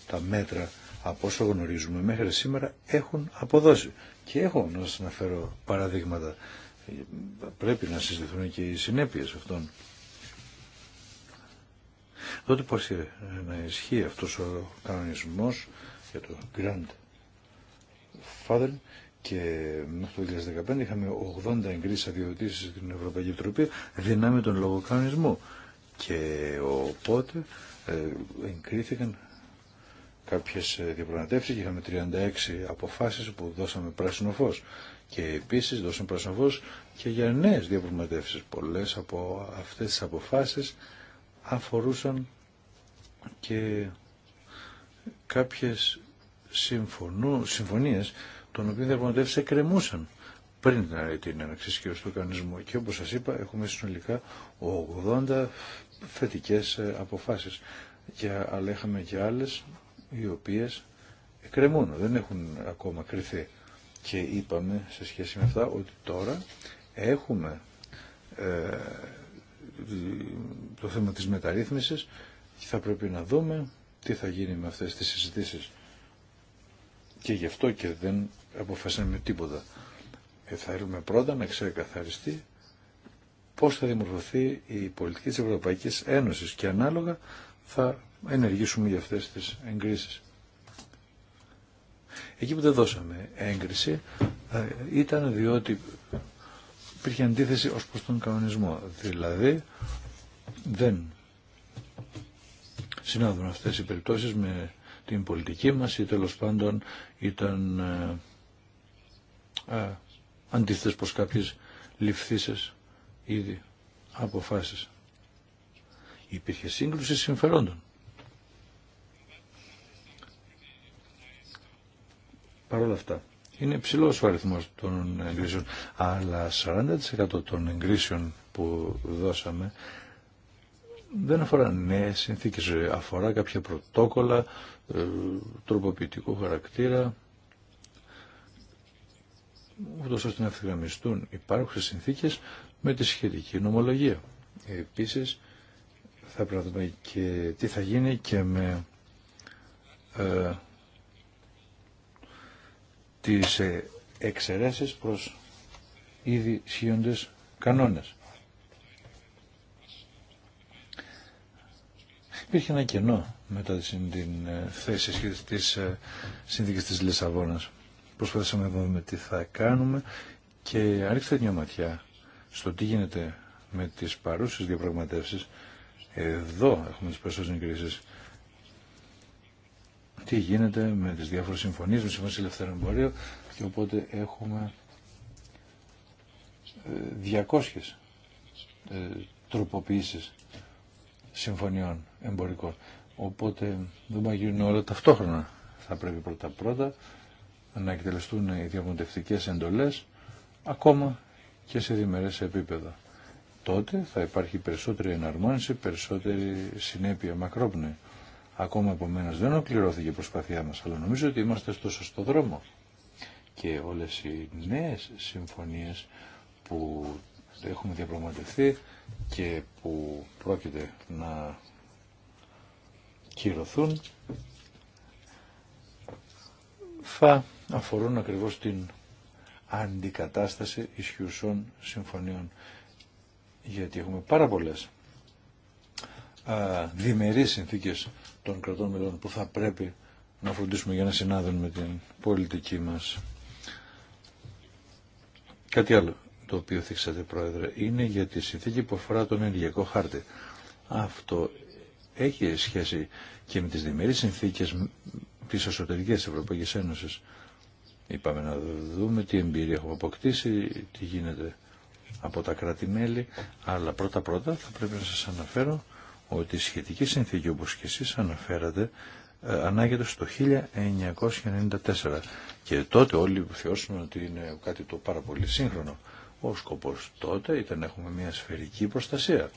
τα μέτρα, από όσο γνωρίζουμε μέχρι σήμερα, έχουν αποδώσει. Και έχω να σας αναφέρω παραδείγματα. Πρέπει να συζητηθούν και οι συνέπειες αυτών. Τότε πώς να ισχύει αυτός ο κανονισμός για το Grand Father και μέχρι το 2015 είχαμε 80 εγκρίσεις αδειοδοτήσεις στην Ευρωπαϊκή Επιτροπή δυνάμει τον λογοκανονισμό και οπότε ε, εγκρίθηκαν κάποιες ε, διαπραγματεύσει και είχαμε 36 αποφάσεις που δώσαμε πράσινο φως και επίσης δώσαμε πράσινο φως και για νέες διαπραγματεύσει πολλές από αυτές τις αποφάσεις αφορούσαν και κάποιες συμφωνίε των οποίων διαπραγματεύσει εκκρεμούσαν πριν την αναξίσκευση του οργανισμού. Και όπως σας είπα έχουμε συνολικά 80 θετικέ ε, αποφάσεις. αλλά είχαμε και άλλες οι οποίε εκκρεμούν, δεν έχουν ακόμα κρυθεί. Και είπαμε σε σχέση με αυτά ότι τώρα έχουμε ε, το θέμα της μεταρρύθμισης και θα πρέπει να δούμε τι θα γίνει με αυτές τις συζητήσεις και γι' αυτό και δεν αποφασίσαμε τίποτα. Ε, έρθουμε πρώτα να ξεκαθαριστεί πώς θα δημορφωθεί η πολιτική της Ευρωπαϊκής Ένωσης και ανάλογα θα ενεργήσουμε για αυτές τις εγκρίσεις. Εκεί που δεν δώσαμε έγκριση ε, ήταν διότι υπήρχε αντίθεση ως προς τον κανονισμό. Δηλαδή δεν συνάδουν αυτές οι περιπτώσεις με την πολιτική μας ή τέλος πάντων ήταν ε, ε, αντίθετες προς κάποιες ληφθήσεις ήδη αποφάσεις. Υπήρχε σύγκρουση συμφερόντων. Παρ' όλα αυτά, είναι ψηλό ο αριθμό των εγκρίσεων, αλλά 40% των εγκρίσεων που δώσαμε δεν αφορά νέες συνθήκες, ε, αφορά κάποια πρωτόκολλα ε, τροποποιητικού χαρακτήρα ούτως ώστε να ευθυγραμμιστούν υπάρχουσε συνθήκες με τη σχετική νομολογία. Επίσης θα πρέπει να δούμε και τι θα γίνει και με ε, τις ε, εξαιρέσεις προς ήδη σχείοντες κανόνες. Υπήρχε ένα κενό μετά την ε, θέση της ε, συνθήκη της Λισαβόνα. Προσπαθήσαμε να δούμε τι θα κάνουμε και άρχισε μια ματιά στο τι γίνεται με τις παρούσες διαπραγματεύσεις. Εδώ έχουμε τις περισσότερες κρίσεις. Τι γίνεται με τις διάφορες συμφωνίες, με συμφωνίες ελευθερών εμπορίου και οπότε έχουμε 200 ε, τροποποιήσεις συμφωνιών εμπορικών. Οπότε δεν μπορεί να γίνουν όλα ταυτόχρονα. Θα πρέπει πρώτα-πρώτα να εκτελεστούν οι διαμοντευτικέ εντολές ακόμα και σε διμερές επίπεδα. Τότε θα υπάρχει περισσότερη εναρμόνιση, περισσότερη συνέπεια μακρόπνοη. Ακόμα επομένω δεν ολοκληρώθηκε η προσπάθειά μας, αλλά νομίζω ότι είμαστε στο σωστό δρόμο. Και όλε οι νέε συμφωνίε που έχουμε διαπραγματευτεί και που πρόκειται να κυρωθούν θα αφορούν ακριβώς την αντικατάσταση ισχυουσών συμφωνίων γιατί έχουμε πάρα πολλές α, διμερείς συνθήκες των κρατών μελών που θα πρέπει να φροντίσουμε για να συνάδουν με την πολιτική μας. Κάτι άλλο το οποίο θίξατε πρόεδρε είναι για τη συνθήκη που αφορά τον ενεργειακό χάρτη. Αυτό έχει σχέση και με τις διμερείς συνθήκες της εσωτερικής Ευρωπαϊκής Ένωσης. Είπαμε να δούμε τι εμπειρία έχουμε αποκτήσει, τι γίνεται από τα κράτη-μέλη, αλλά πρώτα-πρώτα θα πρέπει να σας αναφέρω ότι η σχετική συνθήκη όπως και εσείς αναφέρατε ε, ανάγεται στο 1994 και τότε όλοι θεώσουν ότι είναι κάτι το πάρα πολύ σύγχρονο ο σκοπός τότε ήταν να έχουμε μια σφαιρική προστασία.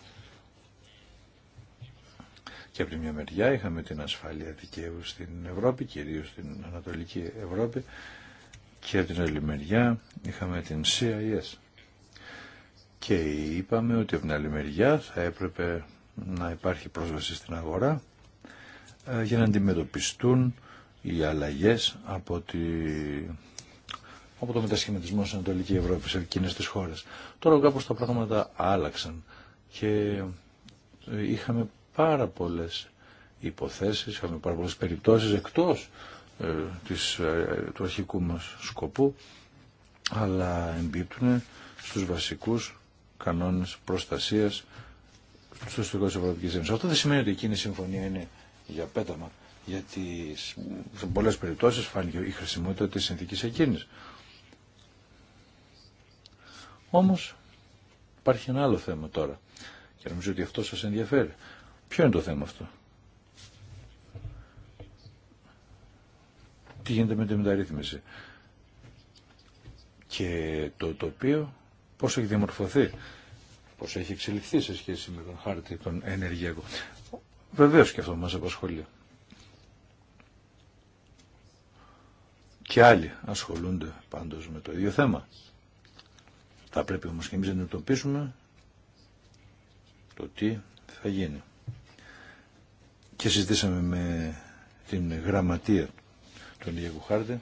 Και από τη μια μεριά είχαμε την ασφάλεια δικαίου στην Ευρώπη, κυρίως στην Ανατολική Ευρώπη, και από την άλλη μεριά είχαμε την CIS. Και είπαμε ότι από την άλλη μεριά θα έπρεπε να υπάρχει πρόσβαση στην αγορά ε, για να αντιμετωπιστούν οι αλλαγές από τη από το μετασχηματισμό στην Ανατολική Ευρώπη, σε εκείνες τις χώρες. Τώρα κάπως τα πράγματα άλλαξαν και είχαμε πάρα πολλές υποθέσεις, είχαμε πάρα πολλές περιπτώσεις εκτός ε, της, ε, του αρχικού μας σκοπού, αλλά εμπίπτουν στους βασικούς κανόνες προστασίας στο ιστορικό της Ευρωπαϊκής Ένωσης. Αυτό δεν σημαίνει ότι εκείνη η συμφωνία είναι για πέταμα, γιατί σε πολλές περιπτώσεις φάνηκε η χρησιμότητα της συνθήκης εκείνης. Όμως υπάρχει ένα άλλο θέμα τώρα και νομίζω ότι αυτό σας ενδιαφέρει. Ποιο είναι το θέμα αυτό. Τι γίνεται με τη μεταρρύθμιση. Και το τοπίο πώς έχει διαμορφωθεί, πώς έχει εξελιχθεί σε σχέση με τον χάρτη των ενεργειακών. Βεβαίως και αυτό μας απασχολεί. Και άλλοι ασχολούνται πάντως με το ίδιο θέμα. Θα πρέπει όμως και εμείς να αντιμετωπίσουμε το τι θα γίνει. Και συζητήσαμε με την γραμματεία του Ενδιακού Χάρτη.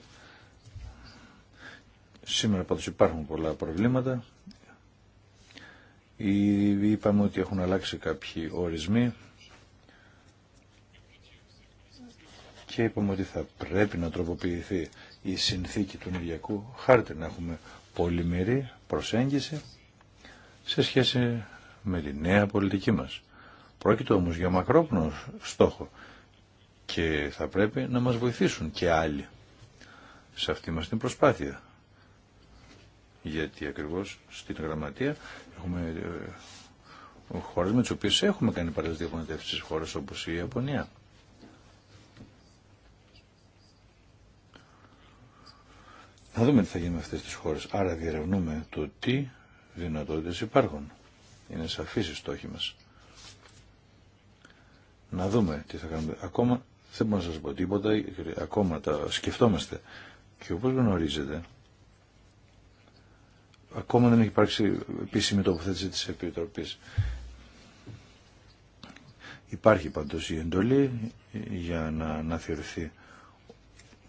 Σήμερα πάντως υπάρχουν πολλά προβλήματα. Ήδη είπαμε ότι έχουν αλλάξει κάποιοι ορισμοί και είπαμε ότι θα πρέπει να τροποποιηθεί η συνθήκη του Ενδιακού Χάρτη, να έχουμε πολυμερή προσέγγιση σε σχέση με τη νέα πολιτική μας. Πρόκειται όμως για μακρόπνο στόχο και θα πρέπει να μας βοηθήσουν και άλλοι σε αυτή μας την προσπάθεια. Γιατί ακριβώς στην γραμματεία έχουμε ε, χώρες με τις οποίες έχουμε κάνει παρελθόν διαπραγματεύσεις χώρες όπως η Ιαπωνία. Να δούμε τι θα γίνει με αυτές τις χώρες. Άρα διερευνούμε το τι δυνατότητες υπάρχουν. Είναι σαφής η στόχη μας. Να δούμε τι θα κάνουμε. Ακόμα δεν μπορώ να σας πω τίποτα, ακόμα τα σκεφτόμαστε. Και όπως γνωρίζετε, ακόμα δεν έχει υπάρξει επίσημη τοποθέτηση της Επιτροπής. Υπάρχει πάντως η εντολή για να θεωρηθεί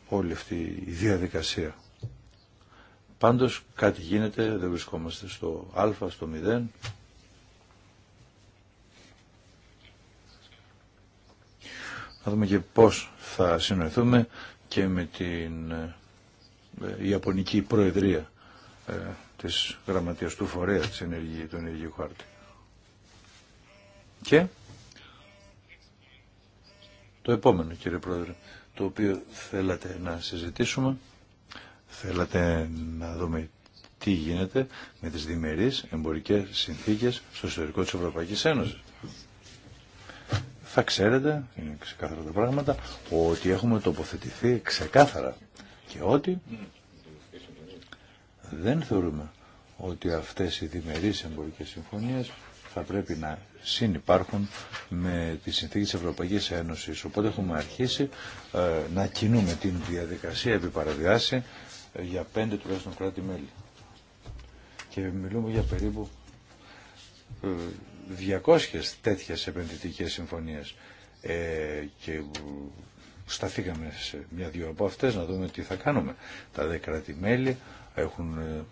όλη αυτή η διαδικασία. Πάντως κάτι γίνεται, δεν βρισκόμαστε στο α, στο 0. Να δούμε και πώς θα συνοηθούμε και με την ε, ε, Ιαπωνική Προεδρία ε, της Γραμματείας του Φορέα της ενεργή, του Ενεργείου Χάρτη. Και το επόμενο κύριε Πρόεδρε, το οποίο θέλατε να συζητήσουμε Θέλατε να δούμε τι γίνεται με τις διμερείς εμπορικές συνθήκες στο ιστορικό της Ευρωπαϊκής Ένωσης. Θα ξέρετε, είναι ξεκάθαρα τα πράγματα, ότι έχουμε τοποθετηθεί ξεκάθαρα και ότι δεν θεωρούμε ότι αυτές οι διμερείς εμπορικές συμφωνίες θα πρέπει να συνυπάρχουν με τη συνθήκη της Ευρωπαϊκής Ένωσης. Οπότε έχουμε αρχίσει ε, να κινούμε την διαδικασία επί για πέντε τουλάχιστον κράτη-μέλη. Και μιλούμε για περίπου 200 ε, τέτοιες επενδυτικές συμφωνίες ε, και ε, σταθήκαμε σε μια-δυο από αυτές να δούμε τι θα κάνουμε. Τα δε κράτη-μέλη έχουν ε,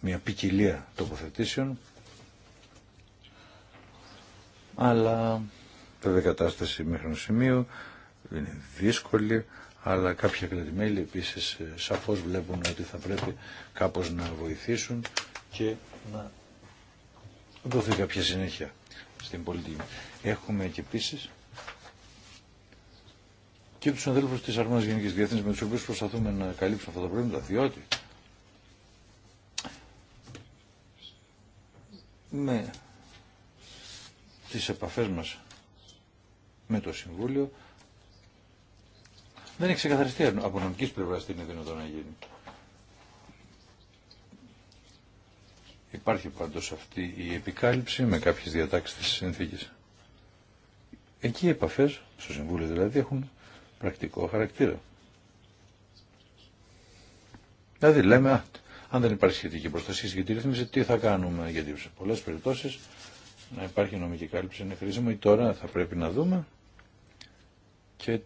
μια ποικιλία τοποθετήσεων αλλά βέβαια κατάσταση μέχρι ένα σημείο είναι δύσκολη αλλά κάποια κρατημέλη επίσης ε, σαφώς βλέπουν ότι θα πρέπει κάπως να βοηθήσουν και να δοθεί κάποια συνέχεια στην πολιτική. Έχουμε και επίσης και τους ανθρώπους της Αρμόνας Γενικής Διεθνής με τους οποίους προσπαθούμε να καλύψουμε αυτά τα πρόβλημα, διότι με τις επαφές μας με το Συμβούλιο δεν έχει ξεκαθαριστεί από νομική πλευρά τι είναι δυνατόν να γίνει. Υπάρχει πάντω αυτή η επικάλυψη με κάποιε διατάξει τη συνθήκη. Εκεί οι επαφέ, στο Συμβούλιο δηλαδή, έχουν πρακτικό χαρακτήρα. Δηλαδή λέμε, αν δεν υπάρχει σχετική προστασία, τη ρύθμιση, τι θα κάνουμε, γιατί σε πολλέ περιπτώσει. να υπάρχει νομική κάλυψη είναι χρήσιμο ή τώρα θα πρέπει να δούμε και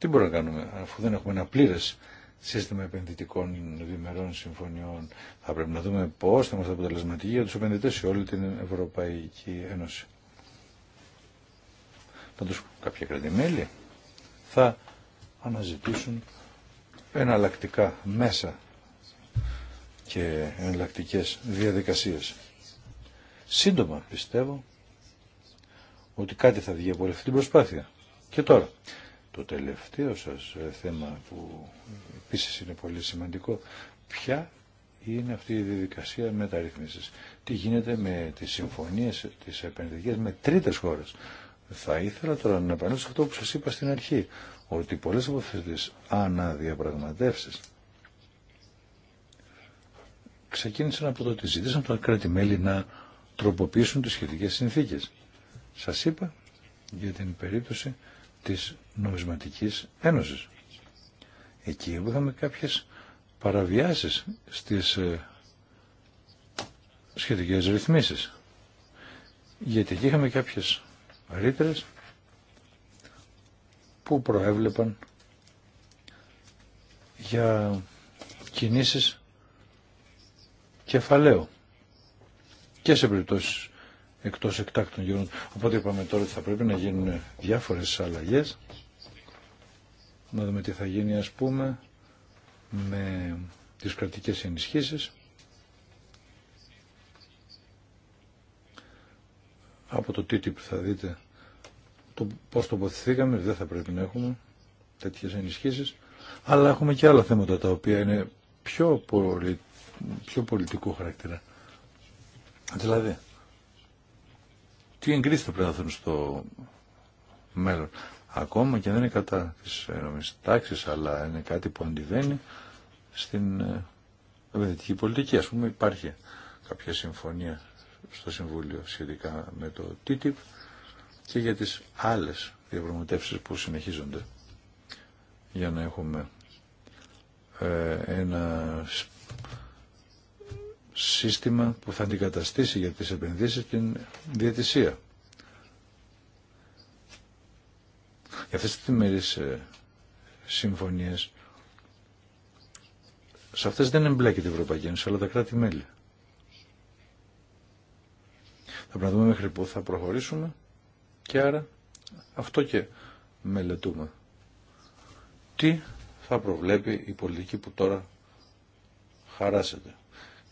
τι μπορούμε να κάνουμε αφού δεν έχουμε ένα πλήρε σύστημα επενδυτικών διμερών συμφωνιών. Θα πρέπει να δούμε πώς θα είμαστε αποτελεσματικοί για του επενδυτέ σε όλη την Ευρωπαϊκή Ένωση. Πάντω κάποια κρατημέλη θα αναζητήσουν εναλλακτικά μέσα και εναλλακτικέ διαδικασίε. Σύντομα πιστεύω ότι κάτι θα βγει από αυτή την προσπάθεια. Και τώρα, το τελευταίο σας ε, θέμα που επίσης είναι πολύ σημαντικό, ποια είναι αυτή η διαδικασία μεταρρύθμισης. Τι γίνεται με τις συμφωνίες, τις επενδυτικές με τρίτες χώρες. Θα ήθελα τώρα να επανέλθω σε αυτό που σας είπα στην αρχή, ότι πολλές από αυτές τις αναδιαπραγματεύσεις ξεκίνησαν από το ότι ζητήσαν τα κράτη-μέλη να τροποποιήσουν τις σχετικές συνθήκες. Σας είπα για την περίπτωση της Νομισματικής Ένωσης. Εκεί που είχαμε κάποιες παραβιάσεις στις ε, σχετικές ρυθμίσεις. Γιατί εκεί είχαμε κάποιες ρήτρε που προέβλεπαν για κινήσεις κεφαλαίου και σε περιπτώσεις εκτός εκτάκτων γεγονότων. Οπότε είπαμε τώρα ότι θα πρέπει να γίνουν διάφορες αλλαγές να δούμε τι θα γίνει ας πούμε με τις κρατικές ενισχύσεις από το TTIP θα δείτε το πώς δεν θα πρέπει να έχουμε τέτοιες ενισχύσεις αλλά έχουμε και άλλα θέματα τα οποία είναι πιο, πολι... πιο πολιτικού χαρακτήρα δηλαδή τι εγκρίσεις θα πρέπει να στο μέλλον ακόμα και δεν είναι κατά της ε, νομής τάξης, αλλά είναι κάτι που αντιβαίνει στην ε, επενδυτική πολιτική. Ας πούμε υπάρχει κάποια συμφωνία στο Συμβούλιο σχετικά με το TTIP και για τις άλλες διαπραγματεύσεις που συνεχίζονται για να έχουμε ε, ένα σύστημα που θα αντικαταστήσει για τις επενδύσεις την διατησία. Για αυτές τις ε, συμφωνίες, σε αυτές δεν εμπλέκεται η Ευρωπαϊκή Ένωση, αλλά τα κράτη-μέλη. Θα πρέπει να δούμε μέχρι πού θα προχωρήσουμε και άρα αυτό και μελετούμε. Τι θα προβλέπει η πολιτική που τώρα χαράσεται.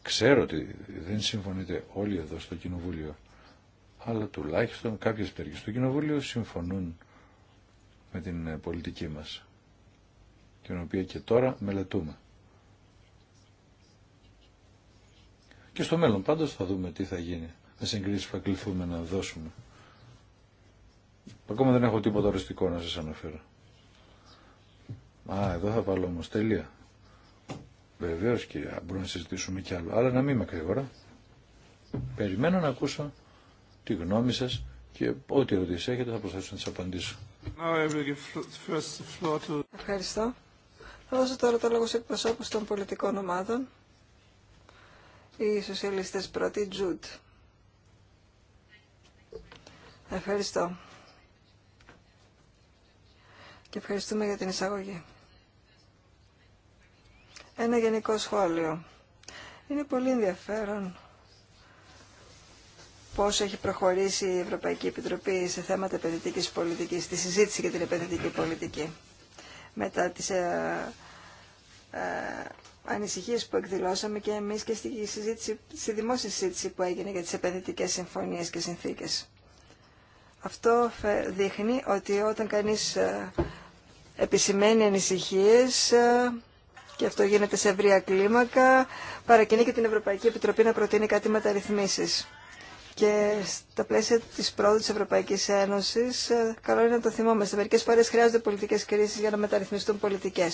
Ξέρω ότι δεν συμφωνείτε όλοι εδώ στο Κοινοβούλιο, αλλά τουλάχιστον κάποιες περιοχές του Κοινοβούλιο συμφωνούν με την ε, πολιτική μας, την οποία και τώρα μελετούμε. Και στο μέλλον πάντως θα δούμε τι θα γίνει, με συγκρίσεις που να δώσουμε. Ακόμα δεν έχω τίποτα οριστικό να σας αναφέρω. Α, εδώ θα βάλω όμως τελεία. Βεβαίως και μπορούμε να συζητήσουμε κι άλλο. Αλλά να μην με Περιμένω να ακούσω τη γνώμη σας και ό,τι ερωτήσει έχετε θα προσπαθήσω να τι απαντήσω. Ευχαριστώ. Θα δώσω τώρα το λόγο σε εκπροσώπους των πολιτικών ομάδων. Οι σοσιαλιστές πρώτοι, Τζουτ. Ευχαριστώ. Και ευχαριστούμε για την εισαγωγή. Ένα γενικό σχόλιο. Είναι πολύ ενδιαφέρον πώς έχει προχωρήσει η Ευρωπαϊκή Επιτροπή σε θέματα επενδυτικής πολιτικής, στη συζήτηση για την επενδυτική πολιτική. Μετά τις ε, ε, ανησυχίες που εκδηλώσαμε και εμείς και στη, συζήτηση, στη δημόσια συζήτηση που έγινε για τις επενδυτικές συμφωνίες και συνθήκες. Αυτό δείχνει ότι όταν κανείς ε, επισημαίνει ανησυχίες ε, και αυτό γίνεται σε ευρία κλίμακα, παρακινεί και την Ευρωπαϊκή Επιτροπή να προτείνει κάτι μεταρρυθμίσεις. Και στα πλαίσια τη πρόοδου τη Ευρωπαϊκή Ένωση, ε, καλό είναι να το θυμόμαστε. Μερικέ φορέ χρειάζονται πολιτικέ κρίσει για να μεταρρυθμιστούν πολιτικέ.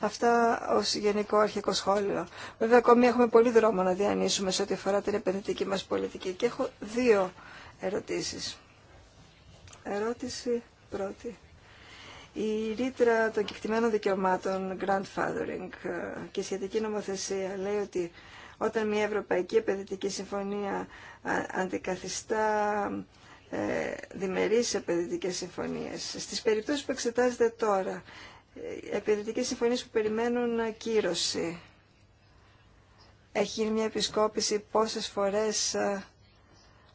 Αυτά ω γενικό αρχικό σχόλιο. Βέβαια, ακόμη έχουμε πολύ δρόμο να διανύσουμε σε ό,τι αφορά την επενδυτική μα πολιτική. Και έχω δύο ερωτήσει. Ερώτηση πρώτη. Η ρήτρα των κεκτημένων δικαιωμάτων, grandfathering ε, και η σχετική νομοθεσία λέει ότι όταν μια Ευρωπαϊκή Επενδυτική Συμφωνία αντικαθιστά ε, διμερείς επενδυτικές συμφωνίες. Στις περιπτώσεις που εξετάζεται τώρα, ε, επενδυτικές συμφωνίες που περιμένουν κύρωση, έχει μια επισκόπηση πόσες φορές ε,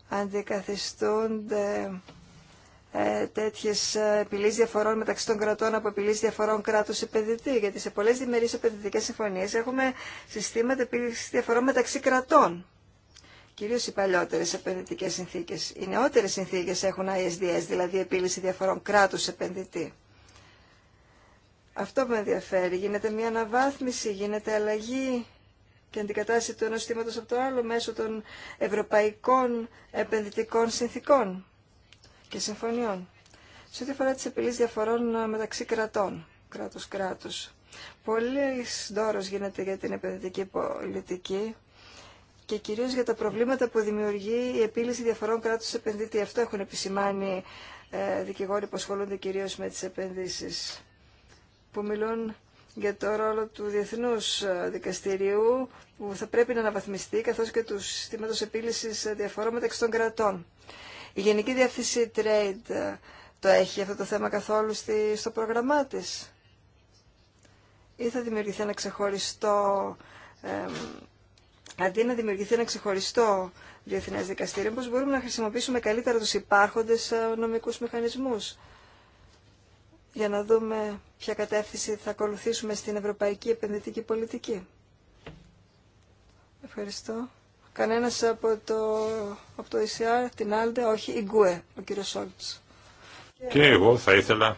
αντικαθιστούνται ε, Τέτοιε ε, επιλύσεις διαφορών μεταξύ των κρατών από επιλύσεις διαφορών κράτου επενδυτή. Γιατί σε πολλέ διμερεί επενδυτικέ συμφωνίε έχουμε συστήματα επιλύση διαφορών μεταξύ κρατών. Κυρίω οι παλιότερε επενδυτικέ συνθήκε. Οι νεότερε συνθήκε έχουν ISDS, δηλαδή επίλυση διαφορών κράτου επενδυτή. Αυτό που με ενδιαφέρει. Γίνεται μια αναβάθμιση, γίνεται αλλαγή και αντικατάσταση του ενό από το άλλο μέσω των ευρωπαϊκών επενδυτικών συνθήκων και συμφωνιών. Σε ό,τι αφορά τις επιλύσεις διαφορών ε, μεταξύ κρατών, κράτους-κράτους, πολύ δώρος γίνεται για την επενδυτική πολιτική και κυρίως για τα προβλήματα που δημιουργεί η επίλυση διαφορών κράτους-επενδυτή. Αυτό έχουν επισημάνει ε, δικηγόροι που ασχολούνται κυρίως με τις επενδύσεις, που μιλούν για το ρόλο του Διεθνούς ε, Δικαστηρίου που θα πρέπει να αναβαθμιστεί καθώς και του συστήματος επίλυσης διαφορών μεταξύ των κρατών. Η Γενική Διεύθυνση Trade ε, το έχει αυτό το θέμα καθόλου στη, στο πρόγραμμά της ή θα δημιουργηθεί ένα ξεχωριστό αντί να δημιουργηθεί ένα ξεχωριστό διεθνές δικαστήριο, πώς μπορούμε να χρησιμοποιήσουμε καλύτερα τους υπάρχοντες ε, νομικούς μηχανισμούς για να δούμε ποια κατεύθυνση θα ακολουθήσουμε στην ευρωπαϊκή επενδυτική πολιτική. Ευχαριστώ. Κανένας από το, από το ECR, την Άλντε, όχι, η Γκουέ, ο κύριο Σόλτς. Και εγώ θα ήθελα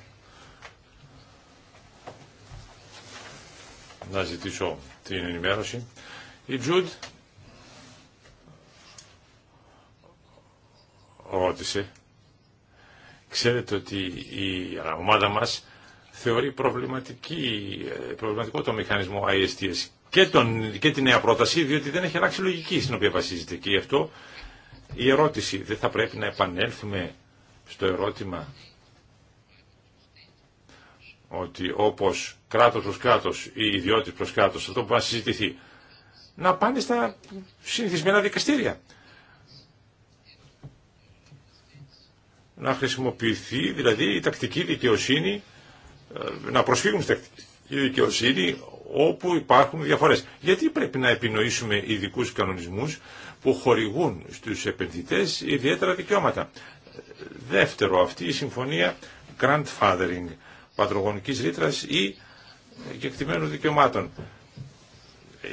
να ζητήσω την ενημέρωση. Η Τζουντ ρώτησε, ξέρετε ότι η ομάδα μας θεωρεί προβληματική, ε, προβληματικό το μηχανισμό ISTS και, τον, και τη νέα πρόταση, διότι δεν έχει αλλάξει λογική στην οποία βασίζεται. Και γι' αυτό η ερώτηση, δεν θα πρέπει να επανέλθουμε στο ερώτημα ότι όπως κράτος προς κράτος ή ιδιώτης προς κράτος, αυτό που μπορεί να συζητηθεί, να πάνε στα συνηθισμένα δικαστήρια. Να χρησιμοποιηθεί δηλαδή η τακτική αυτο που θα να προσφύγουν στη τακτική δικαιοσύνη όπου υπάρχουν διαφορές. Γιατί πρέπει να επινοήσουμε ειδικού κανονισμούς που χορηγούν στους επενδυτές ιδιαίτερα δικαιώματα. Δεύτερο, αυτή η συμφωνία grandfathering, πατρογονικής ρήτρας ή κεκτημένου δικαιωμάτων.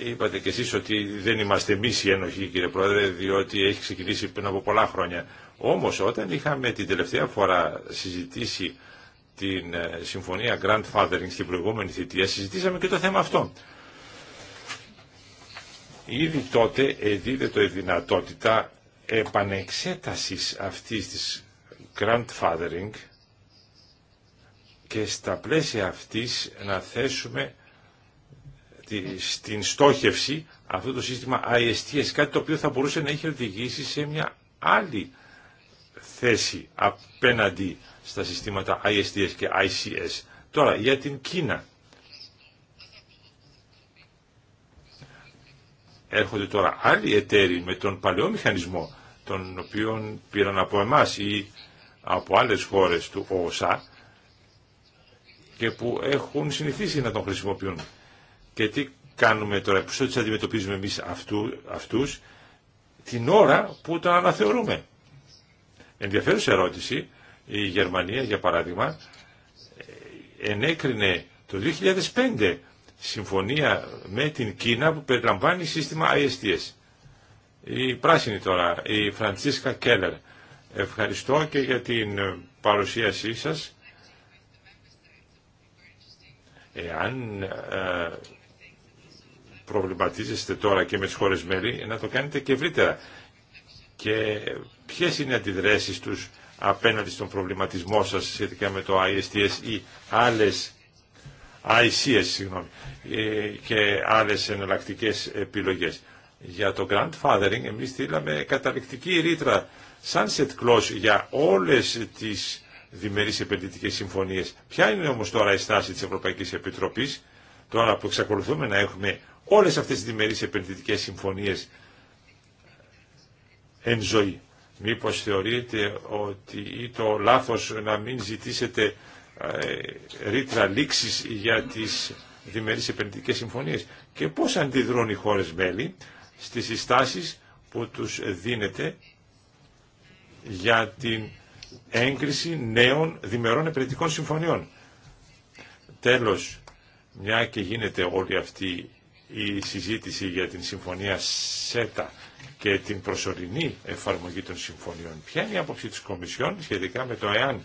Είπατε κι εσείς ότι δεν είμαστε εμείς οι ένοχοι κύριε Πρόεδρε διότι έχει ξεκινήσει πριν από πολλά χρόνια. Όμως όταν είχαμε την τελευταία φορά συζητήσει την ε, συμφωνία grandfathering στην προηγούμενη θητεία συζητήσαμε και το θέμα αυτό. Ήδη τότε εδίδεται η δυνατότητα επανεξέτασης αυτής της grandfathering και στα πλαίσια αυτής να θέσουμε στην στόχευση αυτό το σύστημα ISTS, κάτι το οποίο θα μπορούσε να έχει οδηγήσει σε μια άλλη θέση απέναντι στα συστήματα ISDS και ICS. Τώρα, για την Κίνα. Έρχονται τώρα άλλοι εταίροι με τον παλαιό μηχανισμό, τον οποίο πήραν από εμάς ή από άλλες χώρες του ΟΣΑ και που έχουν συνηθίσει να τον χρησιμοποιούν. Και τι κάνουμε τώρα, πώς τους αντιμετωπίζουμε εμείς αυτού, αυτούς την ώρα που τα αναθεωρούμε. Ενδιαφέρουσα ερώτηση η Γερμανία, για παράδειγμα, ενέκρινε το 2005 συμφωνία με την Κίνα που περιλαμβάνει σύστημα ISTS. Η πράσινη τώρα, η Φραντσίσκα Κέλλερ. Ευχαριστώ και για την παρουσίασή σας. Εάν ε, προβληματίζεστε τώρα και με τις χώρες μέλη, να το κάνετε και ευρύτερα. Και ποιες είναι οι αντιδράσεις τους απέναντι στον προβληματισμό σας σχετικά με το ISTS ή άλλες ICS συγγνώμη, ε, και άλλες εναλλακτικές επιλογές. Για το grandfathering εμείς στείλαμε καταληκτική ρήτρα sunset clause για όλες τις διμερείς επενδυτικές συμφωνίες. Ποια είναι όμως τώρα η στάση της Ευρωπαϊκής Επιτροπής, τώρα που εξακολουθούμε να έχουμε όλες αυτές τις διμερείς επενδυτικές συμφωνίες εν ζωή. Μήπως θεωρείτε ότι ή το λάθος να μην ζητήσετε ε, ρήτρα λήξης για τις διμερείς επενδυτικές συμφωνίες και πώς αντιδρούν οι χώρες μέλη στις συστάσεις που τους δίνεται για την έγκριση νέων διμερών επενδυτικών συμφωνιών. Τέλος, μια και γίνεται όλη αυτή η συζήτηση για την συμφωνία ΣΕΤΑ και την προσωρινή εφαρμογή των συμφωνιών. Ποια είναι η άποψη της Κομισιόν σχετικά με το εάν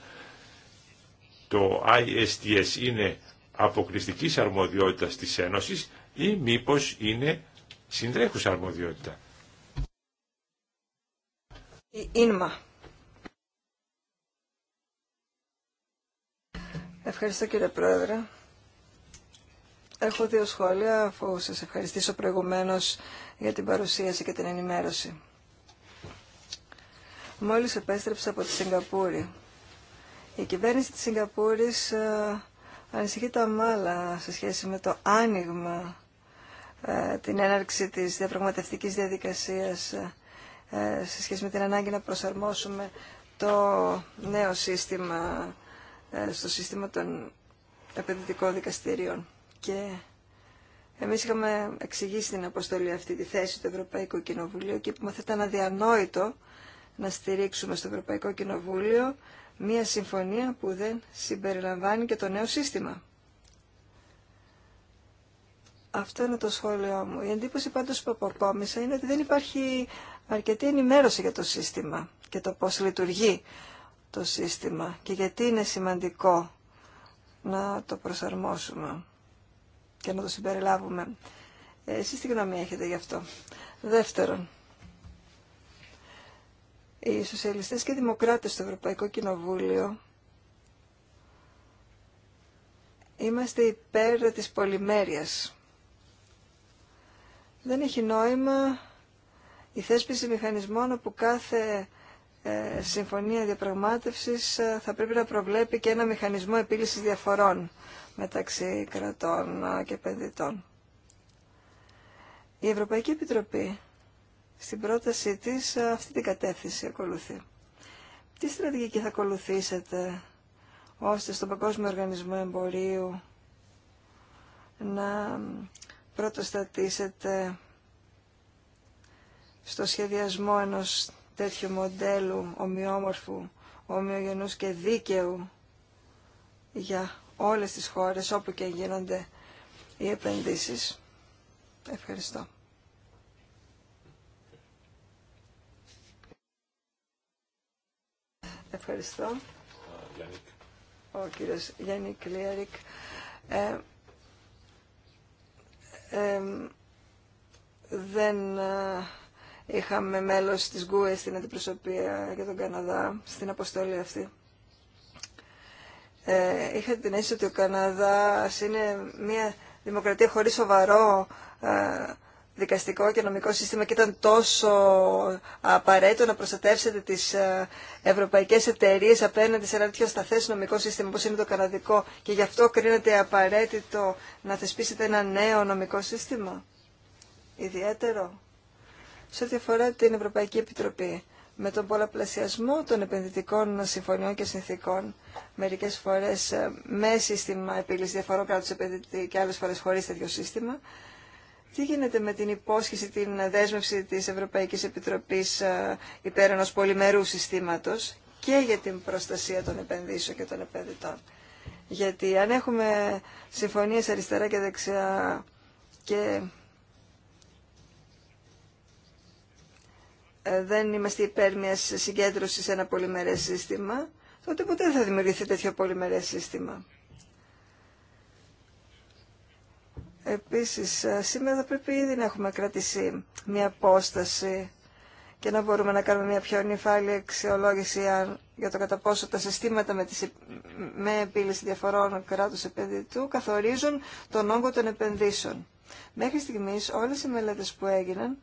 το ISTS είναι αποκλειστική αρμοδιότητα της Ένωσης ή μήπως είναι συντρέχουσα αρμοδιότητα. Η Ίνμα. αρμοδιοτητα ευχαριστω Πρόεδρε. Έχω δύο σχόλια, αφού σας ευχαριστήσω προηγουμένως για την παρουσίαση και την ενημέρωση. Μόλις επέστρεψα από τη Σιγκαπούρη. Η κυβέρνηση της Σιγκαπούρης ε, ανησυχεί τα μάλα σε σχέση με το άνοιγμα, ε, την έναρξη της διαπραγματευτικής διαδικασίας ε, σε σχέση με την ανάγκη να προσαρμόσουμε το νέο σύστημα στο σύστημα των επενδυτικών δικαστηρίων. Και εμείς είχαμε εξηγήσει την αποστολή αυτή τη θέση του Ευρωπαϊκού Κοινοβουλίου και είπαμε θα ήταν αδιανόητο να στηρίξουμε στο Ευρωπαϊκό Κοινοβούλιο μία συμφωνία που δεν συμπεριλαμβάνει και το νέο σύστημα. Αυτό είναι το σχόλιο μου. Η εντύπωση πάντως που αποκόμισα είναι ότι δεν υπάρχει αρκετή ενημέρωση για το σύστημα και το πώς λειτουργεί το σύστημα και γιατί είναι σημαντικό να το προσαρμόσουμε και να το συμπεριλάβουμε. Ε, εσείς τι γνώμη έχετε γι' αυτό. Δεύτερον, οι σοσιαλιστές και οι δημοκράτες στο Ευρωπαϊκό Κοινοβούλιο είμαστε υπέρ της πολυμέρειας. Δεν έχει νόημα η θέσπιση μηχανισμών όπου κάθε ε, συμφωνία διαπραγμάτευσης ε, θα πρέπει να προβλέπει και ένα μηχανισμό επίλυσης διαφορών μεταξύ κρατών και επενδυτών. Η Ευρωπαϊκή Επιτροπή στην πρότασή της αυτή την κατεύθυνση ακολουθεί. Τι στρατηγική θα ακολουθήσετε ώστε στον Παγκόσμιο Οργανισμό Εμπορίου να πρωτοστατήσετε στο σχεδιασμό ενός τέτοιου μοντέλου ομοιόμορφου, ομοιογενούς και δίκαιου για όλες τις χώρες όπου και γίνονται οι επενδύσεις. Ευχαριστώ. Ευχαριστώ. Ο κύριος Γιάννη Κλίαρικ. Ε, δεν ε, είχαμε μέλος της ΓΚΟΕ στην αντιπροσωπεία για τον Καναδά, στην αποστολή αυτή ε, είχα την αίσθηση ότι ο Καναδά είναι μια δημοκρατία χωρίς σοβαρό ε, δικαστικό και νομικό σύστημα και ήταν τόσο απαραίτητο να προστατεύσετε τις ε, ευρωπαϊκές εταιρείες απέναντι σε ένα τέτοιο σταθές νομικό σύστημα όπως είναι το καναδικό και γι' αυτό κρίνεται απαραίτητο να θεσπίσετε ένα νέο νομικό σύστημα ιδιαίτερο σε ό,τι αφορά την Ευρωπαϊκή Επιτροπή με τον πολλαπλασιασμό των επενδυτικών συμφωνιών και συνθήκων, μερικές φορές ε, με σύστημα επίλυση διαφορών κράτου επενδυτή και άλλες φορές χωρί τέτοιο σύστημα, τι γίνεται με την υπόσχεση, την δέσμευση της Ευρωπαϊκής Επιτροπής ε, υπέρ ενός πολυμερού συστήματος και για την προστασία των επενδύσεων και των επενδυτών. Γιατί αν έχουμε συμφωνίες αριστερά και δεξιά και δεν είμαστε υπέρ μια συγκέντρωση σε ένα πολυμερές σύστημα, τότε ποτέ δεν θα δημιουργηθεί τέτοιο πολυμερές σύστημα. Επίσης, σήμερα θα πρέπει ήδη να έχουμε κρατήσει μια απόσταση και να μπορούμε να κάνουμε μια πιο νυφάλη αξιολόγηση για το κατά πόσο τα συστήματα με, τις, με επίλυση διαφορών κράτους επενδυτού καθορίζουν τον όγκο των επενδύσεων. Μέχρι στιγμής όλες οι μελέτες που έγιναν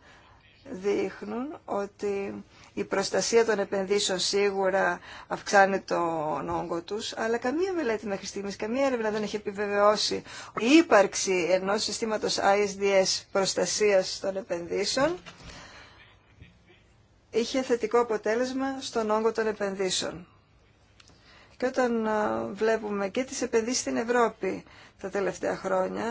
δείχνουν ότι η προστασία των επενδύσεων σίγουρα αυξάνει τον όγκο τους, αλλά καμία μελέτη μέχρι στιγμής, καμία έρευνα δεν έχει επιβεβαιώσει η ύπαρξη ενός συστήματος ISDS προστασίας των επενδύσεων είχε θετικό αποτέλεσμα στον όγκο των επενδύσεων. Και όταν ε, βλέπουμε και τις επενδύσεις στην Ευρώπη, τα τελευταία χρόνια,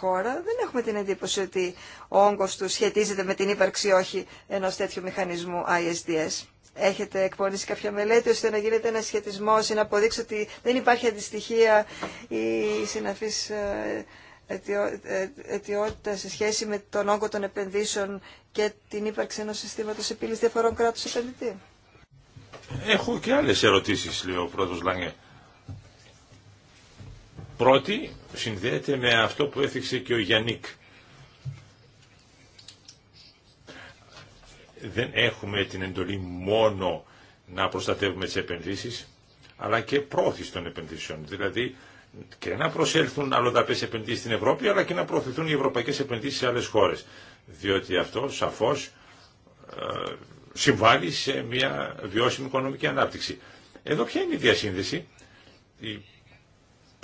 χώρα, δεν έχουμε την εντύπωση ότι ο όγκος του σχετίζεται με την ύπαρξη όχι ενός τέτοιου μηχανισμού ISDS. Έχετε εκπονήσει κάποια μελέτη ώστε να γίνεται ένα σχετισμό ή να αποδείξει ότι δεν υπάρχει αντιστοιχεία ή συναφή ε, ε, αιτιότητα σε σχέση με τον όγκο των επενδύσεων και την ύπαρξη ενό συστήματο επίλυση διαφορών κράτου επενδυτή. Έχω και άλλε ερωτήσει, λέει ο πρόεδρο Λάγκε πρώτη συνδέεται με αυτό που έθιξε και ο Γιάννικ. Δεν έχουμε την εντολή μόνο να προστατεύουμε τις επενδύσεις, αλλά και πρόθεση των επενδύσεων. Δηλαδή και να προσέλθουν αλλοδαπές επενδύσεις στην Ευρώπη, αλλά και να προωθηθούν οι ευρωπαϊκές επενδύσεις σε άλλες χώρες. Διότι αυτό σαφώς ε, συμβάλλει σε μια βιώσιμη οικονομική ανάπτυξη. Εδώ ποια είναι η διασύνδεση. Η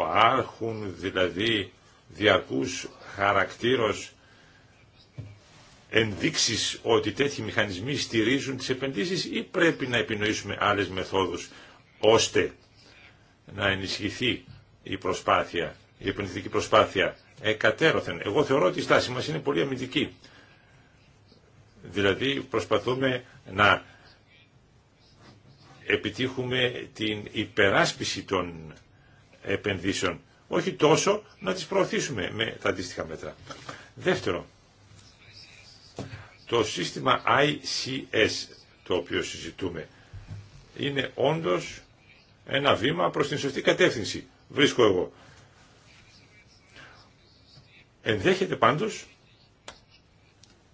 Υπάρχουν δηλαδή διαρκούς χαρακτήρως ενδείξεις ότι τέτοιοι μηχανισμοί στηρίζουν τις επενδύσεις ή πρέπει να επινοήσουμε άλλες μεθόδους ώστε να ενισχυθεί η προσπάθεια, η επενδυτική προσπάθεια εκατέρωθεν. Εγώ θεωρώ ότι η στάση μας είναι πολύ αμυντική. Δηλαδή προσπαθούμε να επιτύχουμε την υπεράσπιση των επενδύσεων. Όχι τόσο να τις προωθήσουμε με τα αντίστοιχα μέτρα. Δεύτερο, το σύστημα ICS το οποίο συζητούμε είναι όντως ένα βήμα προς την σωστή κατεύθυνση. Βρίσκω εγώ. Ενδέχεται πάντως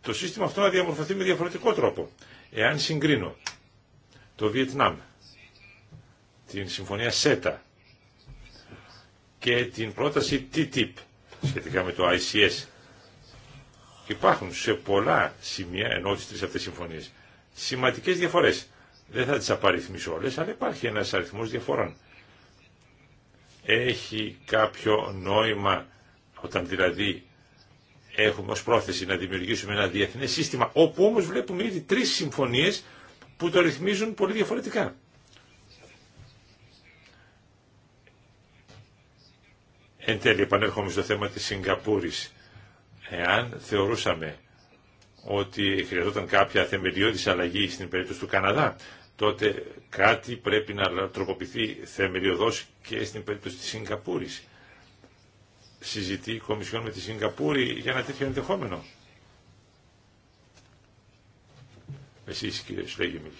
το σύστημα αυτό να διαμορφωθεί με διαφορετικό τρόπο. Εάν συγκρίνω το Βιετνάμ, την συμφωνία ΣΕΤΑ, και την πρόταση TTIP σχετικά με το ICS. Υπάρχουν σε πολλά σημεία ενώ τις τρεις αυτές συμφωνίες σημαντικές διαφορές. Δεν θα τις απαριθμίσω όλες, αλλά υπάρχει ένας αριθμός διαφορών. Έχει κάποιο νόημα όταν δηλαδή έχουμε ως πρόθεση να δημιουργήσουμε ένα διεθνές σύστημα, όπου όμως βλέπουμε ήδη τρεις συμφωνίες που το ρυθμίζουν πολύ διαφορετικά. Εν τέλει, επανέρχομαι στο θέμα της Σιγκαπούρης. Εάν θεωρούσαμε ότι χρειαζόταν κάποια θεμελιώδης αλλαγή στην περίπτωση του Καναδά, τότε κάτι πρέπει να τροποποιηθεί θεμελιωδώς και στην περίπτωση της Σιγκαπούρης. Συζητεί η Κομισιόν με τη Σιγκαπούρη για ένα τέτοιο ενδεχόμενο. Εσείς κύριε Σλέγεμιλ.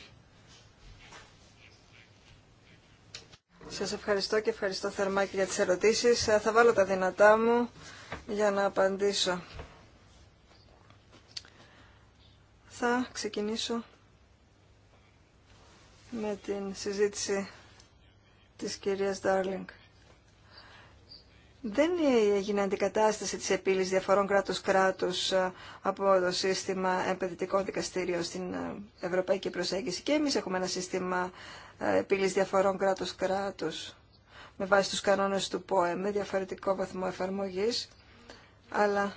Σας ευχαριστώ και ευχαριστώ θερμά και για τις ερωτήσεις. Ε, θα βάλω τα δυνατά μου για να απαντήσω. Θα ξεκινήσω με την συζήτηση της κυρίας Ντάρλινγκ. Δεν έγινε αντικατάσταση της επίλυσης διαφορών κράτους-κράτους ε, από το σύστημα επενδυτικών δικαστήριων στην ε, ευρωπαϊκή προσέγγιση. Και εμείς έχουμε ένα σύστημα ε, επίλυση κράτο κράτους-κράτους με βάση τους κανόνες του ΠΟΕ με διαφορετικό βαθμό εφαρμογής, αλλά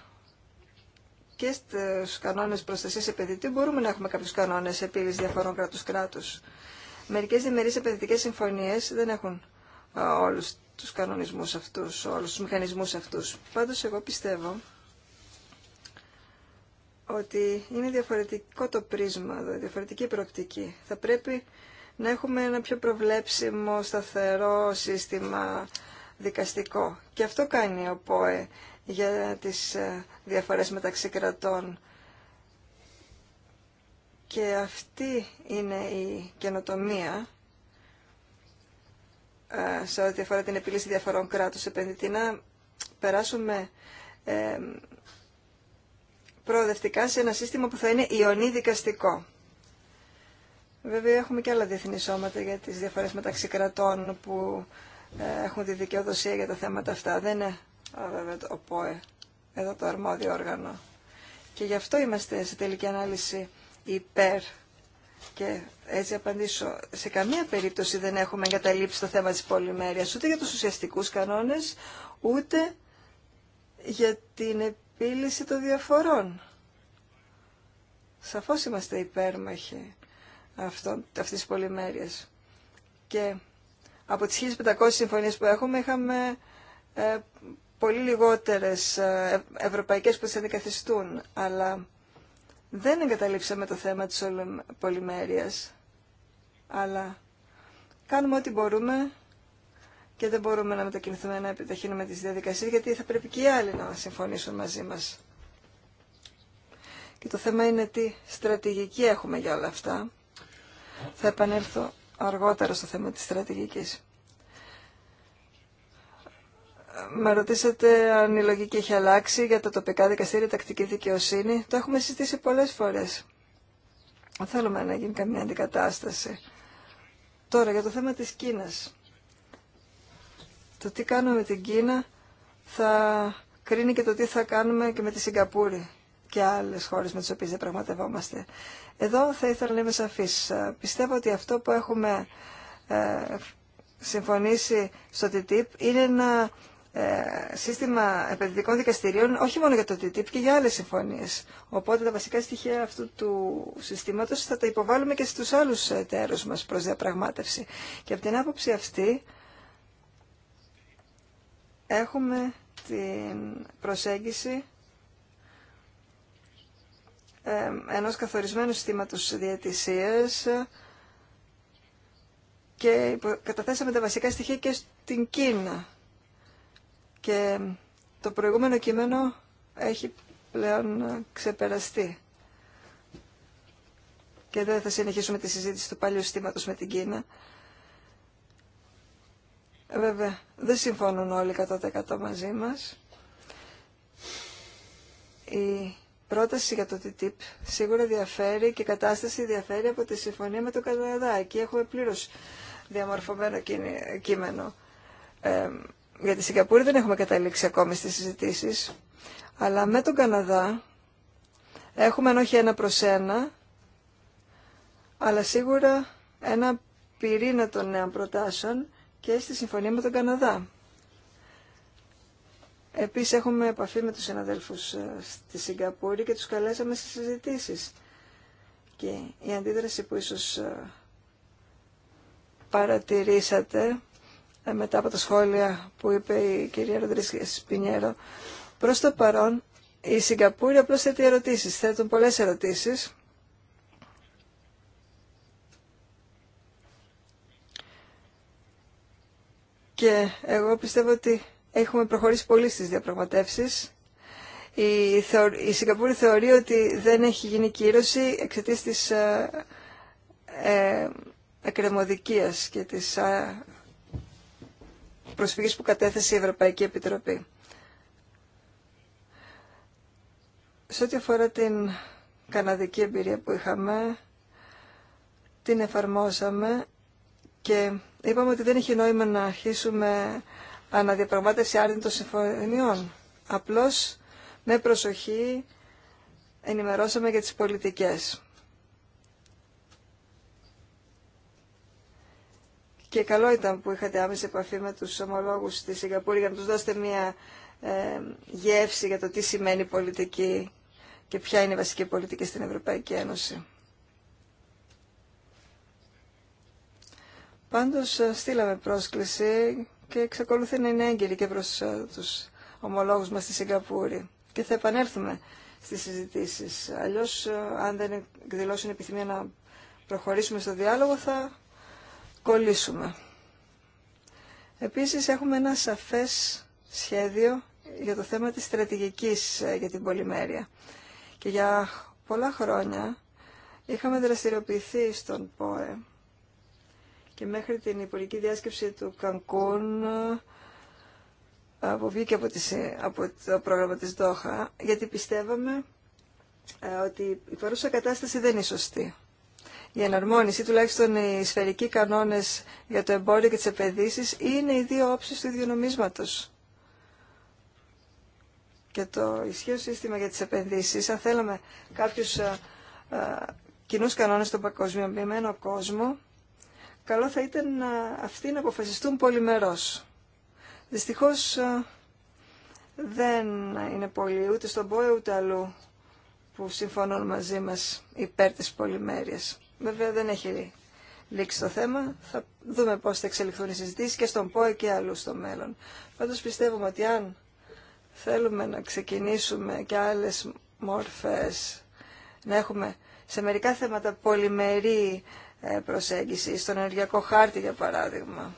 και στους κανόνες προστασίας επενδυτή μπορούμε να έχουμε κάποιους κανόνες επίλυσης διαφορών κράτους-κράτους. Μερικές διμερείς επενδυτικές συμφωνίες δεν έχουν ε, όλους τους κανονισμούς αυτούς, όλους τους μηχανισμούς αυτούς. Πάντως εγώ πιστεύω ότι είναι διαφορετικό το πρίσμα, διαφορετική προοπτική. Θα πρέπει να έχουμε ένα πιο προβλέψιμο, σταθερό σύστημα δικαστικό. Και αυτό κάνει ο ΠΟΕ για τις ε, διαφορές μεταξύ κρατών. Και αυτή είναι η καινοτομία ε, σε ό,τι αφορά την επίλυση διαφορών κράτους επενδυτή. Να περάσουμε ε, προοδευτικά σε ένα σύστημα που θα είναι ιονίδικαστικό. δικαστικό. Βέβαια έχουμε και άλλα διεθνή σώματα για τις διαφορές μεταξύ κρατών που ε, έχουν τη δικαιοδοσία για τα θέματα αυτά. Δεν είναι βέβαια το ΠΟΕ, εδώ το αρμόδιο όργανο. Και γι' αυτό είμαστε σε τελική ανάλυση υπέρ και έτσι απαντήσω, σε καμία περίπτωση δεν έχουμε εγκαταλείψει το θέμα της πολυμέρειας, ούτε για τους ουσιαστικούς κανόνες, ούτε για την επίλυση των διαφορών. Σαφώς είμαστε υπέρμαχοι αυτό, αυτής της πολυμέρειας. Και από τις 1500 συμφωνίες που έχουμε είχαμε ε, πολύ λιγότερες ε, ευρωπαϊκές που τις αντικαθιστούν, αλλά δεν εγκαταλείψαμε το θέμα της πολυμέρειας, αλλά κάνουμε ό,τι μπορούμε και δεν μπορούμε να μετακινηθούμε να επιταχύνουμε τις διαδικασίες, γιατί θα πρέπει και οι άλλοι να συμφωνήσουν μαζί μας. Και το θέμα είναι τι στρατηγική έχουμε για όλα αυτά θα επανέλθω αργότερα στο θέμα της στρατηγικής. Με ρωτήσατε αν η λογική έχει αλλάξει για τα τοπικά δικαστήρια, τακτική δικαιοσύνη. Το έχουμε συζητήσει πολλές φορές. Δεν θέλουμε να γίνει καμία αντικατάσταση. Τώρα για το θέμα της Κίνας. Το τι κάνουμε με την Κίνα θα κρίνει και το τι θα κάνουμε και με τη Σιγκαπούρη και άλλες χώρες με τις οποίες διαπραγματευόμαστε. Εδώ θα ήθελα να είμαι σαφής. Πιστεύω ότι αυτό που έχουμε ε, συμφωνήσει στο TTIP είναι ένα ε, σύστημα επενδυτικών δικαστηρίων όχι μόνο για το TTIP και για άλλες συμφωνίες. Οπότε τα βασικά στοιχεία αυτού του συστήματος θα τα υποβάλουμε και στους άλλους εταίρους μας προς διαπραγμάτευση. Και από την άποψη αυτή έχουμε την προσέγγιση ενός καθορισμένου συστήματος διατησίας και καταθέσαμε τα βασικά στοιχεία και στην Κίνα. Και το προηγούμενο κείμενο έχει πλέον ε, ξεπεραστεί. Και δεν θα συνεχίσουμε τη συζήτηση του παλιού συστήματος με την Κίνα. Ε, βέβαια, δεν συμφωνούν όλοι 100% μαζί μας. Η πρόταση για το TTIP σίγουρα διαφέρει και η κατάσταση διαφέρει από τη συμφωνία με τον Καναδά. Εκεί έχουμε πλήρω διαμορφωμένο κείμενο. Ε, για τη Σιγκαπούρη δεν έχουμε καταλήξει ακόμη στις συζητήσεις, αλλά με τον Καναδά έχουμε όχι ένα προς ένα, αλλά σίγουρα ένα πυρήνα των νέων προτάσεων και στη συμφωνία με τον Καναδά. Επίσης έχουμε επαφή με τους συναδέλφους ε, στη Σιγκαπούρη και τους καλέσαμε σε συζητήσεις. Και η αντίδραση που ίσως ε, παρατηρήσατε ε, μετά από τα σχόλια που είπε η κυρία Ροντρίσκη Σπινιέρο προς το παρόν η Σιγκαπούρη απλώς θέτει ερωτήσεις, θέτουν πολλές ερωτήσεις. Και εγώ πιστεύω ότι Έχουμε προχωρήσει πολύ στις διαπραγματεύσεις. Η, Συγκαπούρη η Σιγκαπούρη θεωρεί ότι δεν έχει γίνει κύρωση της ε, ε και της ε, προσφυγής που κατέθεσε η Ευρωπαϊκή Επιτροπή. Σε ό,τι αφορά την καναδική εμπειρία που είχαμε, την εφαρμόσαμε και είπαμε ότι δεν έχει νόημα να αρχίσουμε αναδιαπραγμάτευση άρνητων συμφωνιών. Απλώς με προσοχή ενημερώσαμε για τις πολιτικές. Και καλό ήταν που είχατε άμεση επαφή με τους ομολόγους στη Σιγκαπούρη για να τους δώσετε μια ε, γεύση για το τι σημαίνει πολιτική και ποια είναι η βασική πολιτική στην Ευρωπαϊκή Ένωση. Πάντως ε, στείλαμε πρόσκληση και εξακολουθεί να είναι έγκυρη και προς ε, τους ομολόγους μας στη Σιγκαπούρη. Και θα επανέλθουμε στις συζητήσεις. Αλλιώς, ε, αν δεν εκδηλώσουν επιθυμία να προχωρήσουμε στο διάλογο, θα κολλήσουμε. Επίσης, έχουμε ένα σαφές σχέδιο για το θέμα της στρατηγικής ε, για την πολυμέρεια. Και για πολλά χρόνια είχαμε δραστηριοποιηθεί στον ΠΟΕ και μέχρι την υπολική διάσκεψη του Κανκούν ε, που βγήκε από, ε, από το πρόγραμμα της Δόχα, γιατί πιστεύαμε ε, ότι η παρούσα κατάσταση δεν είναι σωστή. Η εναρμόνιση, τουλάχιστον οι σφαιρικοί κανόνες για το εμπόριο και τις επενδύσεις, είναι οι δύο όψεις του ίδιου Και το ισχύο σύστημα για τις επενδύσεις, αν θέλαμε κάποιους κοινούς κανόνες στον παγκοσμιοποιημένο κόσμο, καλό θα ήταν αυτοί να αποφασιστούν πολυμερώς. Δυστυχώς ε, δεν είναι πολλοί ούτε στον ΠΟΕ ούτε αλλού που συμφωνούν μαζί μας υπέρ της πολυμέρειας. Βέβαια δεν έχει λήξει το θέμα. Θα δούμε πώς θα εξελιχθούν οι συζητήσεις και στον ΠΟΕ και αλλού στο μέλλον. Πάντως πιστεύουμε ότι αν θέλουμε να ξεκινήσουμε και άλλες μόρφες, να έχουμε σε μερικά θέματα πολυμερή ε, προσέγγιση, στον ενεργειακό χάρτη για παράδειγμα.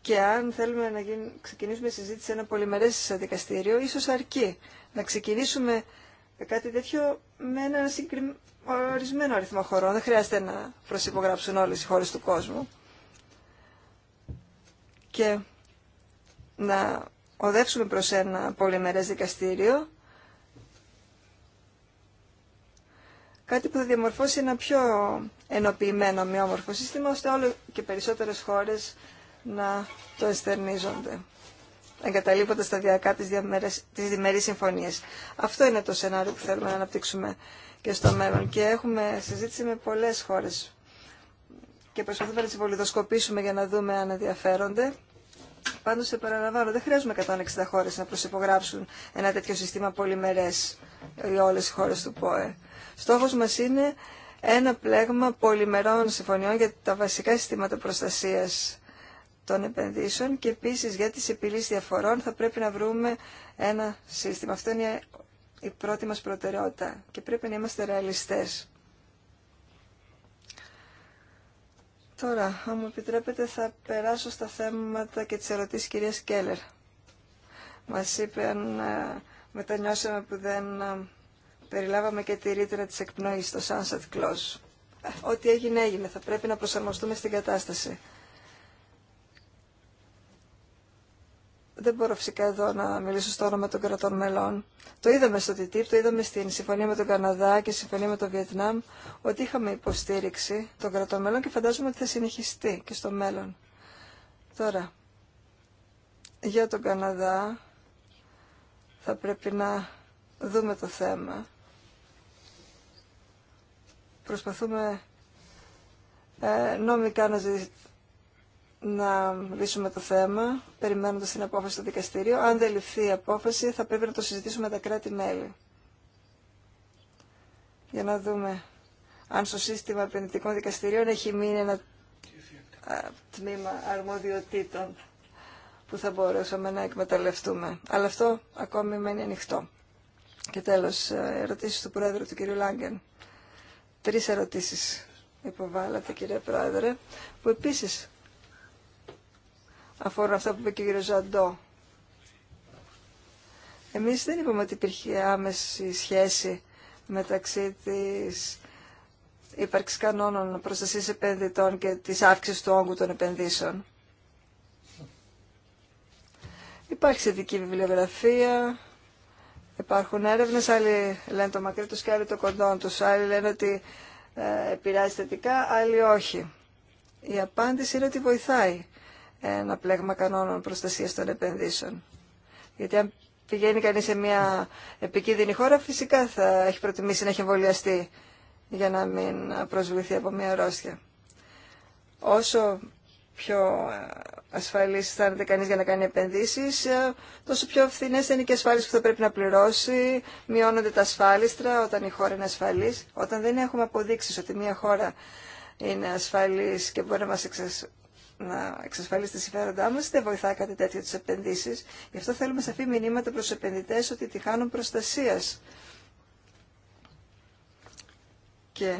Και αν θέλουμε να ξεκινήσουμε συζήτηση σε ένα πολυμερές δικαστήριο, ίσως αρκεί να ξεκινήσουμε κάτι τέτοιο με ένα συγκεκριμένο ορισμένο αριθμό χωρών. Δεν χρειάζεται να προσυπογράψουν όλες οι χώρες του κόσμου. Και να οδεύσουμε προς ένα πολυμερές δικαστήριο κάτι που θα διαμορφώσει ένα πιο ενοποιημένο ομοιόμορφο σύστημα, ώστε όλο και περισσότερες χώρες να το εστερνίζονται, εγκαταλείποντας σταδιακά τις, διαμερες, τις διμερείς συμφωνίες. Αυτό είναι το σενάριο που θέλουμε να αναπτύξουμε και στο μέλλον. Και έχουμε συζήτηση με πολλές χώρες και προσπαθούμε να τις βολιδοσκοπήσουμε για να δούμε αν ενδιαφέρονται. Πάντω, επαναλαμβάνω, δεν χρειάζομαι 160 χώρε να προσυπογράψουν ένα τέτοιο σύστημα πολυμερέ για όλε οι χώρε του ΠΟΕ. Στόχο μα είναι ένα πλέγμα πολυμερών συμφωνιών για τα βασικά συστήματα προστασία των επενδύσεων και επίση για τι επιλύσει διαφορών θα πρέπει να βρούμε ένα σύστημα. Αυτό είναι η πρώτη μα προτεραιότητα και πρέπει να είμαστε ρεαλιστές. Τώρα, αν μου επιτρέπετε, θα περάσω στα θέματα και τις ερωτήσεις κυρίας Κέλλερ. Μας είπε αν ε, μετανιώσαμε που δεν ε, περιλάβαμε και τη ρήτρα της εκπνοής, στο sunset close. Ε, ό,τι έγινε έγινε, θα πρέπει να προσαρμοστούμε στην κατάσταση. δεν μπορώ φυσικά εδώ να μιλήσω στο όνομα των κρατών μελών. Το είδαμε στο TTIP, το είδαμε στην συμφωνία με τον Καναδά και στη συμφωνία με το Βιετνάμ, ότι είχαμε υποστήριξη των κρατών μελών και φαντάζομαι ότι θα συνεχιστεί και στο μέλλον. Τώρα, για τον Καναδά θα πρέπει να δούμε το θέμα. Προσπαθούμε ε, νομικά να να λύσουμε το θέμα, περιμένοντα την απόφαση του δικαστηρίου. Αν δεν ληφθεί η απόφαση, θα πρέπει να το συζητήσουμε με τα κράτη-μέλη. Για να δούμε αν στο σύστημα επενδυτικών δικαστηρίων έχει μείνει ένα τμήμα αρμοδιοτήτων που θα μπορούσαμε να εκμεταλλευτούμε. Αλλά αυτό ακόμη μένει ανοιχτό. Και τέλος, ε, ερωτήσεις του Πρόεδρου του κ. Λάγκεν. Τρεις ερωτήσεις υποβάλλατε κύριε Πρόεδρε, που επίσης αφορούν αυτά που είπε και ο κύριος Ζαντό. Εμείς δεν είπαμε ότι υπήρχε άμεση σχέση μεταξύ της ύπαρξη κανόνων προστασία επενδυτών και της αύξησης του όγκου των επενδύσεων. Υπάρχει σχετική βιβλιογραφία, υπάρχουν έρευνες, άλλοι λένε το μακρύ τους και άλλοι το κοντό τους, άλλοι λένε ότι ε, επηρεάζει θετικά, άλλοι όχι. Η απάντηση είναι ότι βοηθάει ένα πλέγμα κανόνων προστασίας των επενδύσεων. Γιατί αν πηγαίνει κανείς σε μια επικίνδυνη χώρα, φυσικά θα έχει προτιμήσει να έχει εμβολιαστεί για να μην προσβληθεί από μια αρρώστια. Όσο πιο ασφαλής θα είναι κανείς για να κάνει επενδύσεις, ε, τόσο πιο φθηνές είναι και ασφάλεις που θα πρέπει να πληρώσει, μειώνονται τα ασφάλιστρα όταν η χώρα είναι ασφαλής. Όταν δεν έχουμε αποδείξεις ότι μια χώρα είναι ασφαλής και μπορεί να μας να εξασφαλίσει τη συμφέροντά μα, δεν βοηθά κάτι τέτοιο τι επενδύσει. Γι' αυτό θέλουμε σαφή μηνύματα προ του επενδυτέ ότι τη χάνουν προστασία. Και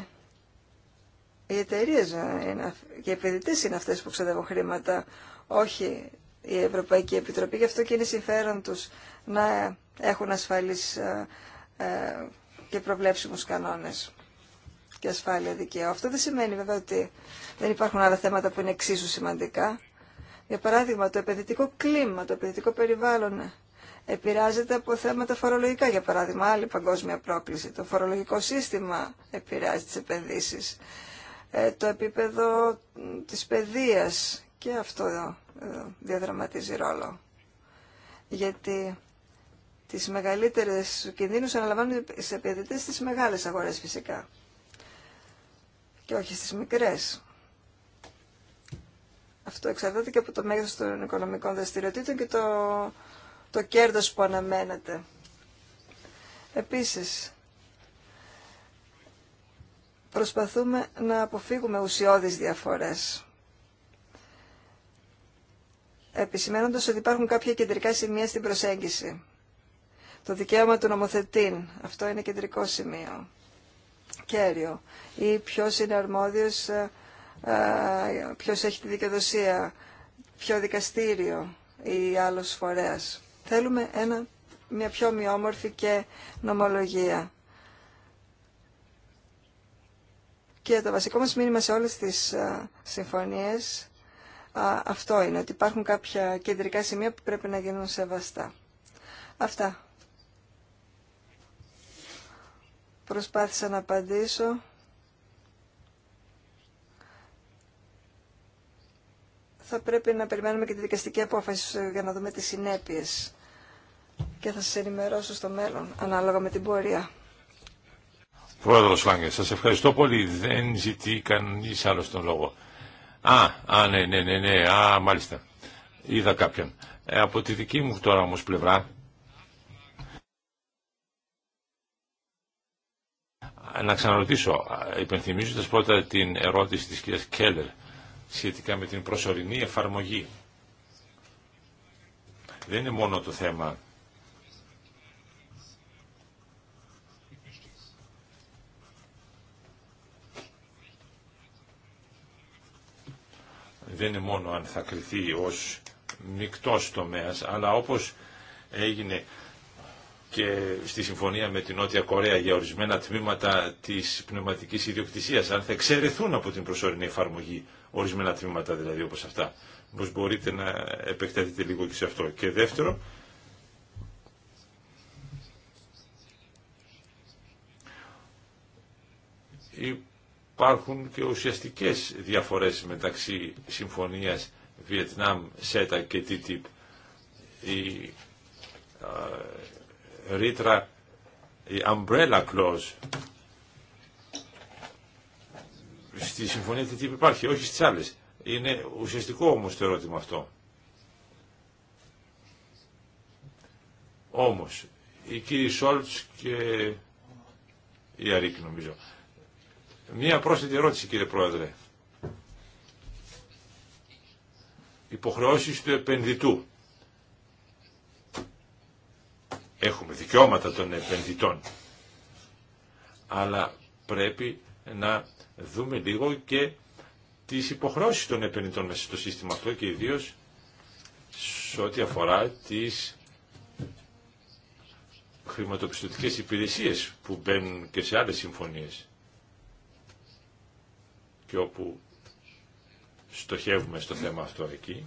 οι εταιρείε και οι επενδυτέ είναι αυτέ που ξοδεύουν χρήματα, όχι η Ευρωπαϊκή Επιτροπή. Γι' αυτό και είναι συμφέρον του να έχουν ασφαλεί ε, ε, και προβλέψιμους κανόνες και ασφάλεια δικαίου. Αυτό δεν σημαίνει βέβαια ότι δεν υπάρχουν άλλα θέματα που είναι εξίσου σημαντικά. Για παράδειγμα, το επενδυτικό κλίμα, το επενδυτικό περιβάλλον επηρεάζεται από θέματα φορολογικά. Για παράδειγμα, άλλη παγκόσμια πρόκληση. Το φορολογικό σύστημα επηρεάζει τις επενδύσεις. Ε, το επίπεδο τη παιδεία και αυτό ε, διαδραματίζει ρόλο. Γιατί τις μεγαλύτερες κινδύνους αναλαμβάνουν οι επενδυτές στις μεγάλες αγορές φυσικά και όχι στις μικρές. Αυτό εξαρτάται και από το μέγεθος των οικονομικών δραστηριοτήτων και το, το κέρδος που αναμένεται. Επίσης, προσπαθούμε να αποφύγουμε ουσιώδεις διαφορές. Επισημένοντας ότι υπάρχουν κάποια κεντρικά σημεία στην προσέγγιση. Το δικαίωμα του νομοθετήν, αυτό είναι κεντρικό σημείο κέριο ή ποιος είναι αρμόδιος, ε, ε, ποιος έχει τη δικαιοδοσία, ποιο δικαστήριο ή άλλος φορέας. Θέλουμε ένα, μια πιο ομοιόμορφη και νομολογία. Και το βασικό μας μήνυμα σε όλες τις ε, συμφωνίες αυτό είναι, ότι υπάρχουν κάποια κεντρικά σημεία που πρέπει να γίνουν σεβαστά. Αυτά προσπάθησα να απαντήσω. Θα πρέπει να περιμένουμε και τη δικαστική απόφαση για να δούμε τις συνέπειες και θα σας ενημερώσω στο μέλλον ανάλογα με την πορεία. Πρόεδρο Λάγκε, σας ευχαριστώ πολύ. Δεν ζητεί κανεί άλλο τον λόγο. Α, α ναι, ναι, ναι, ναι, α, μάλιστα. Είδα κάποιον. Ε, από τη δική μου τώρα όμως πλευρά, να ξαναρωτήσω, υπενθυμίζοντας πρώτα την ερώτηση της κυρίας Κέλλερ σχετικά με την προσωρινή εφαρμογή. Δεν είναι μόνο το θέμα δεν είναι μόνο αν θα κριθεί ως μικτός τομέας, αλλά όπως έγινε και στη συμφωνία με την Νότια Κορέα για ορισμένα τμήματα της πνευματικής ιδιοκτησίας, αν θα εξαιρεθούν από την προσωρινή εφαρμογή ορισμένα τμήματα δηλαδή όπως αυτά. Μήπως μπορείτε να επεκταθείτε λίγο και σε αυτό. Και δεύτερο, υπάρχουν και ουσιαστικές διαφορές μεταξύ συμφωνίας Βιετνάμ, ΣΕΤΑ και ΤΤΙΠ. Η ρήτρα, η umbrella clause στη συμφωνία TTIP υπάρχει, όχι στις άλλες. Είναι ουσιαστικό όμως το ερώτημα αυτό. Όμως, η κύριοι Σόλτς και η Αρίκη νομίζω. Μία πρόσθετη ερώτηση κύριε Πρόεδρε. Υποχρεώσεις του επενδυτού. Έχουμε δικαιώματα των επενδυτών. Αλλά πρέπει να δούμε λίγο και τις υποχρώσεις των επενδυτών μέσα στο σύστημα αυτό και ιδίω σε ό,τι αφορά τις χρηματοπιστωτικές υπηρεσίες που μπαίνουν και σε άλλες συμφωνίες και όπου στοχεύουμε στο θέμα αυτό εκεί.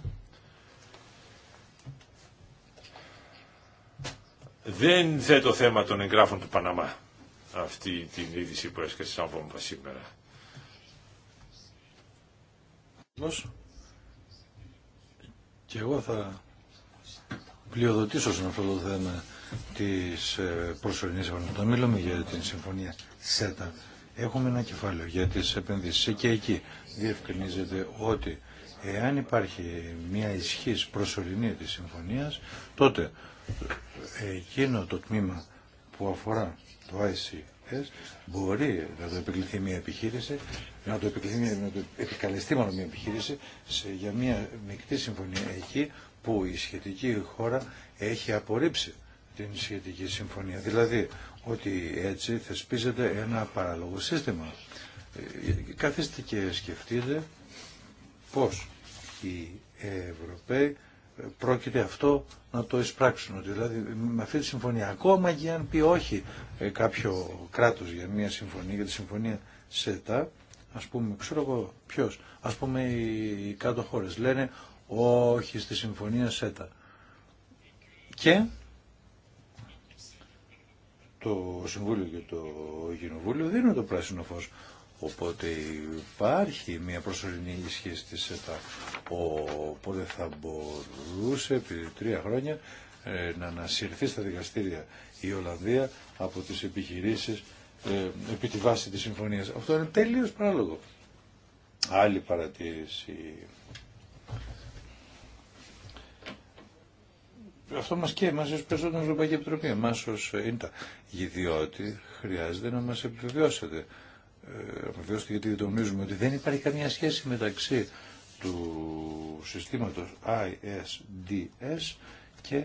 Δεν θέτω θέμα των εγγράφων του Παναμά αυτή την είδηση που έσκασε σαν βόμβα σήμερα. Και εγώ θα πλειοδοτήσω σε αυτό το θέμα της ε, προσωρινής το Μιλούμε για την συμφωνία ΣΕΤΑ. Έχουμε ένα κεφάλαιο για τις επενδύσεις και εκεί διευκρινίζεται ότι εάν υπάρχει μια ισχύς προσωρινή της συμφωνίας τότε εκείνο το τμήμα που αφορά το ICS μπορεί να το επικληθεί μια επιχείρηση, να το, επικληθεί, να το επικαλεστεί μάλλον μια επιχείρηση για μια μεικτή συμφωνία εκεί που η σχετική χώρα έχει απορρίψει την σχετική συμφωνία. Δηλαδή ότι έτσι θεσπίζεται ένα παράλογο σύστημα. Ε, καθίστε και σκεφτείτε πώς οι Ευρωπαίοι πρόκειται αυτό να το εισπράξουν. δηλαδή με αυτή τη συμφωνία, ακόμα και αν πει όχι ε, κάποιο κράτος για μια συμφωνία, για τη συμφωνία ΣΕΤΑ, ας πούμε, ξέρω εγώ ποιος, ας πούμε οι κάτω χώρες λένε όχι στη συμφωνία ΣΕΤΑ. Και το Συμβούλιο και το Κοινοβούλιο δίνουν το πράσινο φως. Οπότε υπάρχει μια προσωρινή ισχύ της ΕΤΑ. Οπότε θα μπορούσε επί τρία χρόνια ε, να ανασυρθεί στα δικαστήρια η Ολλανδία από τις επιχειρήσεις ε, επί τη βάση της συμφωνίας. Αυτό είναι τελείως παράλογο. Άλλη παρατήρηση. Αυτό μας και εμάς ως περισσότερο Ευρωπαϊκή Επιτροπή, εμάς ως ΙΝΤΑ, διότι χρειάζεται να μας επιβεβαιώσετε απεβεβαιώστε γιατί τονίζουμε ότι δεν υπάρχει καμία σχέση μεταξύ του συστήματος ISDS και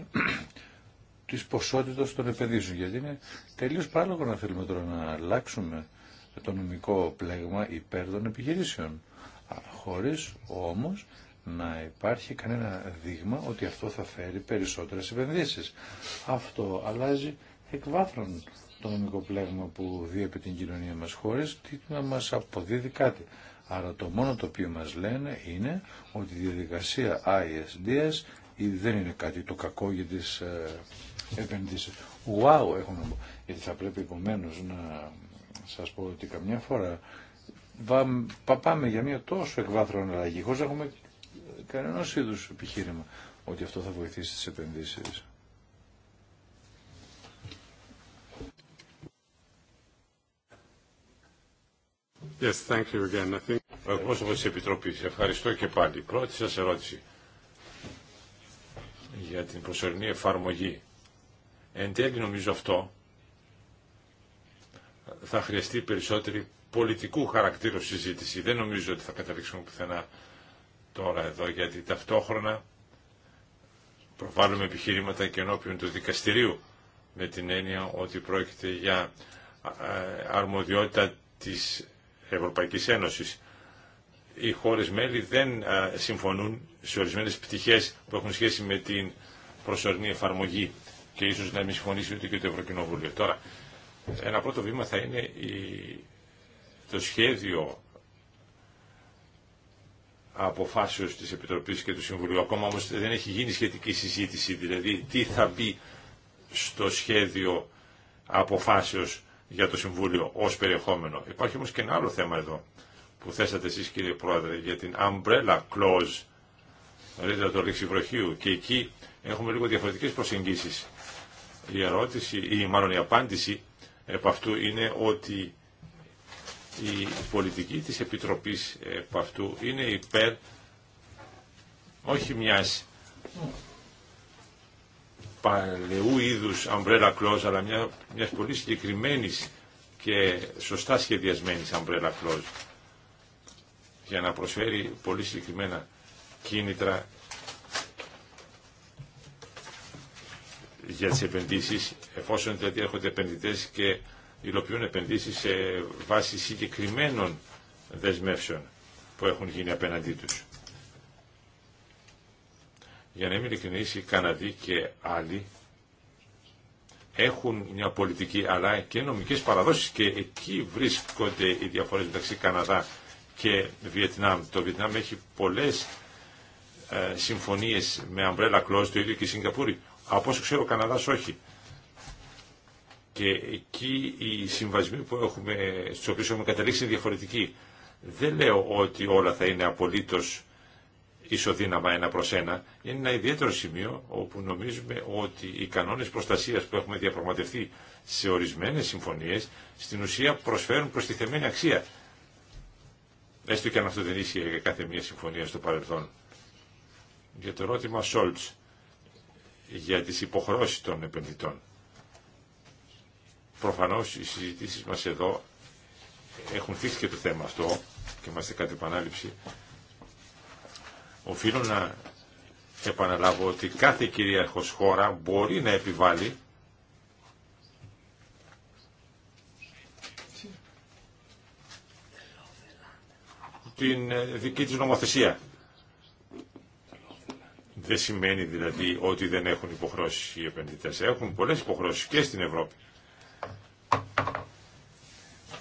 της ποσότητας των επενδύσεων. Γιατί είναι τελείως παράλογο να θέλουμε τώρα να αλλάξουμε το νομικό πλέγμα υπέρ των επιχειρήσεων. Χωρίς όμως να υπάρχει κανένα δείγμα ότι αυτό θα φέρει περισσότερες επενδύσεις. Αυτό αλλάζει εκ βάθρων το νομικό πλέγμα που διέπει την κοινωνία μας χώρες, τι να μας αποδίδει κάτι. Άρα το μόνο το οποίο μας λένε είναι ότι η διαδικασία ISDS δεν είναι κάτι το κακό για τις ε, επενδύσεις. Wow, έχω να Γιατί θα πρέπει επομένω να σας πω ότι καμιά φορά πάμε για μια τόσο εκβάθρον αλλαγή, χωρίς να έχουμε κανένα είδους επιχείρημα ότι αυτό θα βοηθήσει τις επενδύσεις. Yes, thank you again. I think... Ο εκπρόσωπος Επιτροπής, ευχαριστώ και πάλι. Πρώτη σας ερώτηση για την προσωρινή εφαρμογή. Εν τέλει νομίζω αυτό θα χρειαστεί περισσότερη πολιτικού χαρακτήρου συζήτηση. Δεν νομίζω ότι θα καταλήξουμε πουθενά τώρα εδώ, γιατί ταυτόχρονα προβάλλουμε επιχειρήματα και ενώπιον του δικαστηρίου, με την έννοια ότι πρόκειται για ε, αρμοδιότητα της Ευρωπαϊκής Ένωσης. Οι χώρες μέλη δεν συμφωνούν σε ορισμένες πτυχές που έχουν σχέση με την προσωρινή εφαρμογή και ίσως να μην συμφωνήσει ούτε και το Ευρωκοινοβούλιο. Τώρα, ένα πρώτο βήμα θα είναι η... το σχέδιο αποφάσεως της Επιτροπής και του Συμβουλίου. Ακόμα όμως δεν έχει γίνει σχετική συζήτηση, δηλαδή τι θα μπει στο σχέδιο αποφάσεως για το Συμβούλιο ως περιεχόμενο. Υπάρχει όμως και ένα άλλο θέμα εδώ που θέσατε εσείς κύριε Πρόεδρε για την umbrella clause, δηλαδή το λεξιβροχείο και εκεί έχουμε λίγο διαφορετικές προσεγγίσεις. Η ερώτηση ή μάλλον η απάντηση επ' αυτού είναι ότι η πολιτική της Επιτροπής επ' αυτού είναι υπέρ όχι μιας παλαιού είδου umbrella clause, αλλά μια, μια πολύ συγκεκριμένη και σωστά σχεδιασμένη umbrella clause για να προσφέρει πολύ συγκεκριμένα κίνητρα για τις επενδύσεις, εφόσον δηλαδή έρχονται επενδυτές και υλοποιούν επενδύσεις σε βάση συγκεκριμένων δεσμεύσεων που έχουν γίνει απέναντί τους. Για να είμαι ειλικρινής, οι Καναδοί και άλλοι έχουν μια πολιτική αλλά και νομικές παραδόσεις και εκεί βρίσκονται οι διαφορές μεταξύ Καναδά και Βιετνάμ. Το Βιετνάμ έχει πολλές ε, συμφωνίες με umbrella clause, το ίδιο και η Σιγκαπούρη. Από όσο ξέρω ο Καναδάς όχι. Και εκεί οι συμβασμοί που έχουμε, στους οποίους έχουμε καταλήξει είναι διαφορετικοί. Δεν λέω ότι όλα θα είναι απολύτως ισοδύναμα ένα προς ένα, είναι ένα ιδιαίτερο σημείο όπου νομίζουμε ότι οι κανόνες προστασίας που έχουμε διαπραγματευτεί σε ορισμένες συμφωνίες στην ουσία προσφέρουν θεμένη αξία. Έστω και αν αυτό δεν ίσχυε για κάθε μία συμφωνία στο παρελθόν. Για το ερώτημα Σόλτς για τις υποχρώσεις των επενδυτών. Προφανώς οι συζητήσεις μας εδώ έχουν θίξει και το θέμα αυτό και είμαστε κάτι επανάληψη Οφείλω να επαναλάβω ότι κάθε κυρίαρχος χώρα μπορεί να επιβάλλει την ε, δική της νομοθεσία. Δεν σημαίνει δηλαδή ότι δεν έχουν υποχρώσεις οι επενδυτές. Έχουν πολλές υποχρώσεις και στην Ευρώπη.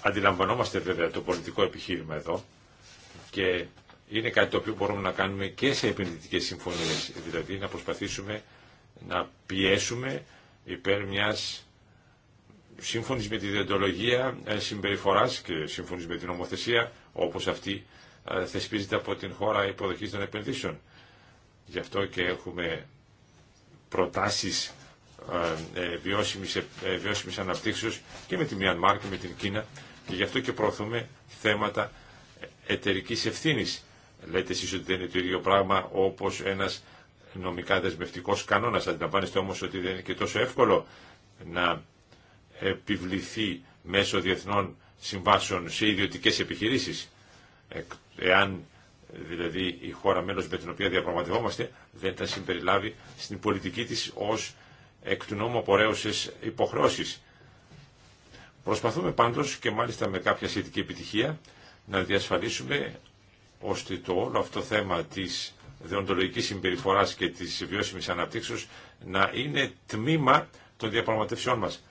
Αντιλαμβανόμαστε βέβαια το πολιτικό επιχείρημα εδώ και είναι κάτι το οποίο μπορούμε να κάνουμε και σε επενδυτικές συμφωνίες, δηλαδή να προσπαθήσουμε να πιέσουμε υπέρ μιας σύμφωνης με τη διοντολογία ε, συμπεριφοράς και σύμφωνης με την ομοθεσία όπως αυτή ε, θεσπίζεται από την χώρα υποδοχής των επενδύσεων. Γι' αυτό και έχουμε προτάσεις ε, βιώσιμης, βιώσιμης αναπτύξεως και με τη Μιανμάρ και με την Κίνα και γι' αυτό και προωθούμε θέματα εταιρικής ευθύνης Λέτε εσείς ότι δεν είναι το ίδιο πράγμα όπως ένας νομικά δεσμευτικός κανόνας. Αντιλαμβάνεστε όμως ότι δεν είναι και τόσο εύκολο να επιβληθεί μέσω διεθνών συμβάσεων σε ιδιωτικές επιχειρήσεις. Εάν δηλαδή η χώρα μέλος με την οποία διαπραγματευόμαστε δεν τα συμπεριλάβει στην πολιτική της ως εκ του νόμου απορρέωσες υποχρεώσεις. Προσπαθούμε πάντως και μάλιστα με κάποια σχετική επιτυχία να διασφαλίσουμε ώστε το όλο αυτό θέμα της δεοντολογικής συμπεριφοράς και της βιώσιμης αναπτύξεως να είναι τμήμα των διαπραγματεύσεών μας.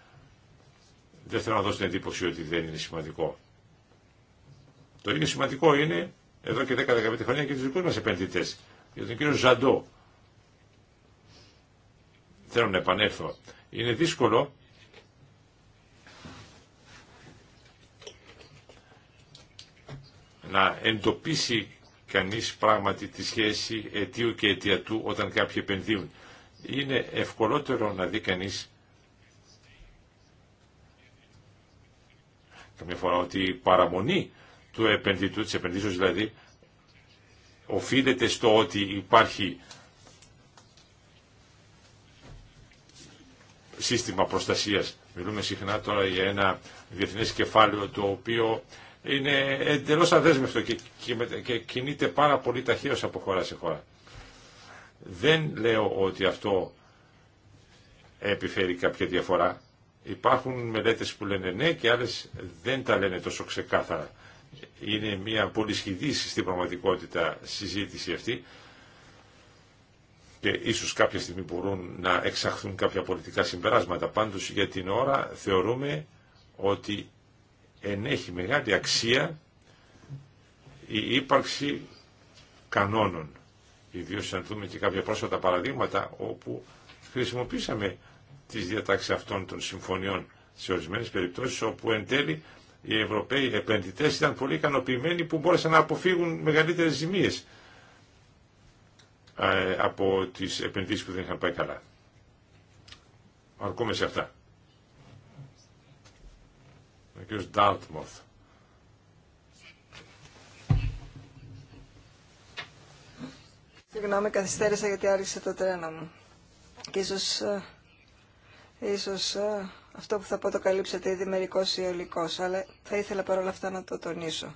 Δεν θέλω να δώσω την εντύπωση ότι δεν είναι σημαντικό. Το είναι σημαντικό είναι εδώ και 10-15 χρόνια και του δικού μα επενδυτέ. Για τον κύριο Ζαντό. Θέλω να επανέλθω. Είναι δύσκολο να εντοπίσει κανείς πράγματι τη σχέση αιτίου και αιτιατού όταν κάποιοι επενδύουν. Είναι ευκολότερο να δει κανείς καμιά φορά ότι η παραμονή του επενδυτού, της επενδύσεως δηλαδή, οφείλεται στο ότι υπάρχει σύστημα προστασίας. Μιλούμε συχνά τώρα για ένα διεθνές κεφάλαιο το οποίο είναι εντελώ αδέσμευτο και, και, κινείται πάρα πολύ ταχαίω από χώρα σε χώρα. Δεν λέω ότι αυτό επιφέρει κάποια διαφορά. Υπάρχουν μελέτες που λένε ναι και άλλες δεν τα λένε τόσο ξεκάθαρα. Είναι μια πολυσχηδή στην πραγματικότητα συζήτηση αυτή και ίσως κάποια στιγμή μπορούν να εξαχθούν κάποια πολιτικά συμπεράσματα. Πάντως για την ώρα θεωρούμε ότι ενέχει μεγάλη αξία η ύπαρξη κανόνων. ιδίω αν δούμε και κάποια πρόσφατα παραδείγματα όπου χρησιμοποίησαμε τις διατάξεις αυτών των συμφωνιών σε ορισμένες περιπτώσεις όπου εν τέλει οι Ευρωπαίοι επενδυτές ήταν πολύ ικανοποιημένοι που μπόρεσαν να αποφύγουν μεγαλύτερες ζημίες ε, από τις επενδύσεις που δεν είχαν πάει καλά. Αρκούμε σε αυτά. Ο κ. Ντάουτμοθ. Συγγνώμη, καθυστέρησα γιατί άρχισε το τρένο μου. Και ίσως, ε, ίσως ε, αυτό που θα πω το καλύψατε ήδη μερικός ή ολικός, αλλά θα ήθελα παρόλα αυτά να το τονίσω.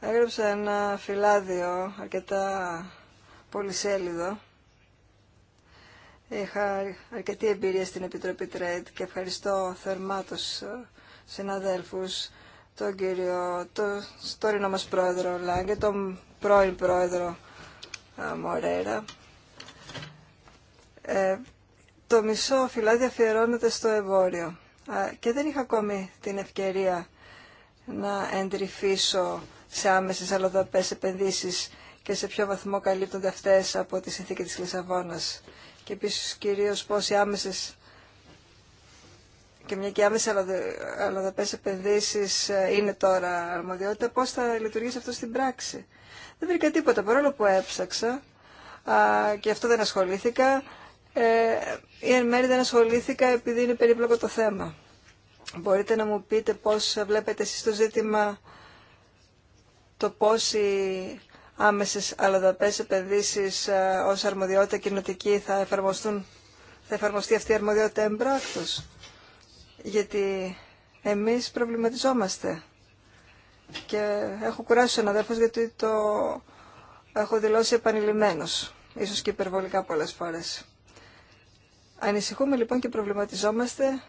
Έγραψα ένα φυλάδιο αρκετά πολυσέλιδο Είχα αρκετή εμπειρία στην Επιτροπή Τρέιντ και ευχαριστώ θερμά τους ε, συναδέλφους, τον κύριο, τον στόρινο μας πρόεδρο Λάγκε, τον πρώην πρόεδρο ε, Μορέρα. Ε, το μισό φυλάδι αφιερώνεται στο εμπόριο και δεν είχα ακόμη την ευκαιρία να εντρυφήσω σε άμεσες αλλοδαπές επενδύσεις και σε ποιο βαθμό καλύπτονται αυτές από τη συνθήκη της Λισαβόνας και επίσης κυρίως πώς οι άμεσες και μια και άμεσα αλλοδαπές επενδύσεις ε, είναι τώρα αρμοδιότητα, πώς θα λειτουργήσει αυτό στην πράξη. Δεν βρήκα τίποτα, παρόλο που έψαξα α, και αυτό δεν ασχολήθηκα. Ε, ή εν μέρει δεν ασχολήθηκα επειδή είναι περίπλοκο το θέμα. Μπορείτε να μου πείτε πώς βλέπετε εσείς το ζήτημα το πώς άμεσες αλλοδαπές επενδύσεις ε, ως αρμοδιότητα κοινοτική θα, εφαρμοστούν, θα εφαρμοστεί αυτή η αρμοδιότητα εμπράκτος. Γιατί εμείς προβληματιζόμαστε. Και έχω κουράσει τον αδέρφος γιατί το έχω δηλώσει επανειλημμένος, ίσως και υπερβολικά πολλές φορές. Ανησυχούμε λοιπόν και προβληματιζόμαστε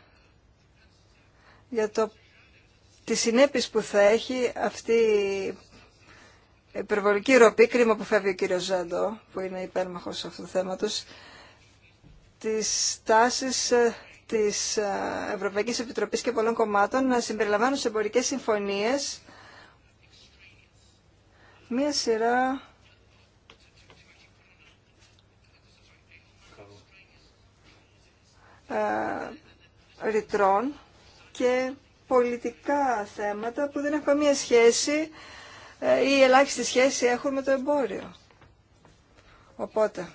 για το τις συνέπειες που θα έχει αυτή υπερβολική ροπή, κρίμα που φεύγει ο κύριο Ζέντο, που είναι υπέρμαχος αυτού του θέματος, τις τάσεις της ε, ε, Ευρωπαϊκής Επιτροπής και πολλών κομμάτων να συμπεριλαμβάνουν σε εμπορικές συμφωνίες μία σειρά ε, ρητρών και πολιτικά θέματα που δεν έχουν καμία σχέση ή ε, ελάχιστη σχέση έχουν με το εμπόριο. Οπότε,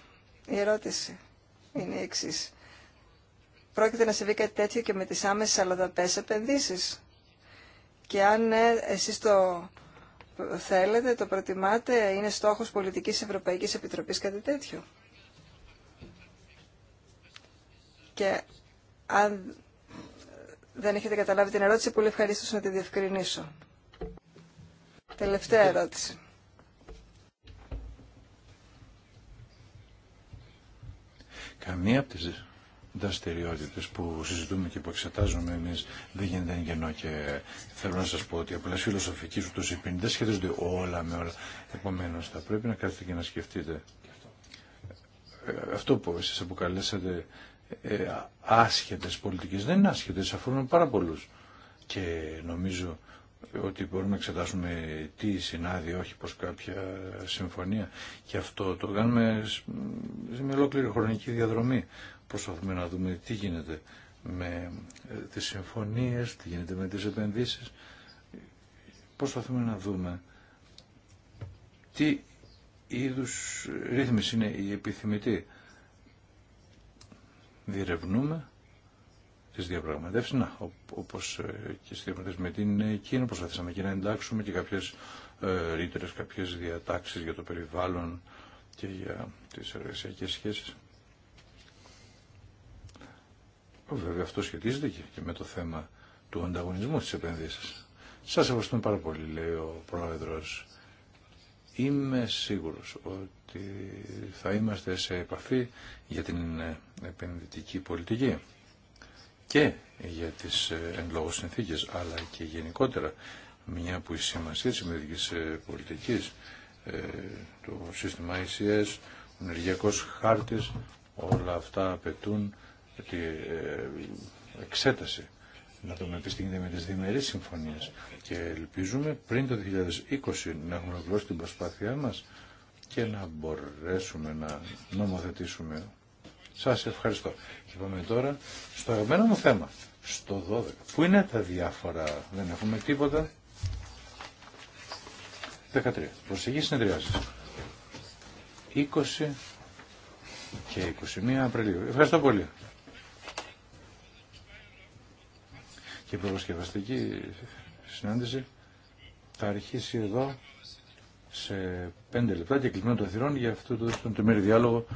η ερώτηση είναι η εξή. Πρόκειται να συμβεί κάτι τέτοιο και με τις άμεσες αλλοδαπές επενδύσεις. Και αν ε, εσείς το θέλετε, το προτιμάτε, είναι στόχος πολιτικής Ευρωπαϊκής Επιτροπής κάτι τέτοιο. Και αν δεν έχετε καταλάβει την ερώτηση, πολύ ευχαρίστω να τη διευκρινίσω. Τελευταία ερώτηση. Καμία από τις δραστηριότητε που συζητούμε και που εξετάζουμε εμεί δεν γίνεται εν γενό και θέλω να σα πω ότι απλά φιλοσοφική ούτω ή δεν σχετίζονται όλα με όλα. Επομένω, θα πρέπει να κάνετε και να σκεφτείτε ε, αυτό που εσεί αποκαλέσατε ε, άσχετε πολιτικέ δεν είναι άσχετε, αφορούν πάρα πολλού. Και νομίζω ότι μπορούμε να εξετάσουμε τι συνάδει, όχι πως κάποια συμφωνία. Και αυτό το κάνουμε σε μια ολόκληρη χρονική διαδρομή. Προσπαθούμε να δούμε τι γίνεται με ε, τις συμφωνίες, τι γίνεται με τις επενδύσεις. Προσπαθούμε να δούμε τι είδους ρύθμιση είναι η επιθυμητή. Διερευνούμε τι διαπραγματεύσει. Να, όπως ε, και στι διαπραγματεύσει με την ε, Κίνα προσπαθήσαμε και να εντάξουμε και κάποιε ε, κάποιε κάποιες διατάξεις για το περιβάλλον και για τι εργασιακέ σχέσει. Βέβαια αυτό σχετίζεται και με το θέμα του ανταγωνισμού στις επενδύσεις. Σα ευχαριστούμε πάρα πολύ, λέει ο πρόεδρο. Είμαι σίγουρο ότι θα είμαστε σε επαφή για την ε, επενδυτική πολιτική και για τις ε, εν λόγω συνθήκες, αλλά και γενικότερα μια που η σημασία της ε, πολιτικής, ε, το σύστημα ICS, ο ενεργειακός χάρτης, όλα αυτά απαιτούν τη εξέταση να δούμε τι γίνεται με τις διμερείς συμφωνίες και ελπίζουμε πριν το 2020 να έχουμε ολοκληρώσει την προσπάθειά μας και να μπορέσουμε να νομοθετήσουμε σας ευχαριστώ. Και πάμε τώρα στο αγαπημένο μου θέμα, στο 12. Πού είναι τα διάφορα, δεν έχουμε τίποτα. 13. Προσεγγή συνεδριάσει. 20 και 21 Απριλίου. Ευχαριστώ πολύ. Και η προσκευαστική συνάντηση θα αρχίσει εδώ σε 5 λεπτά και κλεισμένο το θυρών για αυτό το, τον τριμήρη διάλογο